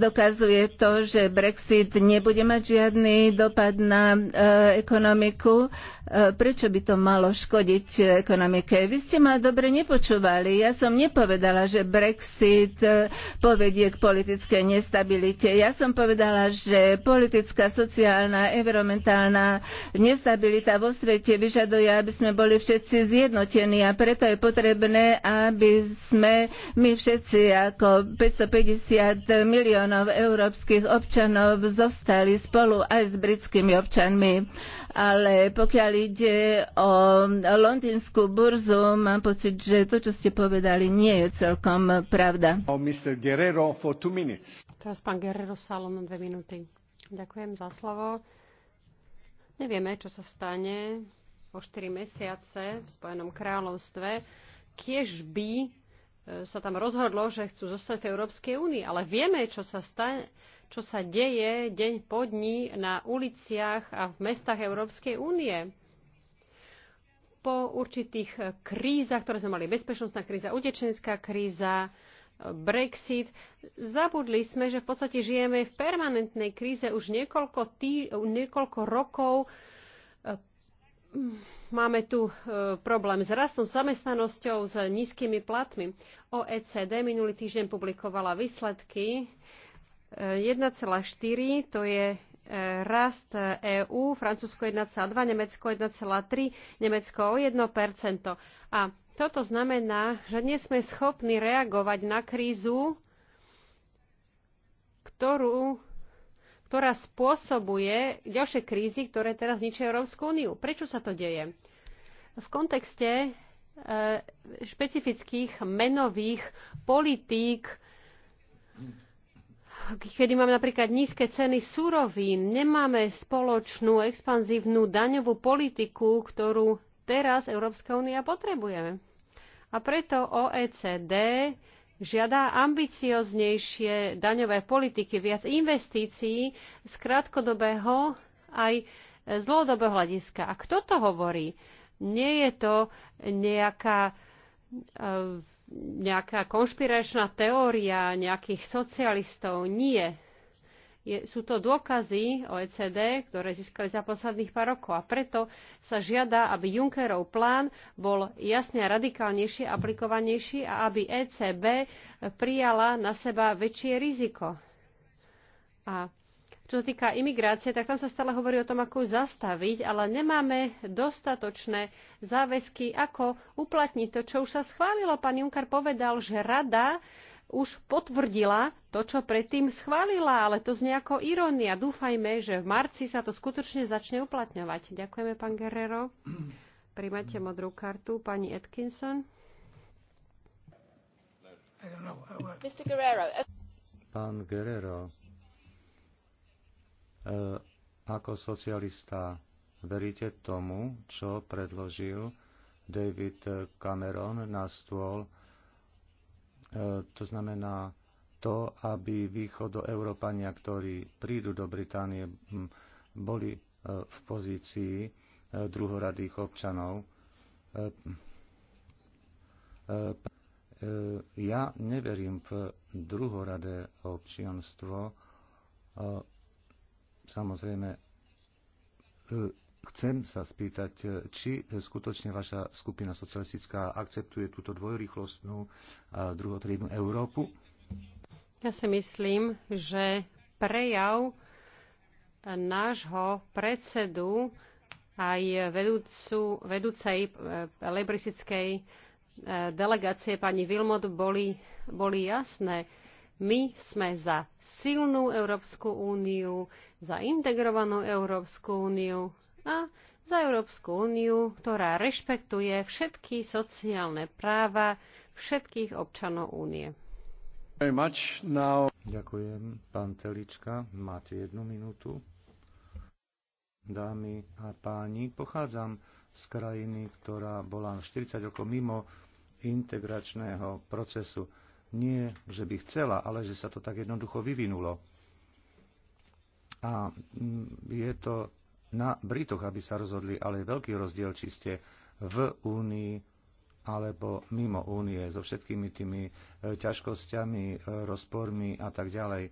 Dokazuje to, že Brexit nebude mať žiadny dopad na e, ekonomiku. E, prečo by to malo škodiť ekonomike? Vy ste ma dobre nepočúvali. Ja som nepovedala, že Brexit e, povedie k politickej nestabilite nestabilite. Ja som povedala, že politická, sociálna, environmentálna nestabilita vo svete vyžaduje, aby sme boli všetci zjednotení a preto je potrebné, aby sme my všetci ako 550 miliónov európskych občanov zostali spolu aj s britskými občanmi. Ale pokiaľ ide o londýnsku burzu, mám pocit, že to, čo ste povedali, nie je celkom pravda. Oh, Teraz pán Guerrero Salom, dve minúty. Ďakujem za slovo. Nevieme, čo sa stane o 4 mesiace v Spojenom kráľovstve, kiež by e, sa tam rozhodlo, že chcú zostať v Európskej únii. Ale vieme, čo sa, stane, čo sa deje deň po dní na uliciach a v mestách Európskej únie. Po určitých krízach, ktoré sme mali, bezpečnostná kríza, utečenská kríza, Brexit. Zabudli sme, že v podstate žijeme v permanentnej kríze už niekoľko, týž- niekoľko rokov. Máme tu e, problém s rastom, zamestnanosťou, s nízkymi platmi. OECD minulý týždeň publikovala výsledky 1,4, e, to je e, rast EÚ, Francúzsko 1,2, Nemecko 1,3, Nemecko o 1 A toto znamená, že nie sme schopní reagovať na krízu, ktorú, ktorá spôsobuje ďalšie krízy, ktoré teraz ničia Európsku úniu. Prečo sa to deje? V kontexte e, špecifických menových politík, kedy máme napríklad nízke ceny surovín, nemáme spoločnú expanzívnu daňovú politiku, ktorú teraz Európska únia potrebujeme. A preto OECD žiada ambicioznejšie daňové politiky, viac investícií z krátkodobého aj z dlhodobého hľadiska. A kto to hovorí? Nie je to nejaká, eh, nejaká konšpiračná teória nejakých socialistov. Nie. Je, sú to dôkazy OECD, ktoré získali za posledných pár rokov a preto sa žiada, aby Junckerov plán bol jasne a radikálnejší, aplikovanejší a aby ECB prijala na seba väčšie riziko. A čo sa týka imigrácie, tak tam sa stále hovorí o tom, ako ju zastaviť, ale nemáme dostatočné záväzky, ako uplatniť to, čo už sa schválilo. Pán Juncker povedal, že rada už potvrdila to, čo predtým schválila, ale to z nejako irónia. Dúfajme, že v marci sa to skutočne začne uplatňovať. Ďakujeme, pán Guerrero. Príjmate modrú kartu, pani Atkinson. Pán Guerrero, e, ako socialista veríte tomu, čo predložil David Cameron na stôl E, to znamená to, aby východoeurópania, ktorí prídu do Británie, boli e, v pozícii e, druhoradých občanov. Ja neverím v druhoradé občianstvo. Samozrejme, Chcem sa spýtať, e, či skutočne vaša skupina socialistická akceptuje túto dvojrýchlostnú a e, druhotriednú Európu? Ja si myslím, že prejav nášho predsedu aj vedúcu, vedúcej e, lebristickej delegácie pani Vilmot boli, boli jasné. My sme za silnú Európsku úniu, za integrovanú Európsku úniu a za Európsku úniu, ktorá rešpektuje všetky sociálne práva všetkých občanov únie. Ďakujem, pán Telička. Máte jednu minútu. Dámy a páni, pochádzam z krajiny, ktorá bola 40 rokov mimo integračného procesu. Nie, že by chcela, ale že sa to tak jednoducho vyvinulo. A mm, je to na Britoch, aby sa rozhodli, ale je veľký rozdiel, či ste v Únii alebo mimo únie so všetkými tými e, ťažkosťami, e, rozpormi a tak ďalej. E,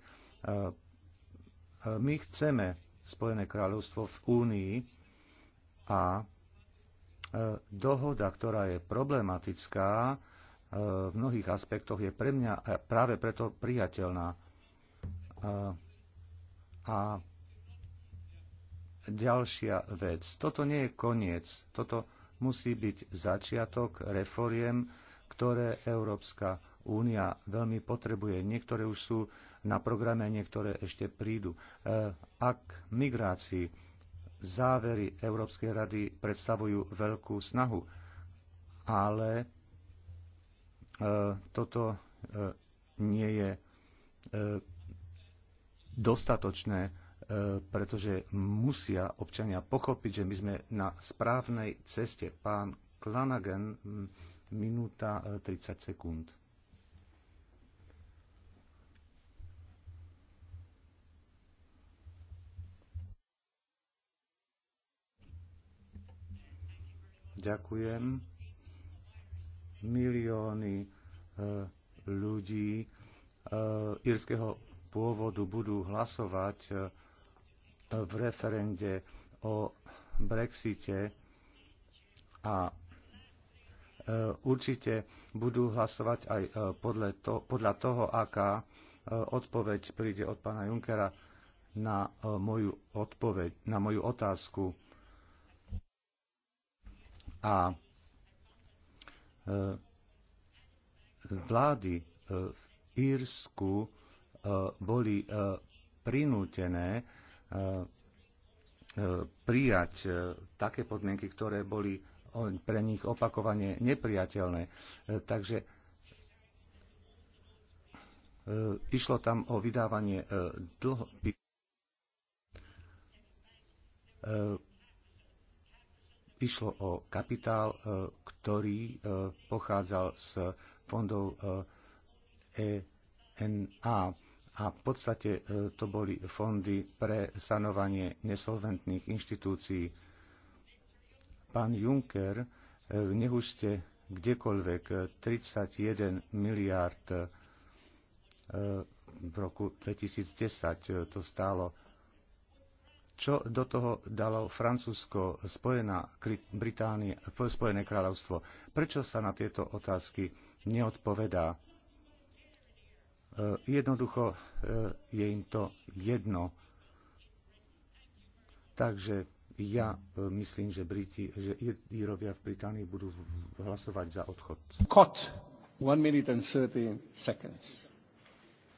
my chceme Spojené kráľovstvo v únii a dohoda, ktorá je problematická v mnohých aspektoch, je pre mňa práve preto priateľná. A ďalšia vec. Toto nie je koniec. Toto musí byť začiatok reforiem, ktoré Európska únia veľmi potrebuje. Niektoré už sú na programe, niektoré ešte prídu. E, ak migrácii závery Európskej rady predstavujú veľkú snahu, ale e, toto e, nie je dostatočné E, pretože musia občania pochopiť, že my sme na správnej ceste. Pán Klanagen, minúta 30 e, sekúnd. Ďakujem. Milióny e, ľudí írskeho pôvodu budú hlasovať v referende o Brexite a e, určite budú hlasovať aj e, podľa, to, podľa toho, aká e, odpoveď príde od pána Junkera na moju odpoveď, na moju otázku. A vlády v Írsku boli prinútené E, e, prijať e, také podmienky, ktoré boli pre nich opakovane nepriateľné. Takže išlo tam o vydávanie dlhopisov. Išlo o kapitál, ktorý pochádzal z fondov ENA a v podstate e, to boli fondy pre sanovanie nesolventných inštitúcií. Pán Juncker, e, nech už ste kdekoľvek 31 e, miliard, v roku 2010 to stálo. Čo do toho dalo Francúzsko, Spojená Británia, Spojené kráľovstvo? Prečo sa na tieto otázky neodpovedá? E, jednoducho e, je im to jedno. Takže ja e, myslím, že, Briti, že Írovia v Británii budú hlasovať za odchod. Kot. One minute and 30 seconds.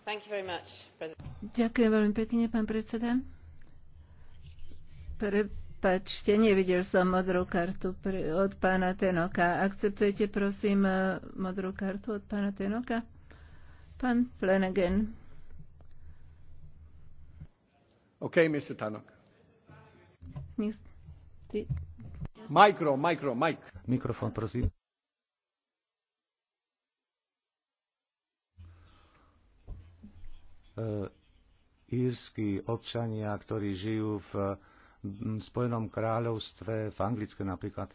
Thank you very much, Ďakujem veľmi pekne, pán predseda. Prepačte, nevidel som modrú kartu pre, od pána Tenoka. Akceptujete, prosím, modrú kartu od pána Tenoka? Pán Flanagan. OK, Mr. Tanok. Mikro, mikro, mic. Mikrofón, prosím. E, írsky občania, ktorí žijú v Spojenom kráľovstve, v Anglicke napríklad.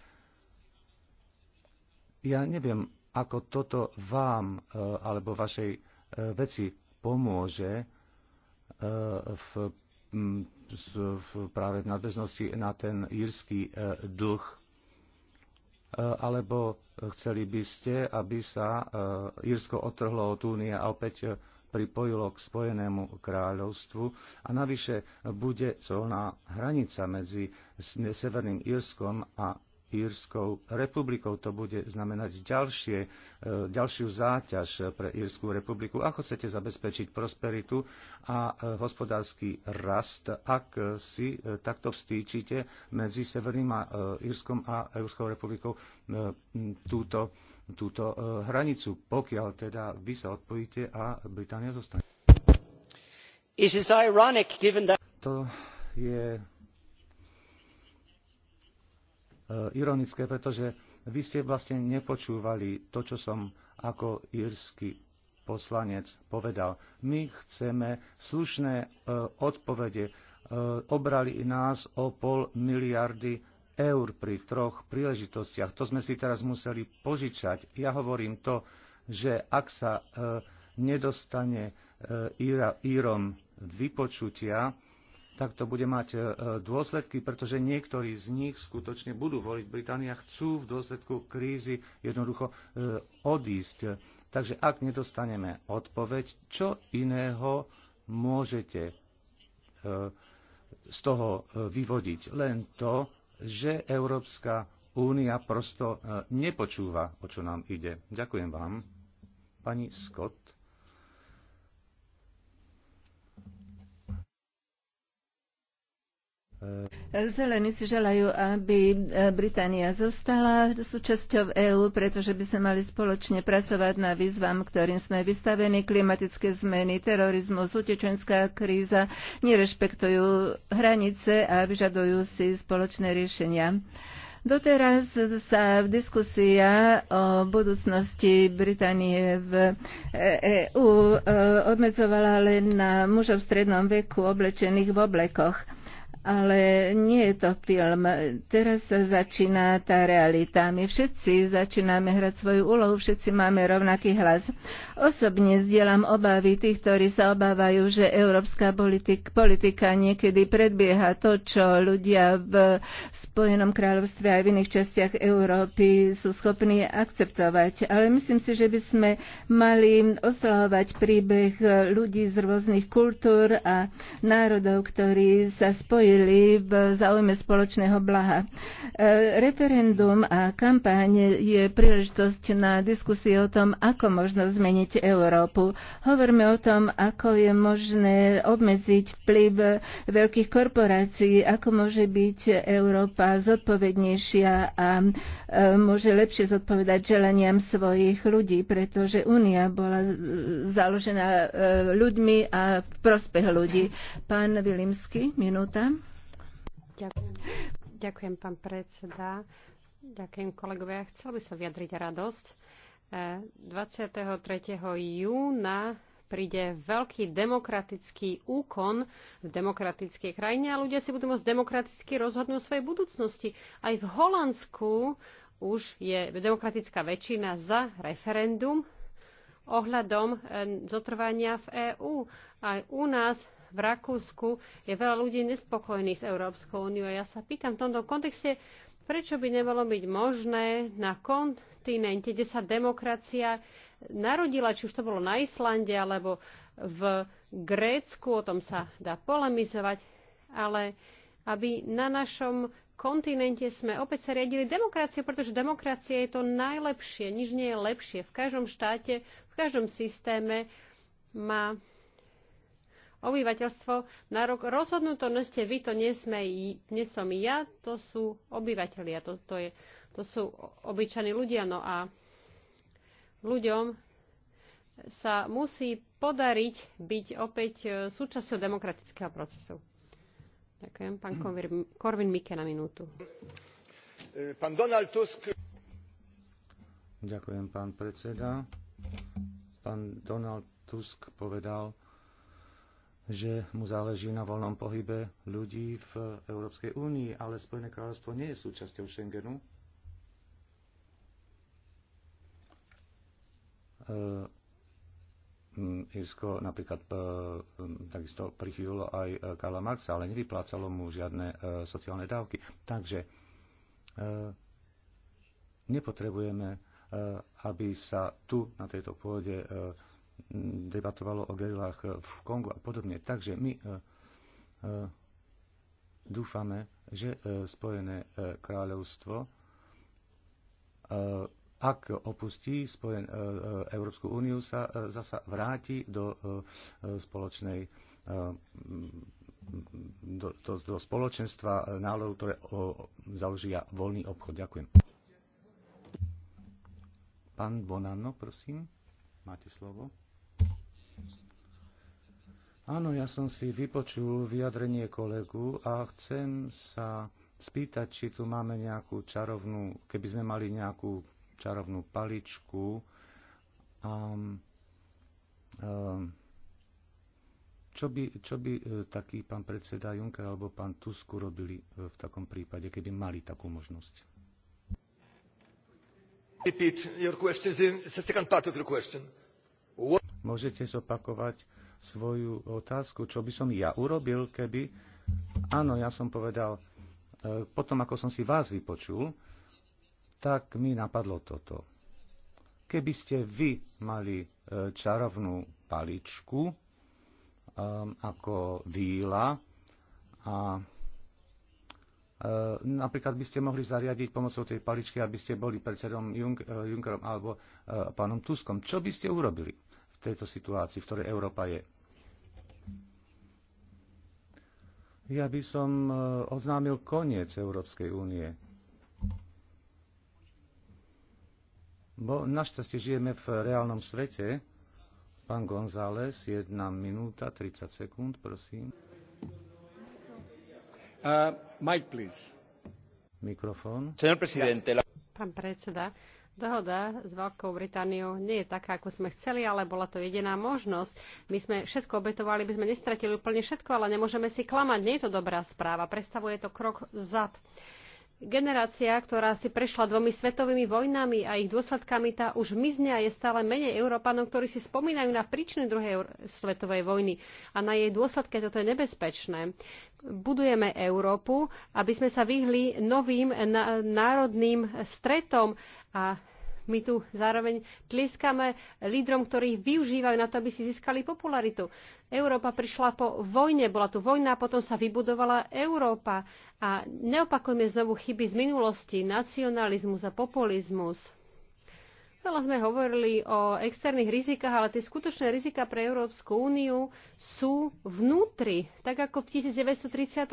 Ja neviem, ako toto vám e, alebo vašej veci pomôže e, v, v, práve v nadväznosti na ten írsky e, dlh. E, alebo chceli by ste, aby sa Írsko otrhlo od únie a opäť pripojilo k Spojenému kráľovstvu a navyše bude colná hranica medzi Severným Írskom a Írskou republikou. To bude znamenať ďalšie, e, ďalšiu záťaž pre Írskú republiku. Ako chcete zabezpečiť prosperitu a e, hospodársky rast, ak si e, takto vstýčite medzi Severným a Írskom a Európskou republikou túto, túto hranicu, pokiaľ teda vy sa odpojíte a Británia zostane. It is ironic, given that... To je E, ironické, pretože vy ste vlastne nepočúvali to, čo som ako írsky poslanec povedal. My chceme slušné e, odpovede. E, obrali nás o pol miliardy eur pri troch príležitostiach. To sme si teraz museli požičať. Ja hovorím to, že ak sa nedostane Írom vypočutia, tak to bude mať e, dôsledky, pretože niektorí z nich skutočne budú voliť Británia, chcú v dôsledku krízy jednoducho e, odísť. Takže ak nedostaneme odpoveď, čo iného môžete e, z toho vyvodiť? Len to, že Európska únia prosto nepočúva, o čo nám ide. Ďakujem vám. Pani Scott. Zelení si želajú, aby e, Británia zostala súčasťou EÚ, pretože by sme mali spoločne pracovať na výzvam, ktorým sme vystavení. Klimatické zmeny, terorizmus, utečenská kríza nerešpektujú hranice a vyžadujú si spoločné riešenia. Doteraz sa diskusia o budúcnosti Británie v EÚ e, obmedzovala len na mužov v strednom veku oblečených v oblekoch ale nie je to film. Teraz sa začína tá realita. My všetci začíname hrať svoju úlohu, všetci máme rovnaký hlas. Osobne zdieľam obavy tých, ktorí sa obávajú, že európska politik, politika niekedy predbieha to, čo ľudia v Spojenom kráľovstve aj v iných častiach Európy sú schopní akceptovať. Ale myslím si, že by sme mali oslahovať príbeh ľudí z rôznych kultúr a národov, ktorí sa spojujú urobili v záujme spoločného blaha. E, referendum a kampaň je príležitosť na diskusie o tom, ako možno zmeniť Európu. Hovoríme o tom, ako je možné obmedziť vplyv veľkých korporácií, ako môže byť Európa zodpovednejšia a e, môže lepšie zodpovedať želaniam svojich ľudí, pretože Únia bola založená e, ľuďmi a v prospech ľudí. Pán Vilimsky, minúta. Ďakujem, Ďakujem pán predseda. Ďakujem kolegovia. Chcel by som vyjadriť radosť. 23. E, júna príde veľký demokratický úkon v demokratickej krajine a ľudia si budú môcť demokraticky rozhodnúť o svojej budúcnosti. Aj v Holandsku už je demokratická väčšina za referendum ohľadom e, zotrvania v EÚ. Aj u nás v Rakúsku je veľa ľudí nespokojných s Európskou úniou. ja sa pýtam v tomto kontexte, prečo by nebolo byť možné na kontinente, kde sa demokracia narodila, či už to bolo na Islande alebo v Grécku, o tom sa dá polemizovať, ale aby na našom kontinente sme opäť sa riadili demokraciou, pretože demokracia je to najlepšie, nič nie je lepšie. V každom štáte, v každom systéme má obyvateľstvo na rok. rozhodnuto no ste vy, to nie, sme, nie som ja, to sú obyvateľia, to, to, je, to sú obyčajní ľudia. No a ľuďom sa musí podariť byť opäť e, súčasťou demokratického procesu. Ďakujem. Pán Korvin Mike na minútu. E, pán Donald Tusk. Ďakujem, pán predseda. Pán Donald Tusk povedal, že mu záleží na voľnom pohybe ľudí v Európskej únii, ale Spojené kráľovstvo nie je súčasťou Schengenu. E, Irsko napríklad e, takisto prichýlilo aj Karla Marxa, ale nevyplácalo mu žiadne e, sociálne dávky. Takže nepotrebujeme, aby sa tu na tejto pôde debatovalo o gerilách v Kongu a podobne. Takže my e, e, dúfame, že e, Spojené kráľovstvo, ak opustí Spojen, Európsku úniu, sa zasa vráti do spoločnej do, do, do spoločenstva národov, ktoré o, založia voľný obchod. Ďakujem. Pán Bonanno, prosím, máte slovo. Áno, ja som si vypočul vyjadrenie kolegu a chcem sa spýtať, či tu máme nejakú čarovnú, keby sme mali nejakú čarovnú paličku. Um, um, čo by, čo by e, taký pán predseda Juncker alebo pán Tusku robili e, v takom prípade, keby mali takú možnosť? Môžete zopakovať svoju otázku, čo by som ja urobil, keby... Áno, ja som povedal, e, potom ako som si vás vypočul, tak mi napadlo toto. Keby ste vy mali e, čarovnú paličku e, ako víla a Napríklad by ste mohli zariadiť pomocou tej paličky, aby ste boli predsedom Junkerom alebo pánom Tuskom. Čo by ste urobili? tejto situácii, v ktorej Európa je. Ja by som e, oznámil koniec Európskej únie. Bo našťastie žijeme v reálnom svete. Pán González, jedna minúta, 30 sekúnd, prosím. Uh, Mike, please. Mikrofón. Pán predseda, Dohoda s Veľkou Britániou nie je taká, ako sme chceli, ale bola to jediná možnosť. My sme všetko obetovali, by sme nestratili úplne všetko, ale nemôžeme si klamať. Nie je to dobrá správa. Predstavuje to krok zad. Generácia, ktorá si prešla dvomi svetovými vojnami a ich dôsledkami, tá už mizne a je stále menej Európanov, ktorí si spomínajú na príčiny druhej svetovej vojny a na jej dôsledky. Toto je nebezpečné. Budujeme Európu, aby sme sa vyhli novým národným stretom a my tu zároveň tlieskame lídrom, ktorí využívajú na to, aby si získali popularitu. Európa prišla po vojne, bola tu vojna, potom sa vybudovala Európa. A neopakujme znovu chyby z minulosti, nacionalizmus a populizmus. Veľa sme hovorili o externých rizikách, ale tie skutočné rizika pre Európsku úniu sú vnútri. Tak ako v 1939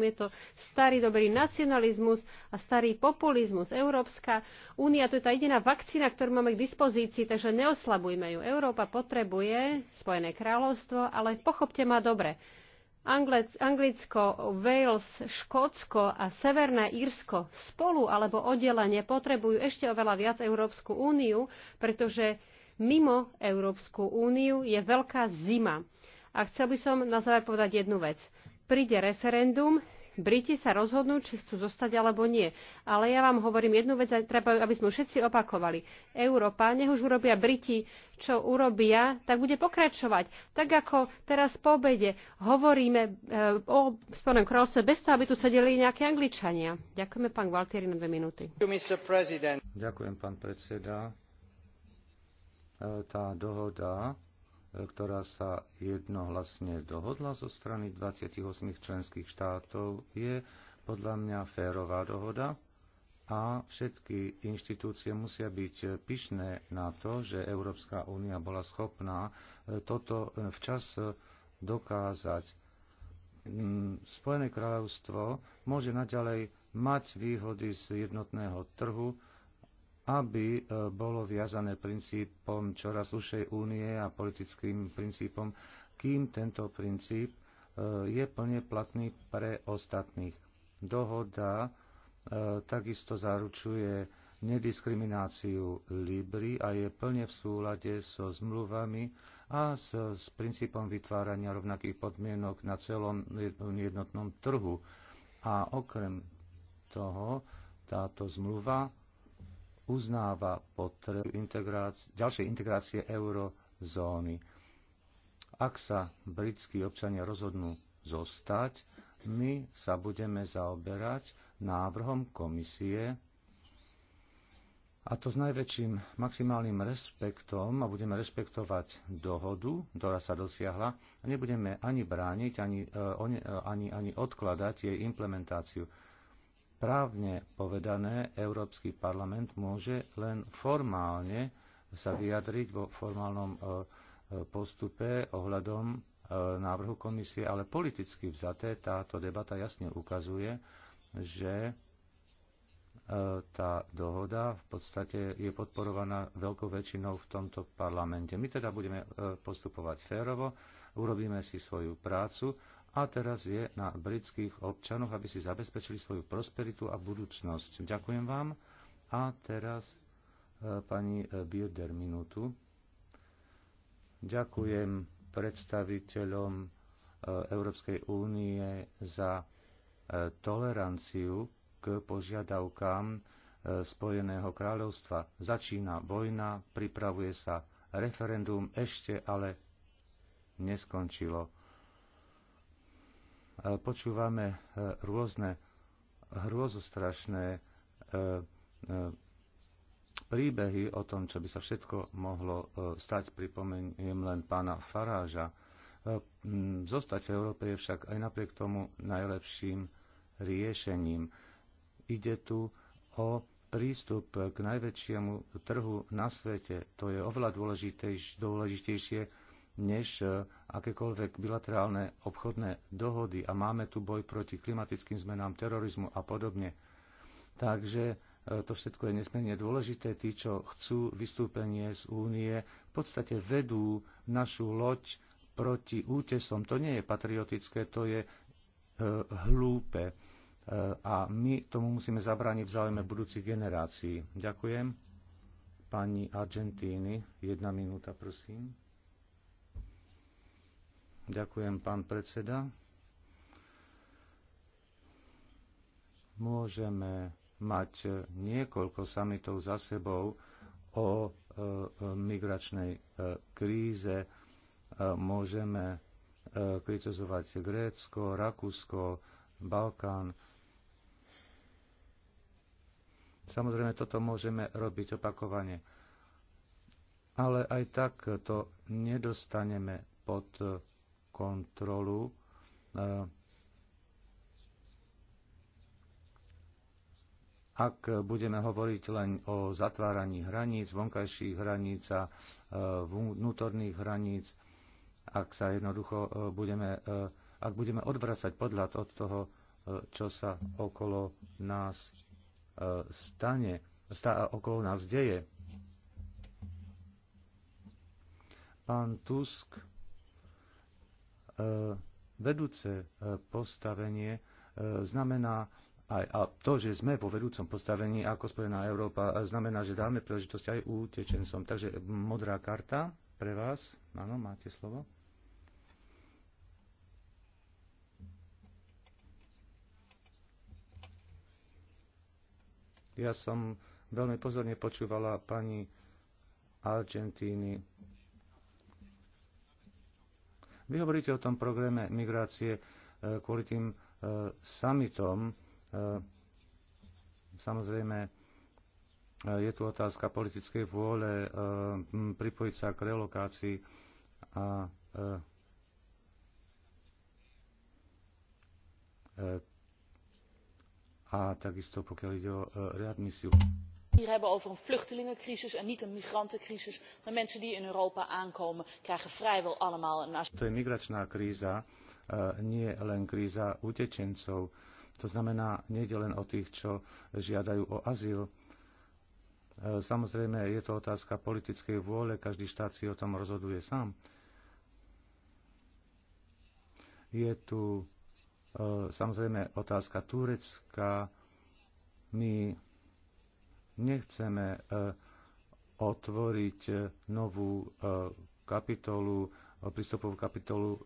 je to starý dobrý nacionalizmus a starý populizmus. Európska únia to je tá jediná vakcína, ktorú máme k dispozícii, takže neoslabujme ju. Európa potrebuje Spojené kráľovstvo, ale pochopte ma dobre Anglicko, Wales, Škótsko a Severné Írsko spolu alebo oddelenie potrebujú ešte oveľa viac Európsku úniu, pretože mimo Európsku úniu je veľká zima. A chcel by som na záver povedať jednu vec. Príde referendum, Briti sa rozhodnú, či chcú zostať alebo nie. Ale ja vám hovorím jednu vec, a treba, aby sme všetci opakovali. Európa, nech už urobia Briti, čo urobia, tak bude pokračovať. Tak ako teraz po obede hovoríme eh, o Spojenom kráľovstve bez toho, aby tu sedeli nejaké Angličania. Ďakujeme, pán Gualtieri, na dve minúty. Ďakujem, pán predseda. Eh, tá dohoda ktorá sa jednohlasne dohodla zo strany 28 členských štátov, je podľa mňa férová dohoda a všetky inštitúcie musia byť pyšné na to, že Európska únia bola schopná e, toto e, včas e, dokázať. Mm, Spojené kráľovstvo môže naďalej mať výhody z jednotného trhu, aby e, bolo viazané princípom čoraz užšej únie a politickým princípom, kým tento princíp e, je plne platný pre ostatných. Dohoda e, takisto zaručuje nediskrimináciu Libry a je plne v súlade so zmluvami a s, s princípom vytvárania rovnakých podmienok na celom jednotnom trhu. A okrem toho táto zmluva uznáva potrebu integrácie, ďalšej integrácie eurozóny. Ak sa britskí občania rozhodnú zostať, my sa budeme zaoberať návrhom komisie a to s najväčším maximálnym respektom a budeme rešpektovať dohodu, ktorá sa dosiahla a nebudeme ani brániť, ani, e, e, ani, ani odkladať jej implementáciu Právne povedané, Európsky parlament môže len formálne sa vyjadriť vo formálnom e, e, postupe ohľadom e, návrhu komisie, ale politicky vzaté táto debata jasne ukazuje, že tá dohoda v podstate je podporovaná veľkou väčšinou v tomto parlamente. My teda budeme postupovať férovo, urobíme si svoju prácu a teraz je na britských občanoch, aby si zabezpečili svoju prosperitu a budúcnosť. Ďakujem vám. A teraz e, pani e, Bilder minútu. Ďakujem predstaviteľom e, Európskej únie za e, toleranciu k požiadavkám e, Spojeného kráľovstva. Začína vojna, pripravuje sa referendum, ešte ale neskončilo počúvame e, rôzne hrôzostrašné e, e, príbehy o tom, čo by sa všetko mohlo stať. Pripomeniem len pána Faráža. Zostať v Európe je však aj napriek tomu najlepším riešením. Ide tu o prístup k najväčšiemu trhu na svete. To je oveľa dôležitejšie než e, akékoľvek bilaterálne obchodné dohody a máme tu boj proti klimatickým zmenám, terorizmu a podobne. Takže e, to všetko je nesmierne dôležité. Tí, čo chcú vystúpenie z únie, v podstate vedú našu loď proti útesom. To nie je patriotické, to je e, hlúpe. E, a my tomu musíme zabrániť v záujme budúcich generácií. Ďakujem. Pani Argentíny, jedna minúta, prosím. Ďakujem, pán predseda. Môžeme mať niekoľko samitov za sebou o e, e, migračnej e, kríze. Môžeme kritizovať Grécko, Rakúsko, Balkán. Samozrejme, toto môžeme robiť opakovane. Ale aj tak to nedostaneme pod kontrolu eh, ak budeme hovoriť len o zatváraní hraníc, vonkajších hraníc a eh, vnútorných hraníc, ak sa jednoducho eh, budeme, ak budeme odvracať podľa od toho, čo sa okolo nás stane, stá, okolo nás deje. Pán Tusk E, vedúce e, postavenie e, znamená aj, a to, že sme vo vedúcom postavení ako Spojená Európa, znamená, že dáme príležitosť aj utečencom. Takže modrá karta pre vás. Áno, máte slovo. Ja som veľmi pozorne počúvala pani Argentíny vy hovoríte o tom programe migrácie e, kvôli tým e, summitom. E, samozrejme, je tu otázka politickej vôle pripojiť sa k relokácii a a takisto pokiaľ ide o readmisiu hier hebben over een vluchtelingencrisis en niet een migrantencrisis. De mensen die in Europa aankomen krijgen vrijwel allemaal een To je migračná kríza, eh, nie len kríza utečencov. Eh, samozrejme, je to otázka politickej vôle, každý štát si o tom rozhoduje sám. Je tu eh, samozrejme otázka Turecka. My Nechceme e, otvoriť e, novú e, kapitolu, prístupovú kapitolu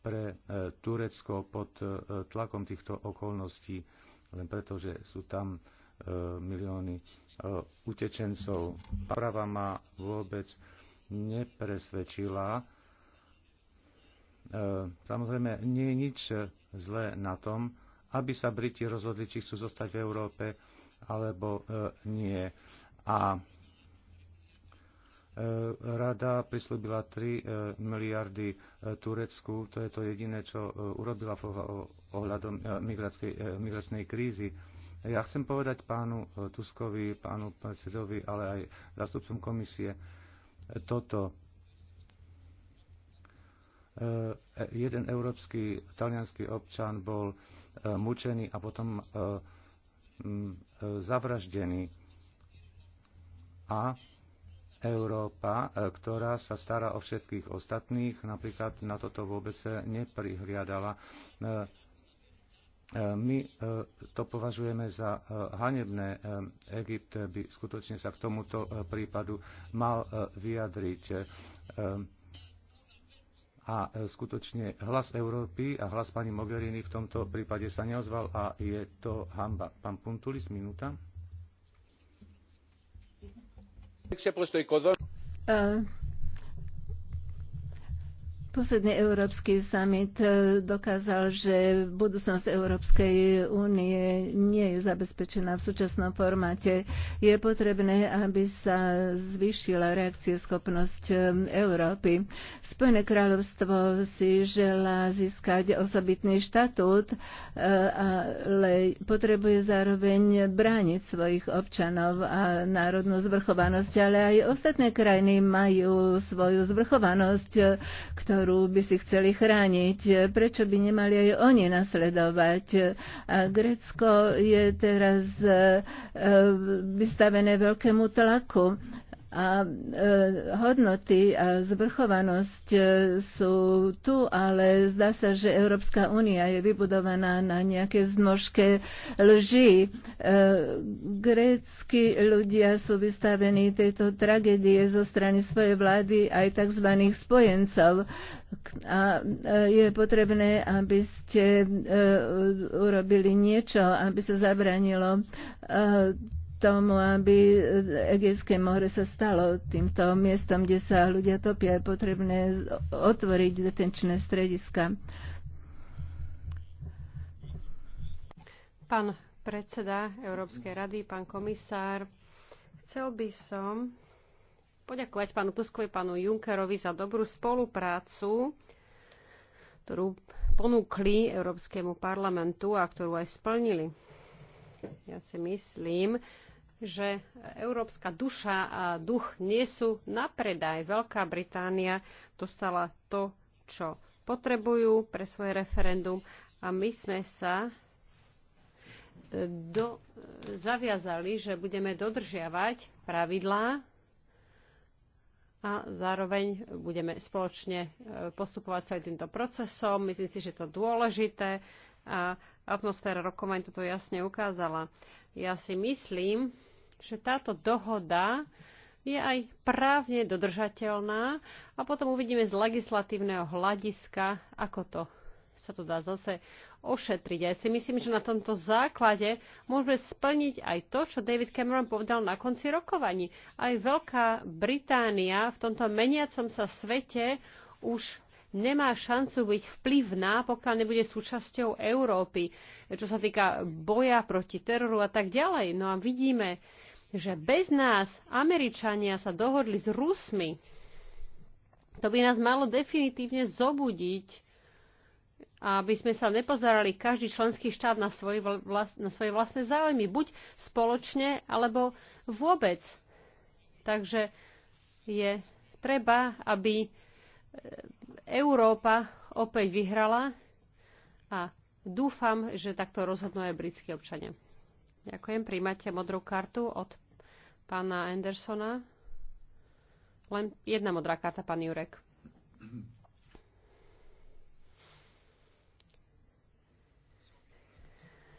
pre Turecko pod tlakom týchto okolností, len preto, že sú tam milióny utečencov. Prava ma vôbec nepresvedčila. Samozrejme, nie je nič zlé na tom, aby sa Briti rozhodli, či chcú zostať v Európe, alebo e, nie. A e, Rada prislúbila 3 e, miliardy Turecku, to je to jediné, čo urobila ohľadom migračnej krízy. Ja chcem povedať pánu Tuskovi, pánu predsedovi, ale aj zastupcom komisie toto. Jeden európsky talianský občan bol mučený a potom zavraždení. A Európa, e, ktorá sa stará o všetkých ostatných, napríklad na toto vôbec e, neprihliadala. E, my to považujeme za hanebné. Egypt by skutočne sa k tomuto prípadu mal vyjadriť a e, skutočne hlas Európy a hlas pani Mogherini v tomto prípade sa neozval a je to hamba. Pán Puntulis, minúta. Uh Posledný Európsky summit e, dokázal, že budúcnosť Európskej únie nie je zabezpečená v súčasnom formáte. Je potrebné, aby sa zvýšila schopnosť e, Európy. Spojené kráľovstvo si želá získať osobitný štatút, e, ale potrebuje zároveň brániť svojich občanov a národnú zvrchovanosť, ale aj ostatné krajiny majú svoju zvrchovanosť, ktorú ktorú by si chceli chrániť. Prečo by nemali aj oni nasledovať? A Grécko je teraz e, e, vystavené veľkému tlaku. A e, hodnoty a zvrchovanosť e, sú tu, ale zdá sa, že Európska únia je vybudovaná na nejaké zmožke lži. E, grécky ľudia sú vystavení tejto tragédie zo strany svojej vlády aj tzv. spojencov. A je potrebné, aby ste urobili niečo, aby sa zabranilo tomu, aby Egejské more sa stalo týmto miestom, kde sa ľudia topia, je potrebné otvoriť detenčné strediska. Pán predseda Európskej rady, pán komisár, chcel by som poďakovať pánu Tuskovi, pánu Junckerovi za dobrú spoluprácu, ktorú ponúkli Európskemu parlamentu a ktorú aj splnili. Ja si myslím, že európska duša a duch nie sú na predaj. Veľká Británia dostala to, čo potrebujú pre svoje referendum a my sme sa e, do, zaviazali, že budeme dodržiavať pravidlá a zároveň budeme spoločne e, postupovať celým týmto procesom. Myslím si, že to dôležité a atmosféra rokovania toto jasne ukázala. Ja si myslím, že táto dohoda je aj právne dodržateľná a potom uvidíme z legislatívneho hľadiska, ako to sa to dá zase ošetriť. Ja si myslím, že na tomto základe môžeme splniť aj to, čo David Cameron povedal na konci rokovaní. Aj Veľká Británia v tomto meniacom sa svete už nemá šancu byť vplyvná, pokiaľ nebude súčasťou Európy, čo sa týka boja proti teroru a tak ďalej. No a vidíme, že bez nás Američania sa dohodli s Rusmi. To by nás malo definitívne zobudiť, aby sme sa nepozerali každý členský štát na, svoj vlast, na svoje vlastné záujmy, buď spoločne, alebo vôbec. Takže je treba, aby e, Európa opäť vyhrala a dúfam, že takto rozhodnú aj britskí občania. Ďakujem. Príjmate modrú kartu od pána Andersona. Len jedna modrá karta, pán Jurek.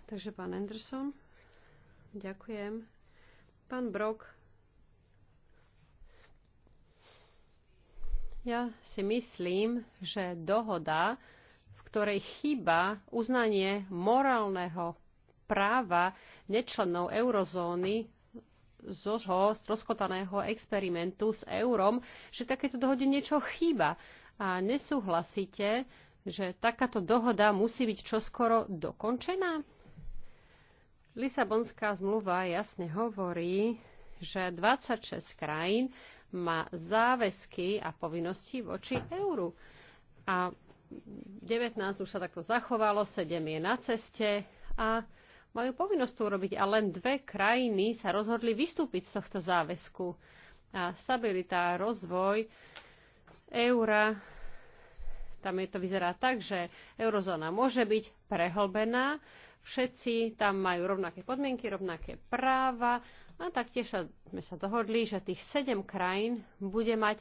Takže pán Anderson, ďakujem. Pán Brok, ja si myslím, že dohoda, v ktorej chýba uznanie morálneho práva nečlenov eurozóny zožho stroskotaného experimentu s eurom, že takéto dohode niečo chýba. A nesúhlasíte, že takáto dohoda musí byť čoskoro dokončená? Lisabonská zmluva jasne hovorí, že 26 krajín má záväzky a povinnosti voči euru. A 19 už sa takto zachovalo, 7 je na ceste a majú povinnosť to urobiť a len dve krajiny sa rozhodli vystúpiť z tohto záväzku. A stabilita a rozvoj eura, tam je to vyzerá tak, že eurozóna môže byť prehlbená, všetci tam majú rovnaké podmienky, rovnaké práva a taktiež sme sa dohodli, že tých sedem krajín bude mať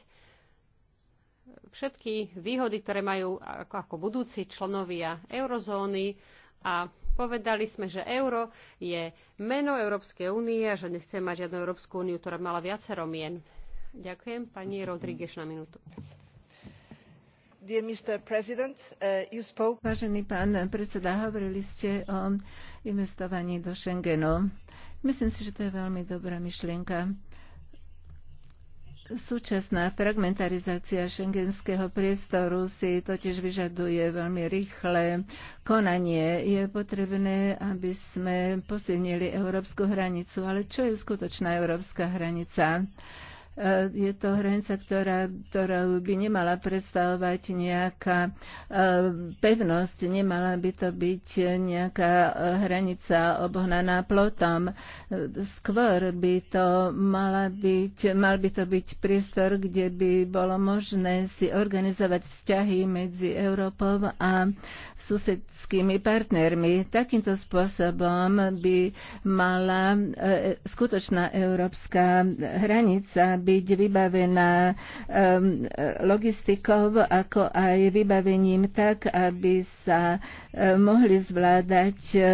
všetky výhody, ktoré majú ako, ako budúci členovia eurozóny a Povedali sme, že euro je meno Európskej únie a že nechcem mať žiadnu Európsku úniu, ktorá mala viacero mien. Ďakujem. Pani Rodríguez na minútu. Uh, spoke... Vážený pán predseda, hovorili ste o investovaní do Schengenu. Myslím si, že to je veľmi dobrá myšlienka Súčasná fragmentarizácia šengenského priestoru si totiž vyžaduje veľmi rýchle konanie. Je potrebné, aby sme posilnili európsku hranicu. Ale čo je skutočná európska hranica? Eh, je to hranica, ktorá, ktorú by nemala predstavovať nejaká eh, pevnosť, nemala by to byť nejaká eh, hranica obohnaná plotom. Skôr by to mala byť, mal by to byť priestor, kde by bolo možné si organizovať vzťahy medzi Európou a susedskými partnermi. Takýmto spôsobom by mala skutočná európska hranica byť vybavená ehm, logistikou, ako aj vybavením tak, aby sa ehm, mohli zvládať ehm, e,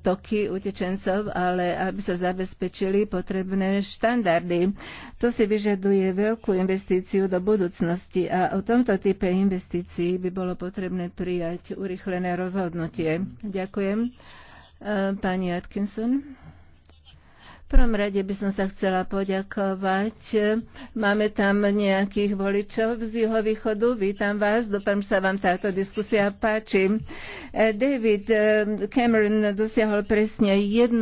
toky utečencov, ale aby sa zabezpečili potrebné štandardy. To si vyžaduje veľkú investíciu do budúcnosti a o tomto type investícií by bolo potrebné prijať urychlené rozhodnutie. Ďakujem. Pani Atkinson prvom rade by som sa chcela poďakovať. Máme tam nejakých voličov z východu. Vítam vás. Dúfam, sa vám táto diskusia páči. E, David e, Cameron dosiahol presne 1%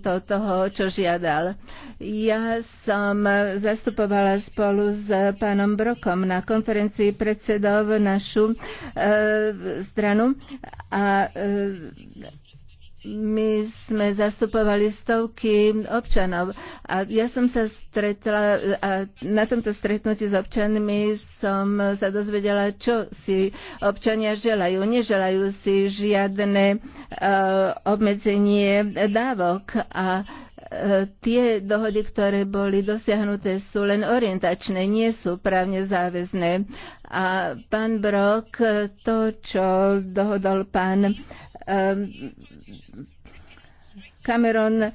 toho, čo žiadal. Ja som zastupovala spolu s pánom Brokom na konferencii predsedov našu e, stranu a my sme zastupovali stovky občanov a ja som sa stretla a na tomto stretnutí s občanmi som sa dozvedela, čo si občania želajú. Neželajú si žiadne uh, obmedzenie dávok a e, tie dohody, ktoré boli dosiahnuté, sú len orientačné, nie sú právne záväzné. A pán Brok, to, čo dohodol pán Ehm, Cameron ehm,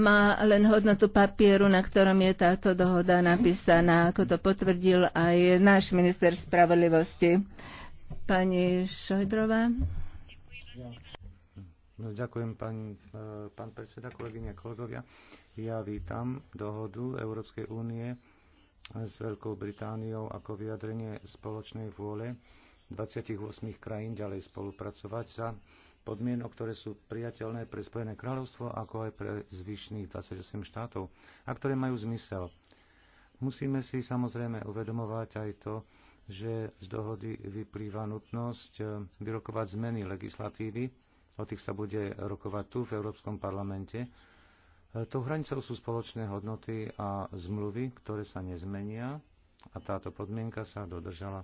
má len hodnotu papieru, na ktorom je táto dohoda napísaná, ako to potvrdil aj náš minister spravodlivosti. Pani Šojdrová. No, ďakujem, pán, eh, pán predseda, kolegyne a kolegovia. Ja vítam dohodu Európskej únie s Veľkou Britániou ako vyjadrenie spoločnej vôle 28 krajín ďalej spolupracovať za podmienok, ktoré sú priateľné pre Spojené kráľovstvo, ako aj pre zvyšných 28 štátov a ktoré majú zmysel. Musíme si samozrejme uvedomovať aj to, že z dohody vyplýva nutnosť e, vyrokovať zmeny legislatívy, o tých sa bude rokovať tu v Európskom parlamente. E, tou hranicou sú spoločné hodnoty a zmluvy, ktoré sa nezmenia a táto podmienka sa dodržala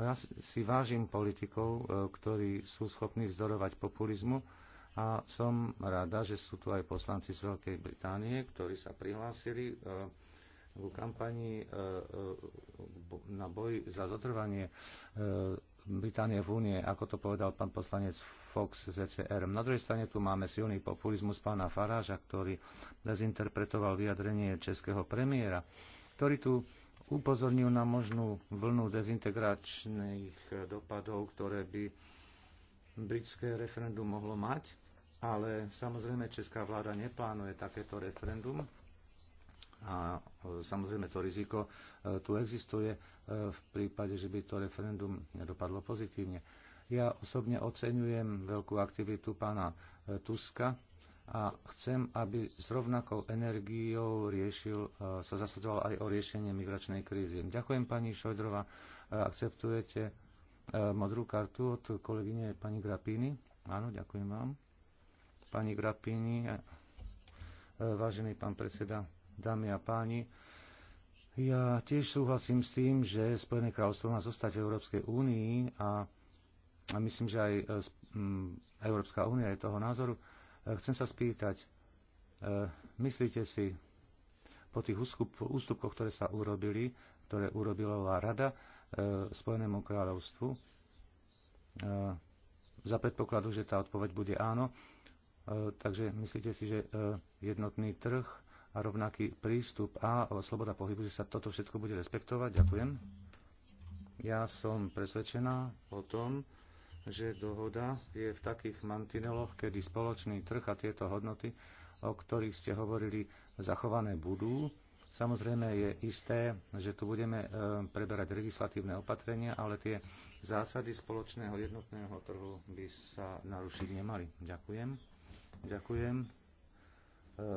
ja si vážim politikov, e, ktorí sú schopní vzdorovať populizmu a som rada, že sú tu aj poslanci z Veľkej Británie, ktorí sa prihlásili v e, kampanii e, na boj za zotrvanie Británie v únie, ako to povedal pán poslanec Fox z ECR. Na druhej strane tu máme silný populizmus pána Faráža, ktorý dezinterpretoval vyjadrenie českého premiéra, ktorý tu upozornil na možnú vlnu dezintegračných dopadov, ktoré by britské referendum mohlo mať, ale samozrejme česká vláda neplánuje takéto referendum a e, samozrejme to riziko e, tu existuje e, v prípade, že by to referendum nedopadlo pozitívne. Ja osobne oceňujem veľkú aktivitu pána Tuska, a chcem, aby s rovnakou energiou riešil, e, sa zasadoval aj o riešenie migračnej krízy. Ďakujem pani Šojdrova. E, akceptujete e, modrú kartu od kolegyne pani Grapíny? Áno, ďakujem vám. Pani Grapíny, vážený pán predseda, dámy a páni, ja tiež súhlasím s tým, že Spojené kráľovstvo má zostať v Európskej únii a, a myslím, že aj Európska únia je toho názoru. E, chcem sa spýtať, e, myslíte si po tých ústupkoch, ktoré sa urobili, ktoré urobila Rada e, Spojenému kráľovstvu, za predpokladu, že tá odpoveď bude áno, takže myslíte si, že jednotný trh a rovnaký prístup a sloboda pohybu, že sa toto všetko bude respektovať? Ďakujem. Ja som presvedčená o tom, že dohoda je v takých mantineloch, kedy spoločný trh a tieto hodnoty, o ktorých ste hovorili, zachované budú. Samozrejme je isté, že tu budeme e, preberať legislatívne opatrenia, ale tie zásady spoločného jednotného trhu by sa narušiť nemali. Ďakujem. Ďakujem. E,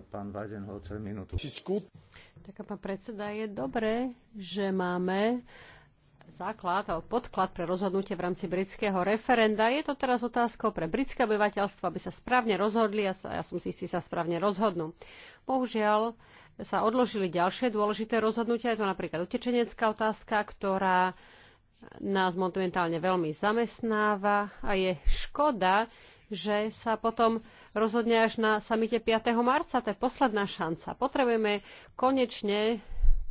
pán Weidenholzer, minútu. Ďakujem, pán predseda. Je dobré, že máme základ alebo podklad pre rozhodnutie v rámci britského referenda. Je to teraz otázkou pre britské obyvateľstvo, aby sa správne rozhodli a sa ja som si istý, sa správne rozhodnú. Bohužiaľ sa odložili ďalšie dôležité rozhodnutia, je to napríklad utečenecká otázka, ktorá nás momentálne veľmi zamestnáva a je škoda, že sa potom rozhodne až na samite 5. marca. To je posledná šanca. Potrebujeme konečne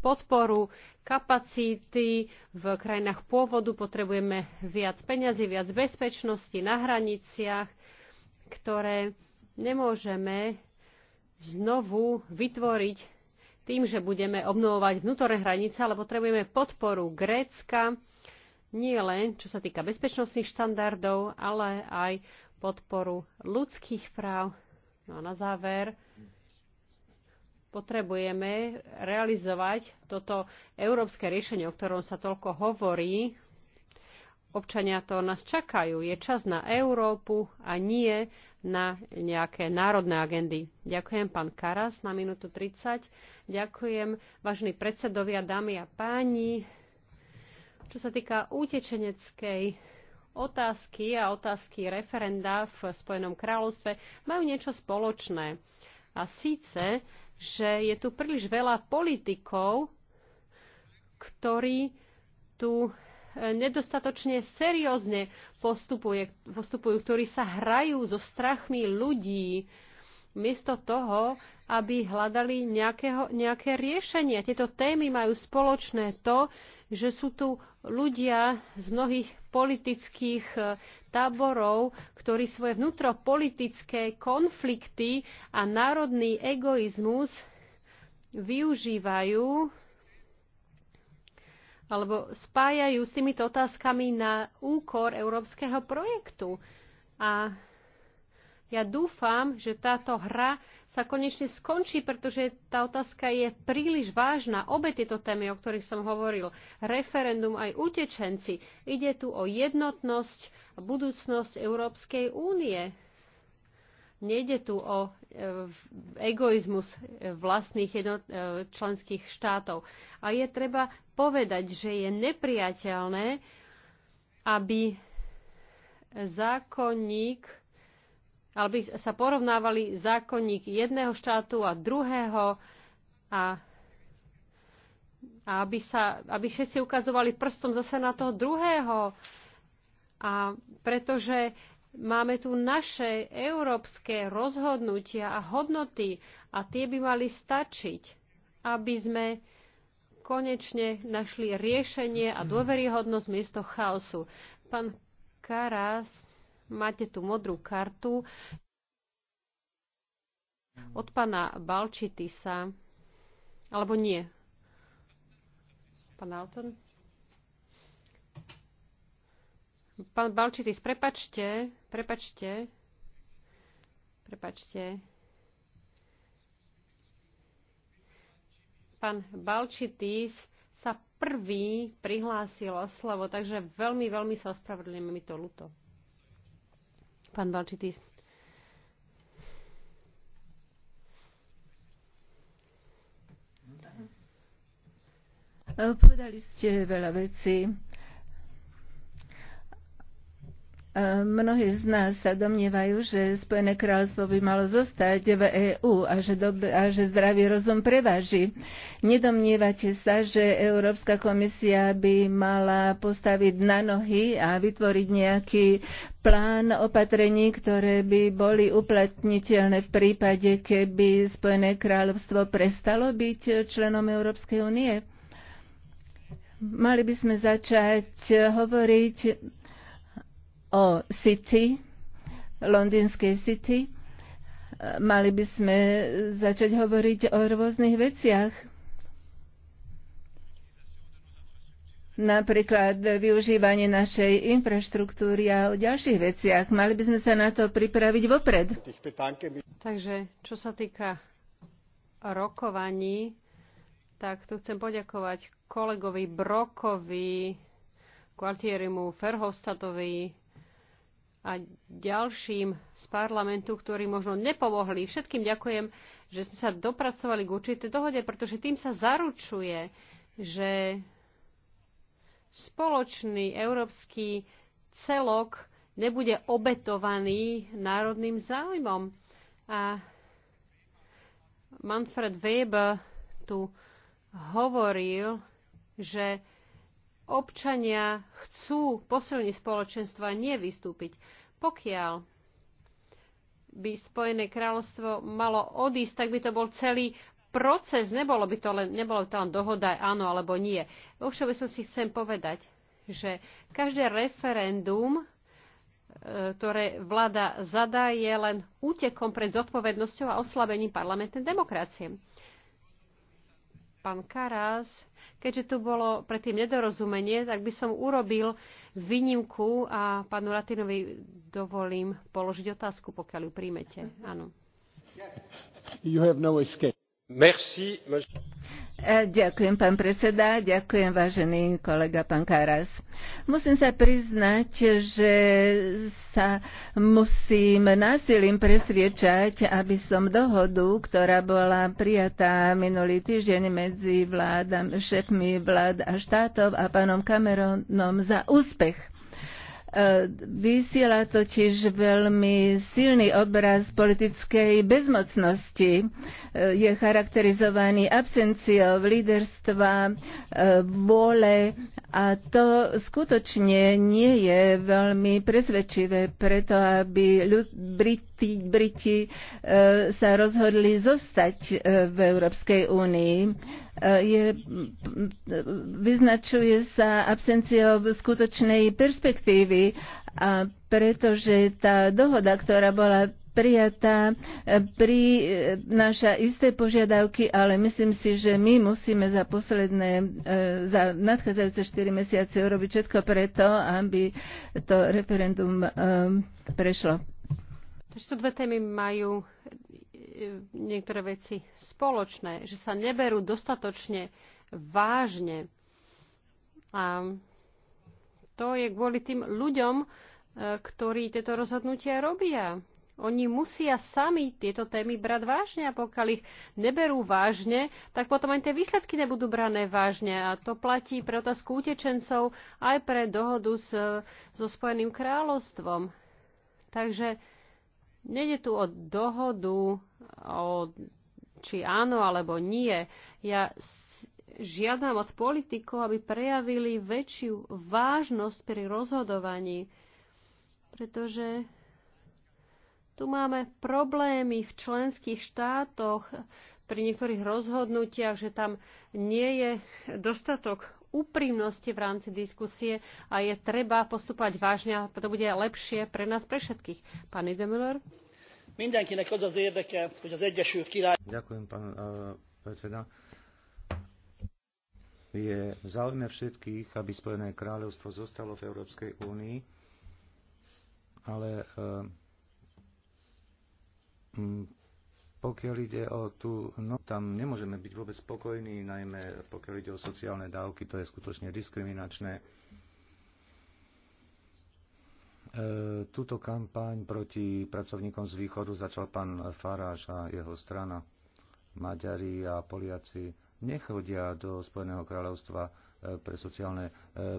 podporu kapacity v krajinách pôvodu, potrebujeme viac peňazí, viac bezpečnosti na hraniciach, ktoré nemôžeme znovu vytvoriť tým, že budeme obnovovať vnútorné hranice, ale potrebujeme podporu Grécka, nie len čo sa týka bezpečnostných štandardov, ale aj podporu ľudských práv. No a na záver, potrebujeme realizovať toto európske riešenie, o ktorom sa toľko hovorí. Občania to nás čakajú. Je čas na Európu a nie na nejaké národné agendy. Ďakujem pán Karas na minútu 30. Ďakujem vážni predsedovia, dámy a páni. Čo sa týka útečeneckej otázky a otázky referenda v Spojenom kráľovstve, majú niečo spoločné. A síce že je tu príliš veľa politikov, ktorí tu e, nedostatočne seriózne postupujú, ktorí sa hrajú so strachmi ľudí, miesto toho, aby hľadali nejakého, nejaké riešenia. Tieto témy majú spoločné to, že sú tu ľudia z mnohých politických e, táborov, ktorí svoje vnútropolitické konflikty a národný egoizmus využívajú alebo spájajú s týmito otázkami na úkor európskeho projektu. A ja dúfam, že táto hra sa konečne skončí, pretože tá otázka je príliš vážna. Obe tieto témy, o ktorých som hovoril, referendum aj utečenci, ide tu o jednotnosť a budúcnosť Európskej únie. Nejde tu o e, egoizmus e, vlastných jednot, e, členských štátov. A je treba povedať, že je nepriateľné, aby zákonník aby sa porovnávali zákonník jedného štátu a druhého a, a aby, sa, aby všetci ukazovali prstom zase na toho druhého. A pretože máme tu naše európske rozhodnutia a hodnoty a tie by mali stačiť, aby sme konečne našli riešenie a mm-hmm. dôveryhodnosť miesto chaosu. Pán Karas Máte tu modrú kartu od pána Balčitisa. Alebo nie? Pán Alton? Pán Balčitis, prepačte, prepačte, prepačte. Pán Balčitis sa prvý prihlásil o slovo, takže veľmi, veľmi sa ospravedlíme mi to ľúto. Pán Balčitis. Povedali ste veľa vecí. E, mnohí z nás sa domnievajú, že Spojené kráľstvo by malo zostať v EÚ a, že a že zdravý rozum preváži. Nedomnievate sa, že Európska komisia by mala postaviť na nohy a vytvoriť nejaký plán opatrení, ktoré by boli uplatniteľné v prípade, keby Spojené kráľovstvo prestalo byť členom Európskej únie? Mali by sme začať hovoriť o City, londýnskej City, mali by sme začať hovoriť o rôznych veciach. Napríklad využívanie našej infraštruktúry a o ďalších veciach. Mali by sme sa na to pripraviť vopred. Takže čo sa týka rokovaní, tak tu chcem poďakovať kolegovi Brokovi, Gualtierimu Ferhostatovi, a ďalším z parlamentu, ktorí možno nepomohli. Všetkým ďakujem, že sme sa dopracovali k určitej dohode, pretože tým sa zaručuje, že spoločný európsky celok nebude obetovaný národným záujmom. A Manfred Weber tu hovoril, že občania chcú posilniť spoločenstvo a nie vystúpiť. Pokiaľ by Spojené kráľovstvo malo odísť, tak by to bol celý proces, nebolo by to len, nebolo tam dohoda áno alebo nie. som si chcem povedať, že každé referendum, e, ktoré vláda zadá, je len útekom pred zodpovednosťou a oslabením parlamentnej demokracie pán Karas. Keďže tu bolo predtým nedorozumenie, tak by som urobil výnimku a pánu Latinovi dovolím položiť otázku, pokiaľ ju príjmete. Áno. You have no escape. E, ďakujem, pán predseda. Ďakujem, vážený kolega, pán Karas. Musím sa priznať, že sa musím násilím presviečať, aby som dohodu, ktorá bola prijatá minulý týždeň medzi vládami, šéfmi vlád a štátov a pánom Cameronom za úspech Vysiela totiž veľmi silný obraz politickej bezmocnosti. Je charakterizovaný absenciou líderstva, e, vôle a to skutočne nie je veľmi presvedčivé preto, aby ľud, Brit, tí Briti e, sa rozhodli zostať e, v Európskej únii. E, je, vyznačuje sa absenciou skutočnej perspektívy a pretože tá dohoda, ktorá bola prijatá, pri naša isté požiadavky, ale myslím si, že my musíme za posledné, za nadchádzajúce 4 mesiace urobiť všetko preto, aby to referendum prešlo. Takže to dve témy majú e, niektoré veci spoločné, že sa neberú dostatočne vážne. A to je kvôli tým ľuďom, e, ktorí tieto rozhodnutia robia. Oni musia sami tieto témy brať vážne a pokiaľ ich neberú vážne, tak potom aj tie výsledky nebudú brané vážne. A to platí pre otázku utečencov aj pre dohodu s, so Spojeným kráľovstvom. Takže Nede tu o dohodu, o, či áno alebo nie. Ja žiadam od politikov, aby prejavili väčšiu vážnosť pri rozhodovaní, pretože tu máme problémy v členských štátoch pri niektorých rozhodnutiach, že tam nie je dostatok úprimnosti v rámci diskusie a je treba postupovať vážne a to bude lepšie pre nás, pre všetkých. Pán Idemüller? Mindenkinek az az érdeke, hogy az Egyesült Király... Ďakujem, pán uh, predseda. Je v záujme všetkých, aby Spojené kráľovstvo zostalo v Európskej únii, ale uh, pokiaľ ide o tú, no tam nemôžeme byť vôbec spokojní, najmä pokiaľ ide o sociálne dávky, to je skutočne diskriminačné. E, túto kampaň proti pracovníkom z východu začal pán Faráš a jeho strana. Maďari a Poliaci nechodia do Spojeného kráľovstva e, pre sociálne e,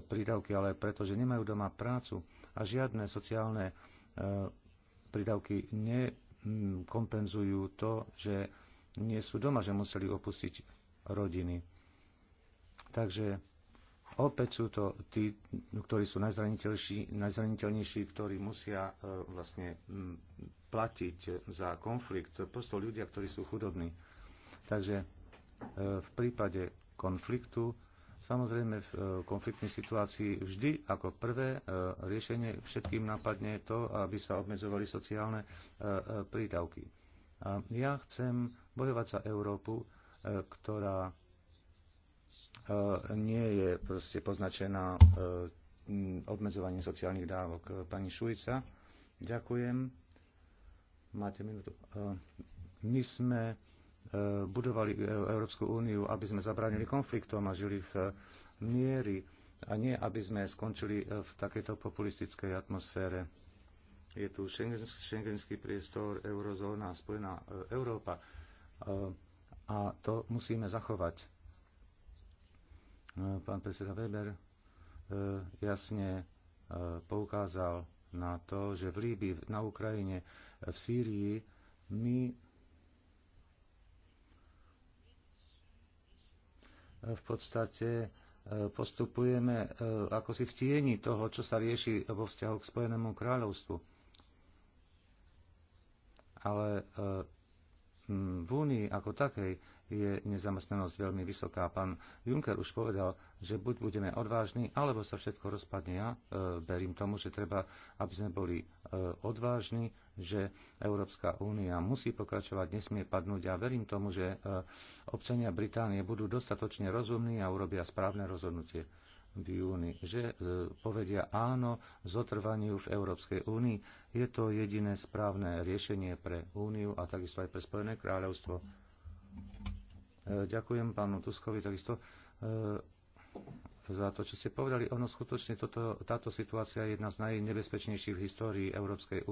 prídavky, ale pretože nemajú doma prácu a žiadne sociálne e, prídavky ne Hm, kompenzujú to, že nie sú doma, že museli opustiť rodiny. Takže opäť sú to tí, ktorí sú najzraniteľnejší, ktorí musia e, vlastne hm, platiť za konflikt. Prosto ľudia, ktorí sú chudobní. Takže e, v prípade konfliktu Samozrejme, v e, konfliktnej situácii vždy ako prvé e, riešenie všetkým napadne to, aby sa obmedzovali sociálne e, prídavky. A ja chcem bojovať za Európu, ktorá nie je proste poznačená obmedzovaním sociálnych dávok. Pani Šujca, ďakujem. Máte minútu. My sme E, budovali e, Európsku úniu, aby sme zabránili konfliktom a žili v e, miery a nie, aby sme skončili v takejto populistickej atmosfére. Je tu šengenský priestor, eurozóna, spojená Európa a to musíme zachovať. Pán predseda Weber jasne poukázal na to, že v Líbi, na Ukrajine, v Sýrii my v podstate e, postupujeme e, ako si v tieni toho, čo sa rieši vo vzťahu k Spojenému kráľovstvu. Ale e, Hmm, v Únii ako takej je nezamestnanosť veľmi vysoká. Pán Juncker už povedal, že buď budeme odvážni, alebo sa všetko rozpadne. Ja e, berím tomu, že treba, aby sme boli e, odvážni, že Európska únia musí pokračovať, nesmie padnúť. Ja verím tomu, že e, občania Británie budú dostatočne rozumní a urobia správne rozhodnutie v júni, že e, povedia áno zotrvaniu v Európskej únii. Je to jediné správne riešenie pre úniu a takisto aj pre Spojené kráľovstvo. E, ďakujem pánu Tuskovi takisto e, za to, čo ste povedali. Ono skutočne, toto, táto situácia je jedna z najnebezpečnejších v histórii Európskej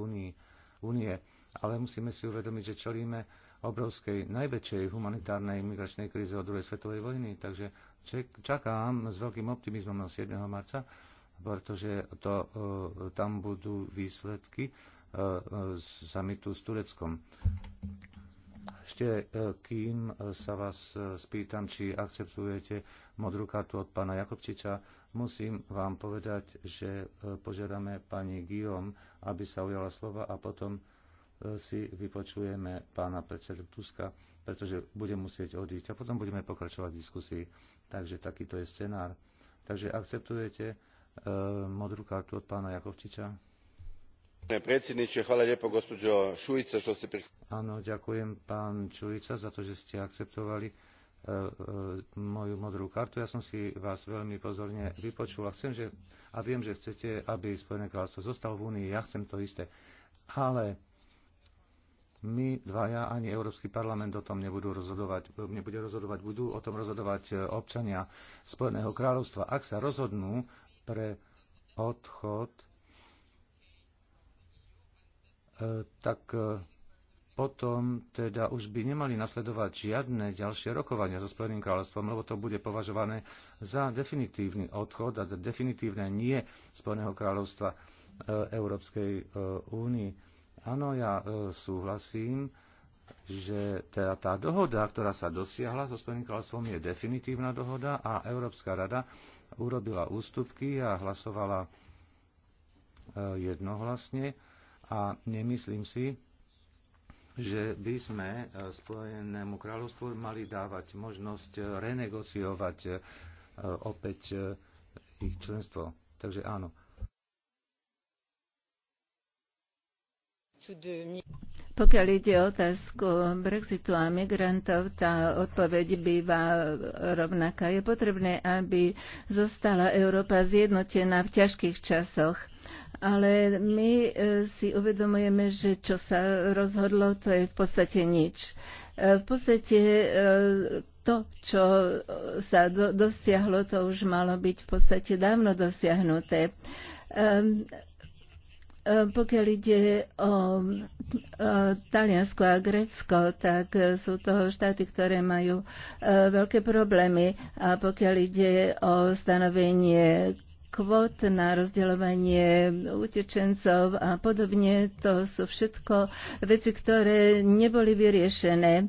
únie, Ale musíme si uvedomiť, že čelíme obrovskej, najväčšej humanitárnej migračnej kríze od druhej svetovej vojny. Takže čakám s veľkým optimizmom na 7. marca, pretože to, e, tam budú výsledky e, e, samitu s Tureckom. Ešte kým sa vás spýtam, či akceptujete modrú kartu od pána Jakobčiča, musím vám povedať, že požiadame pani Guillaume, aby sa ujala slova a potom E, si vypočujeme pána predsedu Tuska, pretože bude musieť odísť a potom budeme pokračovať v diskusii. Takže takýto je scenár. Takže akceptujete e, modrú kartu od pána Jakovčiča? Šujica ste pri... Áno, ďakujem pán Čujica za to, že ste akceptovali e, e, moju modrú kartu. Ja som si vás veľmi pozorne vypočul a, chcem, že, a viem, že chcete, aby Spojené kráľstvo zostalo v Únii. Ja chcem to isté. Ale my dvaja, ani Európsky parlament o tom nebudú rozhodovať, nebude rozhodovať, budú o tom rozhodovať e, občania Spojeného kráľovstva. Ak sa rozhodnú pre odchod, e, tak e, potom teda už by nemali nasledovať žiadne ďalšie rokovania so Spojeným kráľovstvom, lebo to bude považované za definitívny odchod a definitívne nie Spojeného kráľovstva Európskej únii. Áno, ja e, súhlasím, že teda tá dohoda, ktorá sa dosiahla so Spojeným kráľovstvom, je definitívna dohoda a Európska rada urobila ústupky a hlasovala e, jednohlasne a nemyslím si, že by sme e, Spojenému kráľovstvu mali dávať možnosť renegociovať opäť ich členstvo. Takže áno, Pokiaľ ide o otázku Brexitu a migrantov, tá odpoveď býva rovnaká. Je potrebné, aby zostala Európa zjednotená v ťažkých časoch. Ale my e, si uvedomujeme, že čo sa rozhodlo, to je v podstate nič. E, v podstate e, to, čo sa dosiahlo, to už malo byť v podstate dávno dosiahnuté. Ehm, E, pokiaľ ide o, e, Taliansko a Grécko, tak e, sú to štáty, ktoré majú veľké problémy. A pokiaľ ide o stanovenie kvót na rozdeľovanie utečencov a podobne. To sú všetko veci, ktoré neboli vyriešené.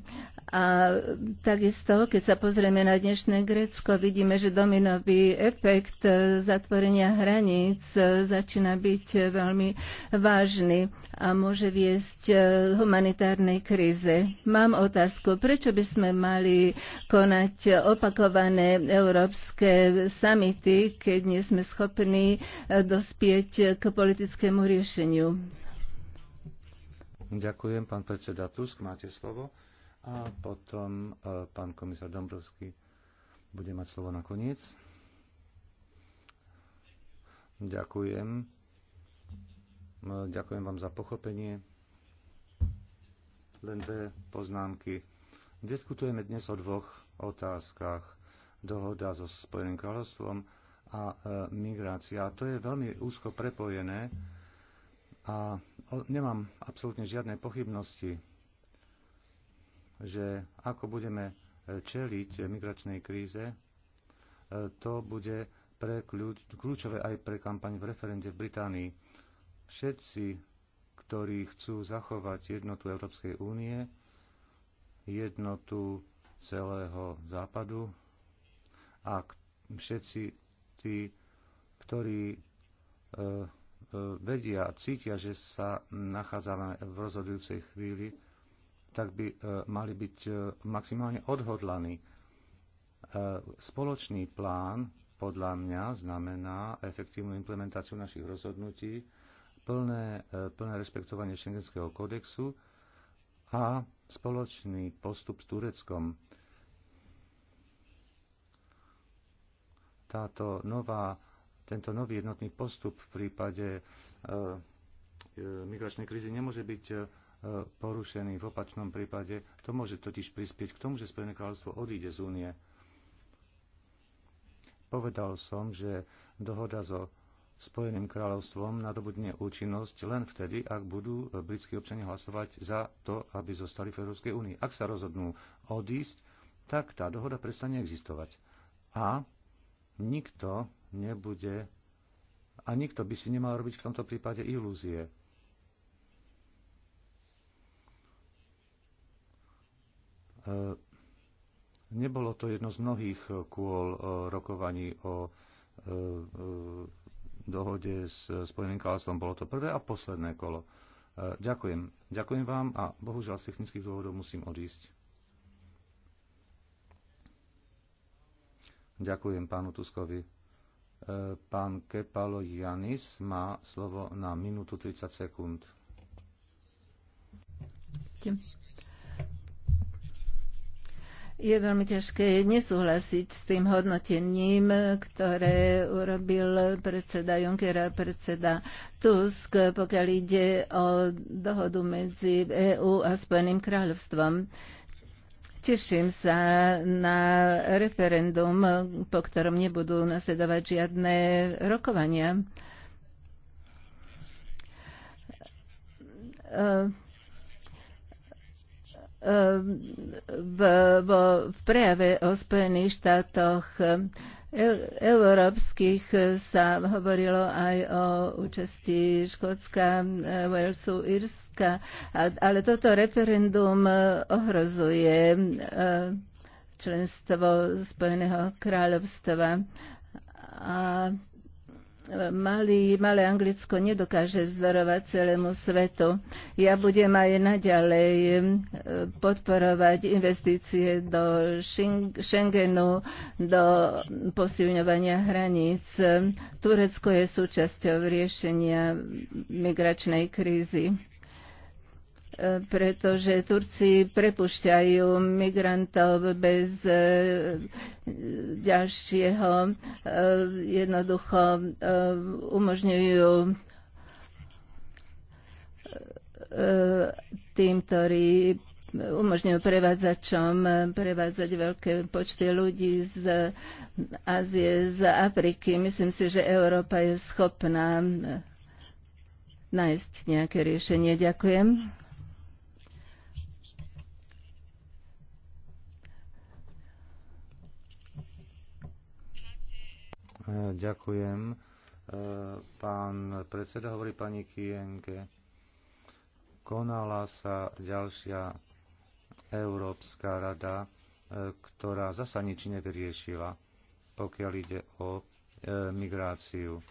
A takisto, keď sa pozrieme na dnešné Grécko, vidíme, že dominový efekt zatvorenia hraníc začína byť veľmi vážny a môže viesť e, humanitárnej kríze. Mám otázku, prečo by sme mali konať opakované európske samity, keď nie sme schopní e, dospieť k politickému riešeniu? Ďakujem, pán predseda Tusk, máte slovo. A potom e, pán komisár Dombrovský bude mať slovo nakoniec. Ďakujem. No, ďakujem vám za pochopenie. Len dve poznámky. Diskutujeme dnes o dvoch otázkach. Dohoda so Spojeným kráľovstvom a e, migrácia. To je veľmi úzko prepojené a nemám absolútne žiadne pochybnosti, že ako budeme e, čeliť migračnej kríze, e, to bude pre kľúčové aj pre kampaň v referende v Británii. Všetci, ktorí chcú zachovať jednotu Európskej únie, jednotu celého západu a všetci tí, ktorí e, e, vedia a cítia, že sa nachádzame v rozhodujúcej chvíli, tak by e, mali byť e, maximálne odhodlaní. E, spoločný plán podľa mňa znamená efektívnu implementáciu našich rozhodnutí, plné, e, plné respektovanie šengenského kódexu a spoločný postup s Tureckom. Táto nová, tento nový jednotný postup v prípade e, e, migračnej krízy nemôže byť e, porušený. V opačnom prípade to môže totiž prispieť k tomu, že Spojené kráľovstvo odíde z únie. Povedal som, že dohoda so Spojeným kráľovstvom nadobudne účinnosť len vtedy, ak budú britskí občania hlasovať za to, aby zostali v Európskej únii. Ak sa rozhodnú odísť, tak tá dohoda prestane existovať. A nikto nebude a nikto by si nemal robiť v tomto prípade ilúzie. E, nebolo to jedno z mnohých kôl e, rokovaní o e, dohode s Spojeným kráľovstvom. Bolo to prvé a posledné kolo. E, ďakujem. Ďakujem vám a bohužiaľ z technických dôvodov musím odísť. Ďakujem pánu Tuskovi. E, pán Kepalo Janis má slovo na minútu 30 sekúnd. Ďakujem je veľmi ťažké nesúhlasiť s tým hodnotením, ktoré urobil predseda Junckera, predseda Tusk, pokiaľ ide o dohodu medzi EÚ a Spojeným kráľovstvom. Teším sa na referendum, po ktorom nebudú nasledovať žiadne rokovania. Uh, v, v, v prejave o Spojených štátoch európskych sa hovorilo aj o účasti Škótska, Walesu, Irska, ale toto referendum ohrozuje e, členstvo Spojeného kráľovstva. A malý, malé Anglicko nedokáže vzdorovať celému svetu. Ja budem aj naďalej e, podporovať investície do Schengenu, do posilňovania hraníc. Turecko je súčasťou riešenia migračnej krízy. E, pretože Turci prepušťajú migrantov bez e, ďalšieho, e, jednoducho umožňujú tým, ktorí umožňujú prevádzačom prevádzať veľké počty ľudí z Ázie, z Afriky. Myslím si, že Európa je schopná nájsť nejaké riešenie. Ďakujem. E, ďakujem. E, pán predseda hovorí pani Kienke. Konala sa ďalšia Európska rada, e, ktorá zasa nič nevyriešila, pokiaľ ide o migráciu.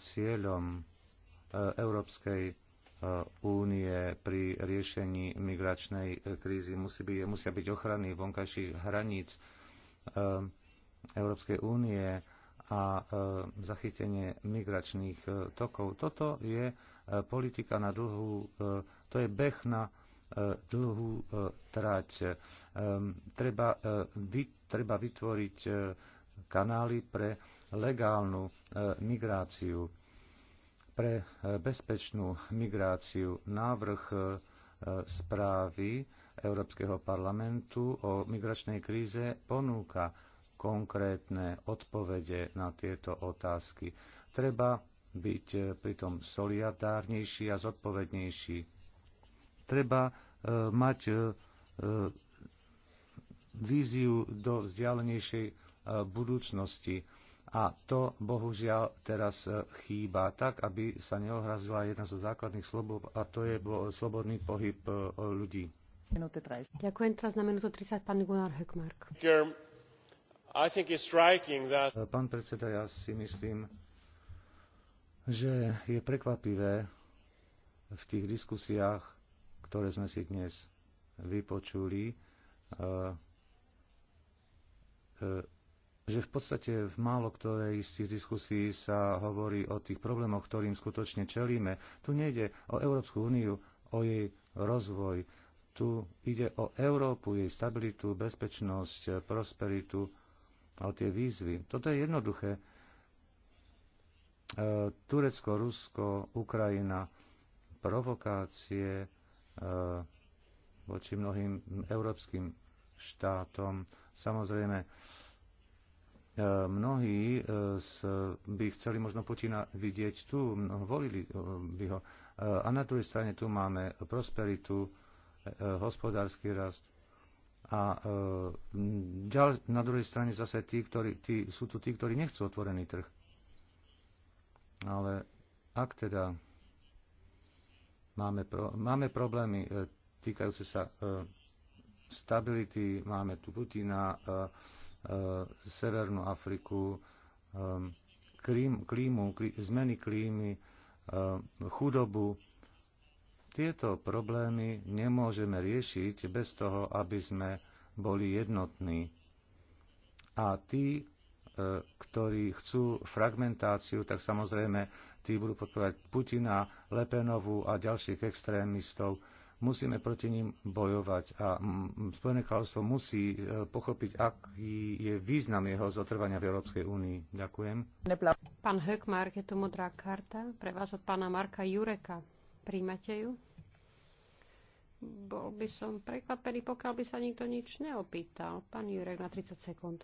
Cieľom Európskej únie pri riešení migračnej e, krízy. Musí byť, musia byť ochrany vonkajších hraníc e, Európskej únie a e, zachytenie migračných tokov. Toto je politika na dlhú, to je beh na dlhú trať. Treba, treba vytvoriť kanály pre legálnu migráciu pre eh, bezpečnú migráciu návrh eh, správy Európskeho parlamentu o migračnej kríze ponúka konkrétne odpovede na tieto otázky. Treba byť eh, pritom solidárnejší a zodpovednejší. Treba mať víziu do vzdialenejšej budúcnosti a to bohužiaľ teraz e, chýba tak, aby sa neohrazila jedna zo základných slobod a to je slobodný pohyb e, ľudí. Ďakujem teraz na minútu 30 pán Gunnar Hökmark. E, pán predseda, ja si myslím, že je prekvapivé v tých diskusiách, ktoré sme si dnes vypočuli, že v podstate v málo ktorej z tých diskusí sa hovorí o tých problémoch, ktorým skutočne čelíme. Tu nejde o Európsku úniu, o jej rozvoj. Tu ide o Európu, jej stabilitu, bezpečnosť, prosperitu a o tie výzvy. Toto je jednoduché. E, Turecko, Rusko, Ukrajina, provokácie e, voči mnohým európskym štátom. Samozrejme, E, mnohí e, by chceli možno Putina vidieť tu, no, volili e, by ho. A na druhej strane tu máme prosperitu, hospodársky rast. A na druhej strane zase tí, ktorí, tí, sú tu tí, ktorí nechcú otvorený trh. Ale ak teda máme, pro, máme problémy týkajúce sa stability, máme tu Putina, E, Severnú Afriku, e, klím, klímu, klí, zmeny klímy, e, chudobu. Tieto problémy nemôžeme riešiť bez toho, aby sme boli jednotní. A tí, ktorí chcú fragmentáciu, tak samozrejme tí budú podporovať Putina, Lepenovu a ďalších extrémistov. Musíme proti ním bojovať a Spojené kráľovstvo musí e, pochopiť, aký je význam jeho zotrvania v Európskej únii. Ďakujem. Pán Hökmark, je tu modrá karta pre vás od pána Marka Jureka. Príjmate ju? Bol by som prekvapený, pokiaľ by sa nikto nič neopýtal. Pán Jurek na 30 sekúnd.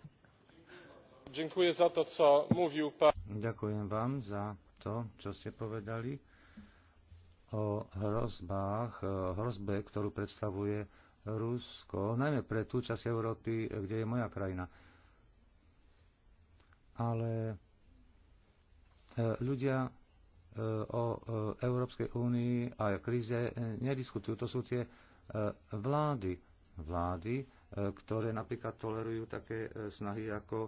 Ďakujem za to, co mluvil pán. Ďakujem vám za to, čo ste povedali o hrozbách, hrozbe, ktorú predstavuje Rusko, najmä pre tú časť Európy, kde je moja krajina. Ale e, ľudia e, o e, Európskej únii a kríze nediskutujú. To sú tie vlády, vlády, ktoré napríklad tolerujú také snahy ako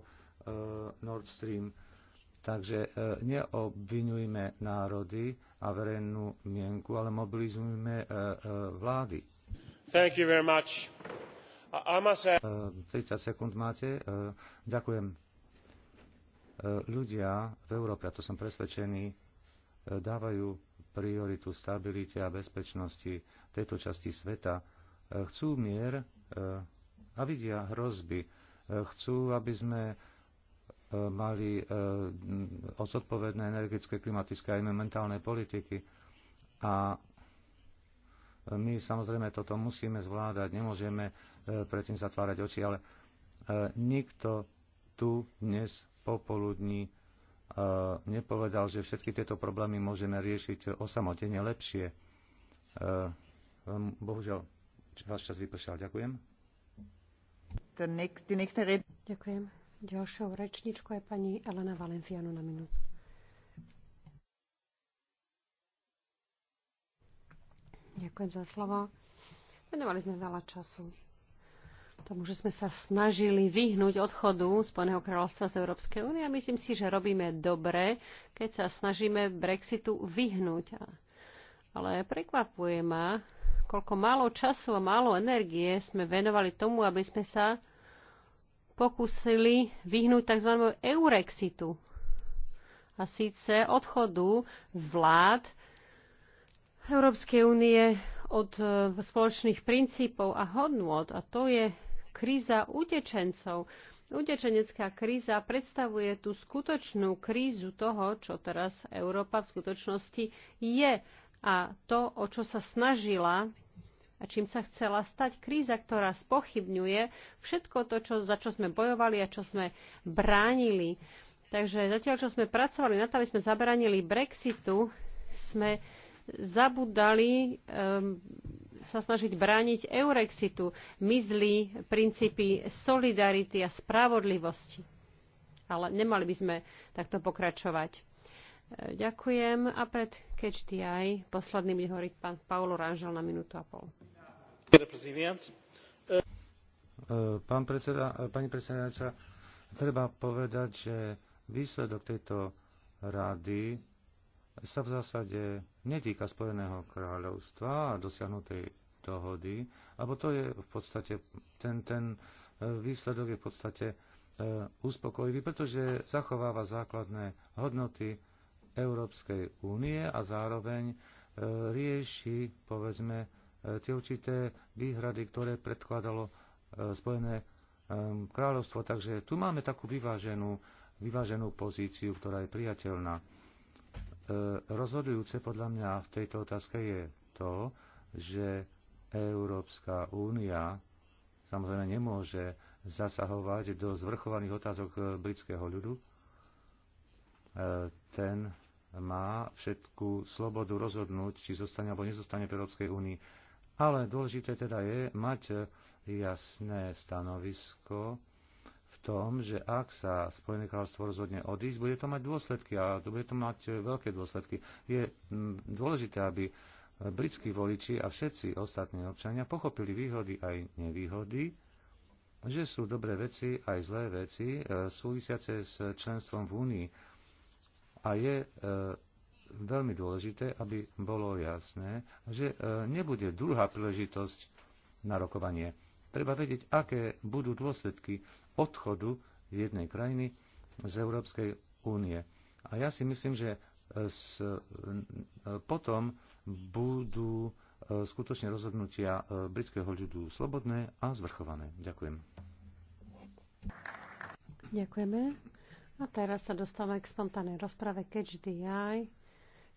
Nord Stream. Takže neobvinujme národy, a verejnú mienku, ale mobilizujme e, e, vlády. Thank you very much. I must... 30 sekúnd máte. E, ďakujem. Ľudia v Európe, a to som presvedčený, dávajú prioritu stabilite a bezpečnosti tejto časti sveta. Chcú mier a vidia hrozby. Chcú, aby sme mali o e, zodpovedné energetické, klimatické aj mentálne politiky. A my samozrejme toto musíme zvládať, nemôžeme e, predtým zatvárať oči, ale e, nikto tu dnes popoludní nepovedal, že všetky tieto problémy môžeme riešiť osamotene lepšie. Bohužiaľ, váš čas vypršal. Ďakujem. Ďakujem. Ďalšou rečničkou je pani Elena Valenciano na minútu. Ďakujem za slovo. Venovali sme veľa času tomu, že sme sa snažili vyhnúť odchodu Spojeného kráľovstva z Európskej únie a myslím si, že robíme dobre, keď sa snažíme Brexitu vyhnúť. Ale prekvapuje ma, koľko málo času a málo energie sme venovali tomu, aby sme sa pokúsili vyhnúť tzv. eurexitu. A síce odchodu vlád Európskej únie od e, spoločných princípov a hodnôt. A to je kríza utečencov. Utečenecká kríza predstavuje tú skutočnú krízu toho, čo teraz Európa v skutočnosti je. A to, o čo sa snažila a čím sa chcela stať kríza, ktorá spochybňuje všetko to, čo, za čo sme bojovali a čo sme bránili. Takže zatiaľ, čo sme pracovali na to, aby sme zabránili Brexitu, sme zabudali um, sa snažiť brániť Eurexitu, mizli princípy solidarity a spravodlivosti. Ale nemali by sme takto pokračovať. E, ďakujem a pred KHTI posledným mi hovorí pán Paolo Ranžel na minútu a pol. Eh, pán predseda, eh, pani predsedajúca, treba povedať, že výsledok tejto rady sa v zásade netýka Spojeného kráľovstva a dosiahnutej dohody, lebo to je v podstate, ten, ten eh, výsledok je v podstate uspokojivý, pretože zachováva základné hodnoty Európskej únie a zároveň rieši, povedzme, E, tie určité výhrady, ktoré predkladalo e, Spojené e, kráľovstvo. Takže tu máme takú vyváženú, vyváženú pozíciu, ktorá je priateľná. Rozhodujúce podľa mňa v tejto otázke je to, že Európska únia samozrejme nemôže zasahovať do zvrchovaných otázok britského ľudu. Ten má všetku slobodu rozhodnúť, či zostane alebo nezostane v Európskej únii. Ale dôležité teda je mať jasné stanovisko v tom, že ak sa Spojené kráľovstvo rozhodne odísť, bude to mať dôsledky a bude to mať veľké dôsledky. Je dôležité, aby britskí voliči a všetci ostatní občania pochopili výhody aj nevýhody, že sú dobré veci aj zlé veci e, súvisiace s členstvom v Únii. A je e, veľmi dôležité, aby bolo jasné, že e, nebude druhá príležitosť na rokovanie. Treba vedieť, aké budú dôsledky odchodu jednej krajiny z Európskej únie. A ja si myslím, že e, s, e, potom budú skutočne rozhodnutia britského ľudu slobodné a zvrchované. Ďakujem. Ďakujeme. A teraz sa dostávame k spontánnej rozprave Catch the Eye.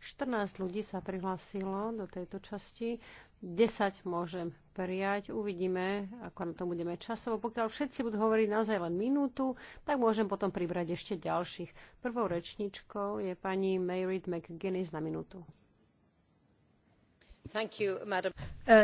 14 ľudí sa prihlásilo do tejto časti, 10 môžem prijať, uvidíme, ako na to budeme časovo. Pokiaľ všetci budú hovoriť naozaj len minútu, tak môžem potom pribrať ešte ďalších. Prvou rečničkou je pani Mayrid McGuinness na minútu. You,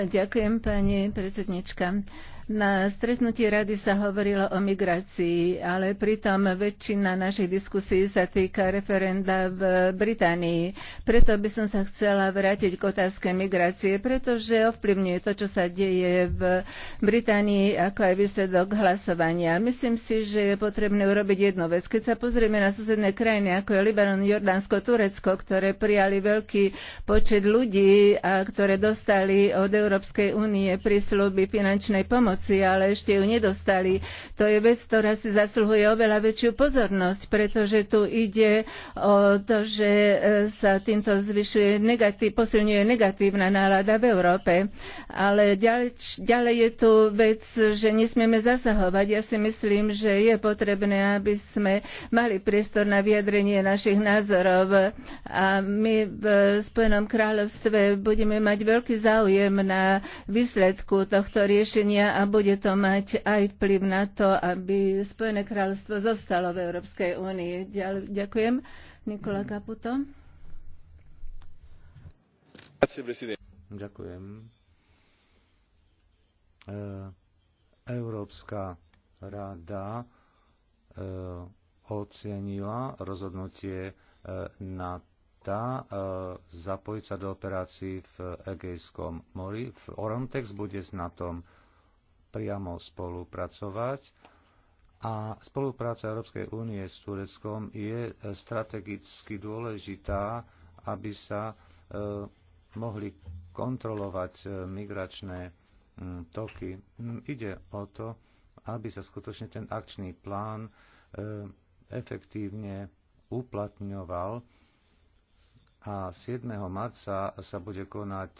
Ďakujem, pani predsednička na stretnutí rady sa hovorilo o migrácii, ale pritom väčšina našich diskusí sa týka referenda v Británii. Preto by som sa chcela vrátiť k otázke migrácie, pretože ovplyvňuje to, čo sa deje v Británii, ako aj výsledok hlasovania. Myslím si, že je potrebné urobiť jednu vec. Keď sa pozrieme na susedné krajiny, ako je Libanon, Jordánsko, Turecko, ktoré prijali veľký počet ľudí a ktoré dostali od Európskej únie prísľuby finančnej pomoci, pomoci, ale ešte ju nedostali. To je vec, ktorá si zasluhuje oveľa väčšiu pozornosť, pretože tu ide o to, že e, sa týmto zvyšuje negatív, posilňuje negatívna nálada v Európe. Ale ďalej, ďalej je tu vec, že nesmieme zasahovať. Ja si myslím, že je potrebné, aby sme mali priestor na vyjadrenie našich názorov a my v Spojenom kráľovstve budeme mať veľký záujem na výsledku tohto riešenia a a bude to mať aj vplyv na to, aby Spojené kráľstvo zostalo v Európskej únii. Ďakujem. Nikola Caputo. Ďakujem. E, Európska rada e, ocenila rozhodnutie e, na tá zapojiť sa do operácií v Egejskom mori. Frontex bude s NATO priamo spolupracovať a spolupráca Európskej únie s Tureckom je e, strategicky dôležitá, aby sa e, mohli kontrolovať e, migračné toky. Ide o to, aby sa skutočne ten akčný plán efektívne uplatňoval. A 7. marca sa bude konať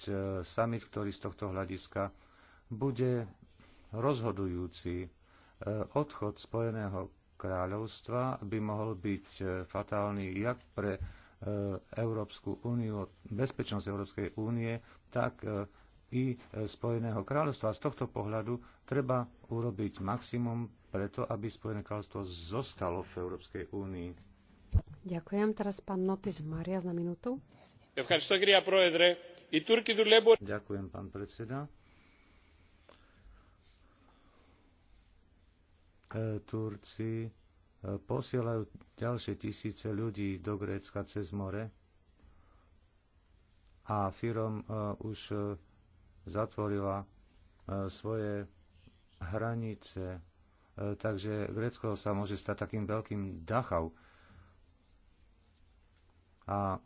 summit, ktorý z tohto hľadiska bude rozhodujúci. E, odchod Spojeného kráľovstva by mohol byť e, fatálny jak pre e, Európsku úniu, bezpečnosť Európskej únie, tak i Spojeného kráľovstva. Z tohto pohľadu treba urobiť maximum preto, aby Spojené kráľovstvo zostalo v Európskej únii. Ďakujem. Teraz pán Notis Marias na minútu. Ďakujem, pán predseda. E, Turci e, posielajú ďalšie tisíce ľudí do Grécka cez more a Firom e, už zatvorila svoje hranice. Takže Grécko sa môže stať takým veľkým Dachau. A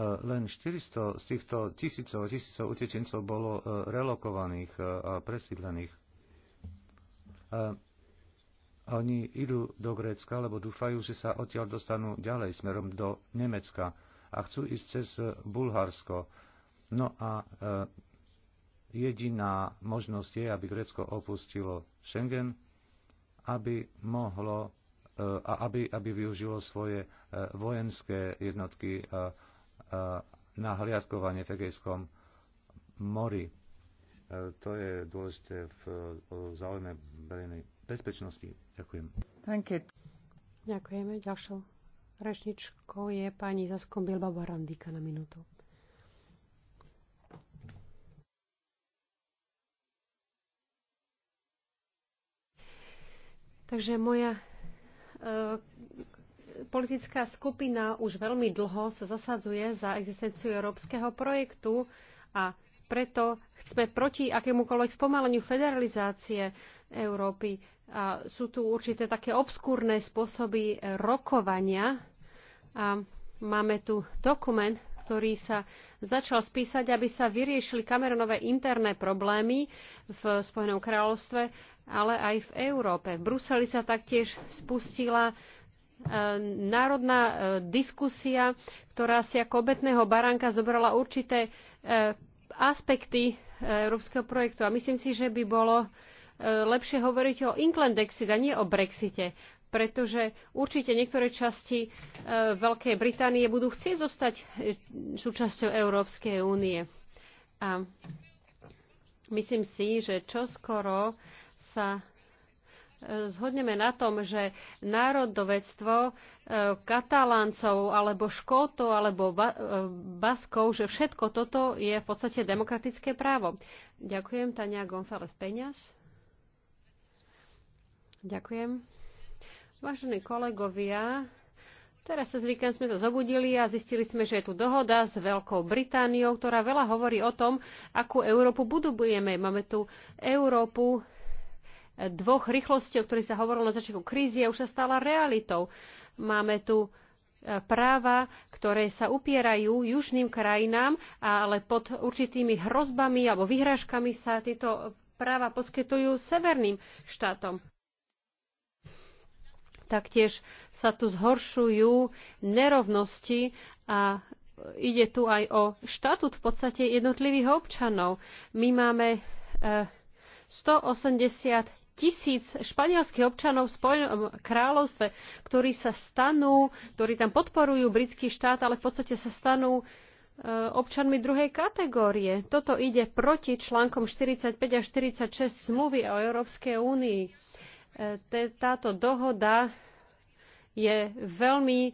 Eh, len 400 z týchto tisícov a tisícov utečencov bolo eh, relokovaných eh, a presídlených. Oni idú do Grécka, lebo dúfajú, že sa odtiaľ dostanú ďalej smerom do Nemecka a chcú ísť cez Bulharsko. No a jediná možnosť je, aby Grécko opustilo Schengen, aby mohlo a aby, aby využilo svoje vojenské jednotky a na hliadkovanie v Egejskom mori. E, to je dôležité v e, záujme verejnej bezpečnosti. Ďakujem. Ďakujeme. Ďalšou rečničkou je pani Zaskom Bielba Randika na minútu. Takže moja e, politická skupina už veľmi dlho sa zasadzuje za existenciu európskeho projektu a preto sme proti akémukoľvek spomaleniu federalizácie Európy. A sú tu určité také obskúrne spôsoby rokovania. A máme tu dokument, ktorý sa začal spísať, aby sa vyriešili kameronové interné problémy v Spojenom kráľovstve, ale aj v Európe. V Bruseli sa taktiež spustila Eh, národná eh, diskusia, ktorá si ako obetného baránka zobrala určité eh, aspekty európskeho projektu. A myslím si, že by bolo lepšie hovoriť o Inklandexit a nie o Brexite pretože určite niektoré časti e, Veľkej Británie budú chcieť zostať e, súčasťou Európskej únie. A myslím si, že čoskoro sa zhodneme na tom, že národovectvo e, kataláncov alebo škótov alebo e, baskov, že všetko toto je v podstate demokratické právo. Ďakujem, Tania González Peňaž. Ďakujem. Vážení kolegovia, Teraz sa víkend sme sa zobudili a zistili sme, že je tu dohoda s Veľkou Britániou, ktorá veľa hovorí o tom, akú Európu budujeme. Máme tu Európu dvoch rýchlostí, o ktorých sa hovorilo na začiatku krízy, už sa stala realitou. Máme tu e, práva, ktoré sa upierajú južným krajinám, ale pod určitými hrozbami alebo vyhrážkami sa tieto práva poskytujú severným štátom. Taktiež sa tu zhoršujú nerovnosti a ide tu aj o štatút v podstate jednotlivých občanov. My máme 180 e, tisíc španielských občanov v Spojenom kráľovstve, ktorí sa stanú, ktorí tam podporujú britský štát, ale v podstate sa stanú e, občanmi druhej kategórie. Toto ide proti článkom 45 a 46 zmluvy o Európskej únii. E, táto dohoda je veľmi e,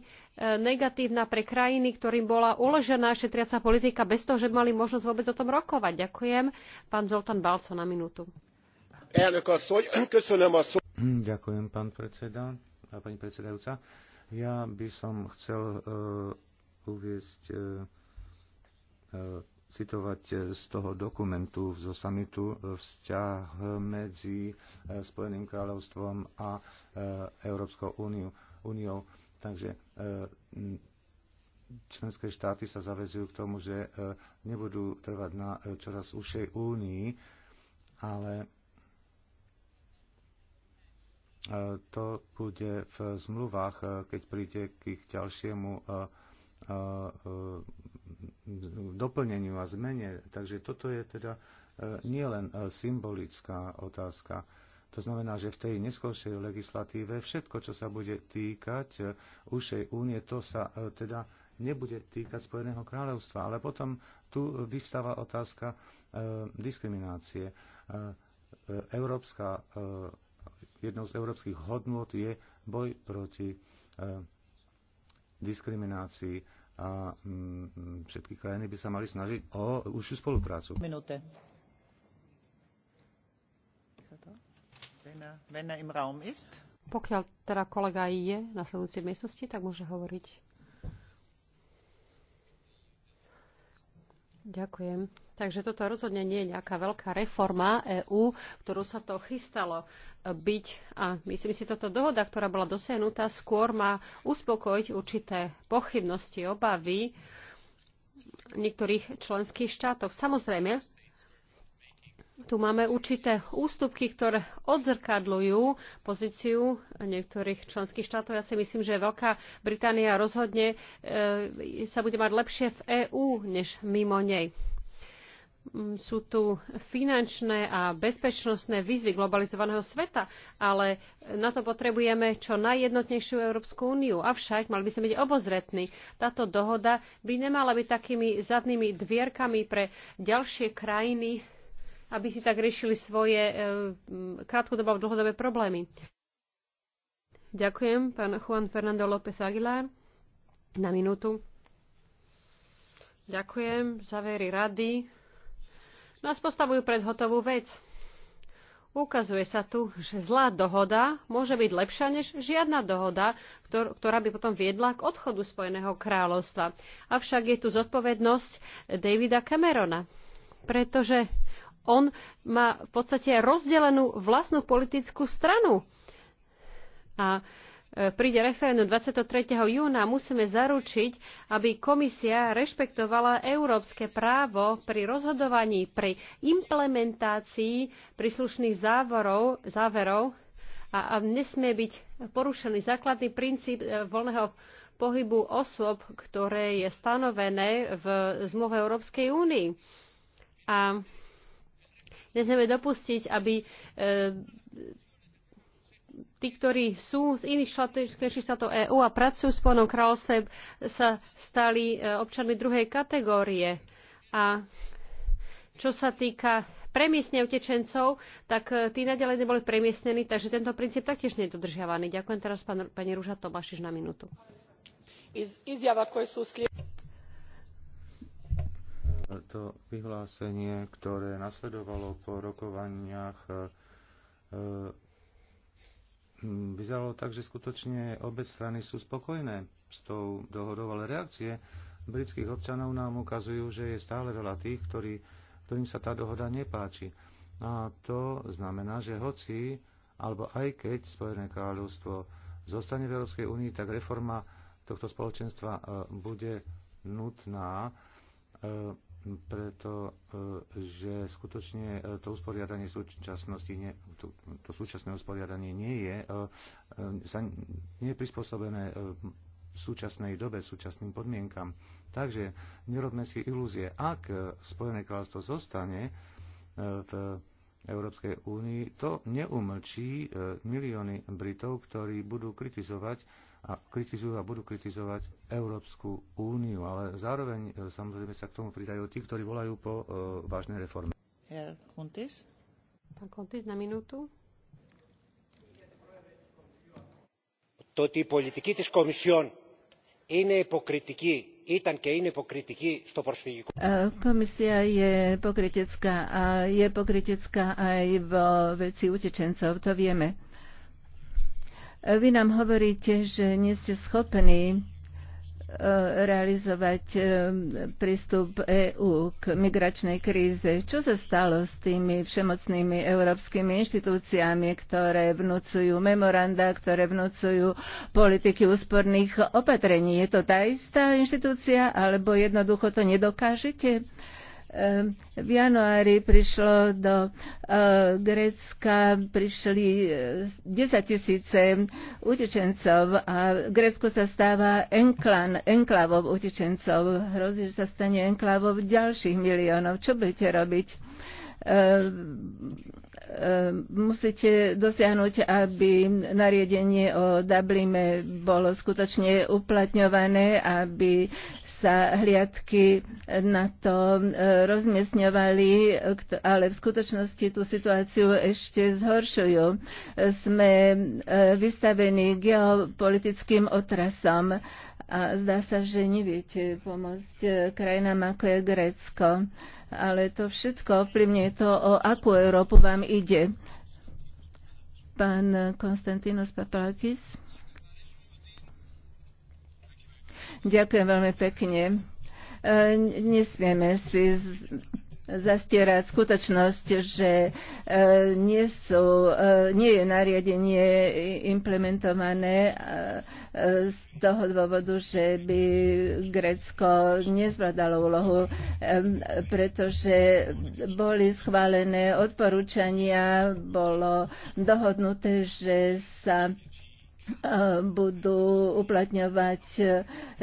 negatívna pre krajiny, ktorým bola uložená šetriaca politika bez toho, že mali možnosť vôbec o tom rokovať. Ďakujem. Pán Zoltán Balco na minútu. Hm, ďakujem, pán predseda a pani predsedajúca. Ja by som chcel e, uviezť, e, e, citovať z toho dokumentu zo samitu vzťah medzi Spojeným kráľovstvom a Európskou úniu, úniou. Takže členské štáty sa zavezujú k tomu, že nebudú trvať na čoraz ušej únii, ale to bude v zmluvách, eh, keď príde k ich ďalšiemu eh, eh, doplneniu a zmene. Takže toto je teda nielen symbolická otázka. To znamená, že v tej neskôršej legislatíve všetko, čo sa bude týkať ušej únie, to sa teda nebude týkať Spojeného kráľovstva. Ale potom tu vyvstáva otázka diskriminácie. Európska jednou z európskych hodnôt je boj proti e, diskriminácii a mm, všetky krajiny by sa mali snažiť o užšiu spoluprácu. Minúte. Pokiaľ teda kolega je na sledujúcej miestnosti, tak môže hovoriť. Ďakujem. Takže toto rozhodne nie je nejaká veľká reforma EÚ, ktorú sa to chystalo e, byť. A myslím si, toto dohoda, ktorá bola dosiahnutá, skôr má uspokojiť určité pochybnosti, obavy niektorých členských štátov. Samozrejme, tu máme určité ústupky, ktoré odzrkadľujú pozíciu niektorých členských štátov. Ja si myslím, že Veľká Británia rozhodne e, sa bude mať lepšie v EÚ než mimo nej. Mm, sú tu finančné a bezpečnostné výzvy globalizovaného sveta, ale na to potrebujeme čo najjednotnejšiu Európsku úniu. Avšak mali by sme byť obozretní. Táto dohoda by nemala byť takými zadnými dvierkami pre ďalšie krajiny, aby si tak riešili svoje e, krátkodobé a dlhodobé problémy. Ďakujem, pán Juan Fernando López Aguilar. Na minútu. Ďakujem. Závery rady nás postavujú pred hotovú vec. Ukazuje sa tu, že zlá dohoda môže byť lepšia než žiadna dohoda, ktorá by potom viedla k odchodu Spojeného kráľovstva. Avšak je tu zodpovednosť Davida Camerona, pretože on má v podstate rozdelenú vlastnú politickú stranu. A príde referendum 23. júna, musíme zaručiť, aby komisia rešpektovala európske právo pri rozhodovaní, pri implementácii príslušných záverov a, a nesmie byť porušený základný princíp eh, voľného pohybu osôb, ktoré je stanovené v zmluve Európskej únii. A nesmieme dopustiť, aby e, tí, ktorí sú z iných členských štátov EÚ a pracujú v Spojenom kráľovstve, sa stali e, občanmi druhej kategórie. A čo sa týka premiestnenia utečencov, tak e, tí naďalej neboli premiestnení, takže tento princíp taktiež nie je dodržiavaný. Ďakujem teraz pán, pani Rúža Tomášiš na minútu. izjava, koje sú To vyhlásenie, ktoré nasledovalo po rokovaniach e, Hm, vyzeralo tak, že skutočne obe strany sú spokojné s tou dohodou, ale reakcie britských občanov nám ukazujú, že je stále veľa tých, ktorí, ktorým sa tá dohoda nepáči. A to znamená, že hoci, alebo aj keď Spojené kráľovstvo zostane v Európskej únii, tak reforma tohto spoločenstva e, bude nutná e, pretože e, skutočne e, to usporiadanie súčasnosti, nie, to, to súčasné usporiadanie nie je, e, sa, nie je prispôsobené v súčasnej dobe, súčasným podmienkam. Takže nerobme si ilúzie. Ak Spojené kráľstvo zostane v Európskej únii, to neumlčí milióny Britov, ktorí budú kritizovať a kritizujú a budú kritizovať Európsku úniu, ale zároveň e, samozrejme sa k tomu pridajú tí, ktorí volajú po uh, vážnej reforme. Herr Kuntis. Pán Kuntis, na minútu. To, ότι η πολιτική της Κομισιόν Komisia je pokritecká a je pokritecká aj vo veci utečencov, to vieme. Vy nám hovoríte, že nie ste schopní e, realizovať e, prístup EÚ k migračnej kríze. Čo sa stalo s tými všemocnými európskymi inštitúciami, ktoré vnúcujú memoranda, ktoré vnúcujú politiky úsporných opatrení? Je to tá istá inštitúcia, alebo jednoducho to nedokážete? Ehm, v januári prišlo do eh, Grécka, prišli 10 eh, tisíce utečencov a Grécko sa stáva enklan, enklavou utečencov. Hrozí, že sa stane enklavou ďalších miliónov. Čo budete robiť? Ehm, ehm, musíte dosiahnuť, aby nariadenie o Dubline bolo skutočne uplatňované, aby sa hliadky na to e, rozmiesňovali, ale v skutočnosti tú situáciu ešte zhoršujú. Sme e, vystavení geopolitickým otrasom a zdá sa, že neviete pomôcť e, krajinám ako je Grécko. Ale to všetko ovplyvňuje to, o akú Európu vám ide. Pán Konstantinos Papalakis. Ďakujem veľmi pekne. E, nesmieme si zastierať skutočnosť, že e, nie, sú, e, nie je nariadenie implementované z toho dôvodu, že by Grécko nezvládalo úlohu, pretože boli schválené odporúčania, bolo dohodnuté, že sa budú uplatňovať e,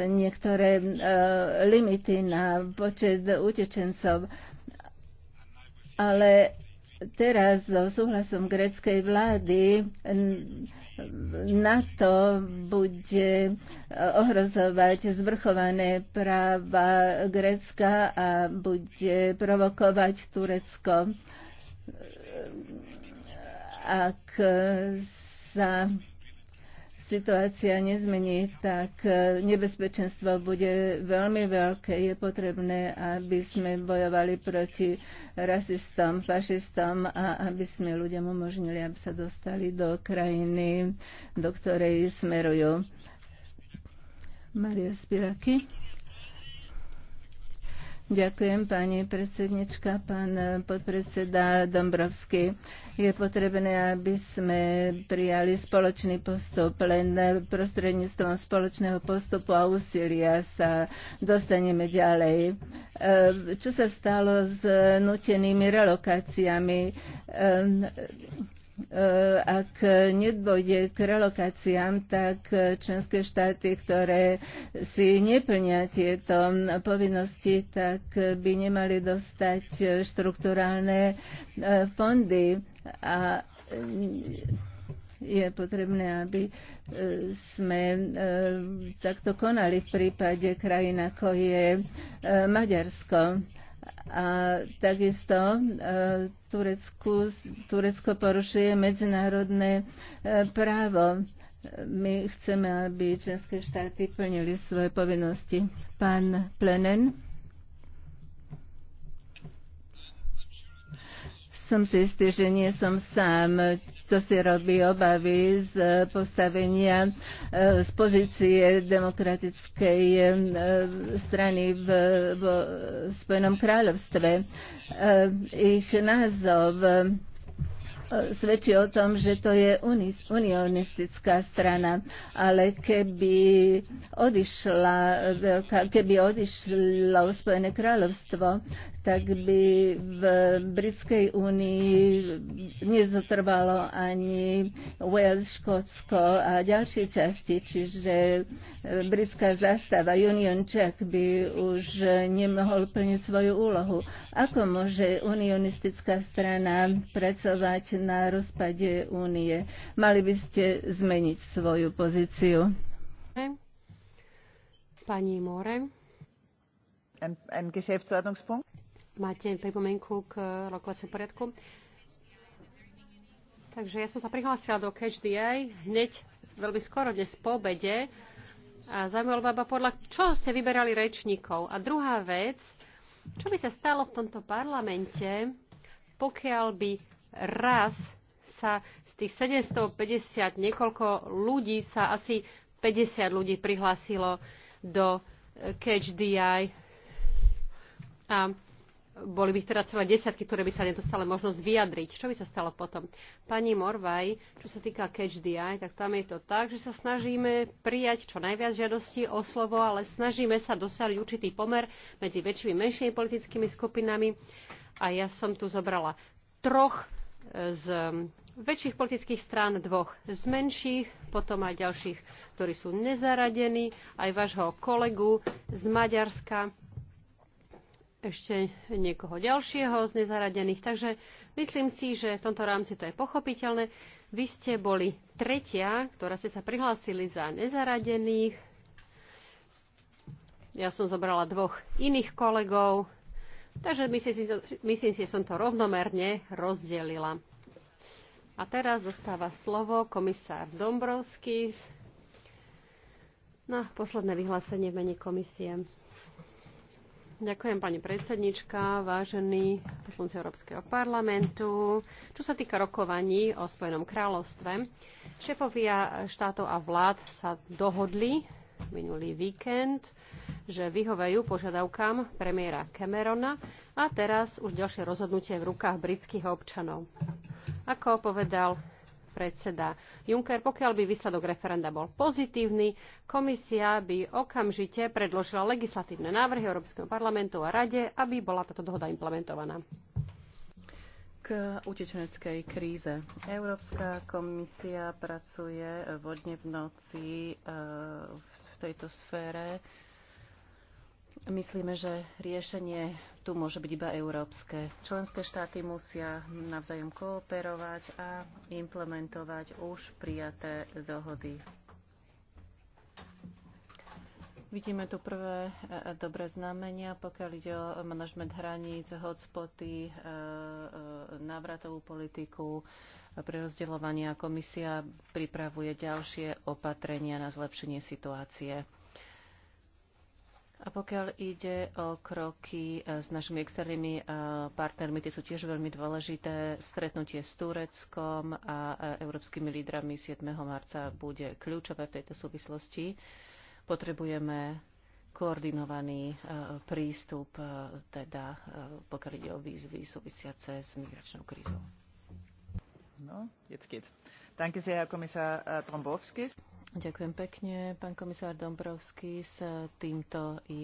niektoré e, limity na počet utečencov. Ale teraz so súhlasom greckej vlády NATO bude e, ohrozovať zvrchované práva Grécka a bude provokovať Turecko. Ak sa situácia nezmení, tak e, nebezpečenstvo bude veľmi veľké. Je potrebné, aby sme bojovali proti rasistom, fašistom a aby sme ľuďom umožnili, aby sa dostali do krajiny, do ktorej smerujú. Maria Spiraki. Ďakujem, pani predsednička, pán podpredseda Dombrovský. Je potrebné, aby sme prijali spoločný postup. Len prostredníctvom spoločného postupu a úsilia sa dostaneme ďalej. Ehm, čo sa stalo s nutenými relokáciami? Ehm, E, ak nedôjde k relokáciám, tak členské štáty, ktoré si neplnia tieto povinnosti, tak by nemali dostať štruktúrálne e, fondy a je potrebné, aby e, sme takto konali v prípade krajín, ako je Maďarsko a takisto e, Turecku, Turecko porušuje medzinárodné e, právo. My chceme, aby členské štáty plnili svoje povinnosti. Pán Plenen. som si istý, že nie som sám. To si robí obavy z postavenia, e, z pozície demokratickej e, strany v, v Spojenom kráľovstve. E, ich názov svedčí o tom, že to je unionistická strana. Ale keby odišla, keby odišlo Spojené kráľovstvo, tak by v Britskej únii nezotrvalo ani Wales, Škótsko a ďalšie časti, čiže e, britská zastava Union Jack by už nemohol plniť svoju úlohu. Ako môže unionistická strana pracovať na rozpade únie. Mali by ste zmeniť svoju pozíciu. Pani More. Máte pripomienku k rokovaciu poriadku? Takže ja som sa prihlásila do Catch the Eye hneď veľmi skoro dnes po obede a zaujímalo ma podľa čo ste vyberali rečníkov. A druhá vec, čo by sa stalo v tomto parlamente, pokiaľ by raz sa z tých 750 niekoľko ľudí sa asi 50 ľudí prihlásilo do eh, Catch DI a boli by teda celé desiatky, ktoré by sa nedostali možnosť vyjadriť. Čo by sa stalo potom? Pani Morvaj, čo sa týka Catch DI, tak tam je to tak, že sa snažíme prijať čo najviac žiadostí o slovo, ale snažíme sa dosiahnuť určitý pomer medzi väčšími a menšími politickými skupinami. A ja som tu zobrala troch z väčších politických strán dvoch z menších, potom aj ďalších, ktorí sú nezaradení, aj vášho kolegu z Maďarska, ešte niekoho ďalšieho z nezaradených. Takže myslím si, že v tomto rámci to je pochopiteľné. Vy ste boli tretia, ktorá ste sa prihlásili za nezaradených. Ja som zobrala dvoch iných kolegov, Takže myslím si, myslím si, že som to rovnomerne rozdelila. A teraz dostáva slovo komisár Dombrovský na posledné vyhlásenie v mene komisie. Ďakujem, pani predsednička, vážení poslanci Európskeho parlamentu. Čo sa týka rokovaní o Spojenom kráľovstve, šefovia štátov a vlád sa dohodli minulý víkend, že vyhovajú požiadavkám premiéra Camerona a teraz už ďalšie rozhodnutie v rukách britských občanov. Ako povedal predseda Juncker, pokiaľ by výsledok referenda bol pozitívny, komisia by okamžite predložila legislatívne návrhy Európskeho parlamentu a Rade, aby bola táto dohoda implementovaná k utečeneckej kríze. Európska komisia pracuje vodne e, v noci v tejto sfére. Myslíme, že riešenie tu môže byť iba európske. Členské štáty musia navzájom kooperovať a implementovať už prijaté dohody. Vidíme tu prvé e, e, dobré znamenia, pokiaľ ide o manažment hraníc, hotspoty, e, návratovú politiku, prerozdeľovania. Komisia pripravuje ďalšie opatrenia na zlepšenie situácie. A pokiaľ ide o kroky e, s našimi externými e, partnermi, tie sú tiež veľmi dôležité. Stretnutie s Tureckom a e, európskymi lídrami 7. marca bude kľúčové v tejto súvislosti. Potrebujeme koordinovaný prístup, teda pokiaľ ide o výzvy súvisiace s migračnou krízou. No, jetzt geht's. Danke sehr, Herr Kommissar uh, Dombrovskis. Ďakujem pekne, pán komisár Dombrovskis. Uh, týmto je...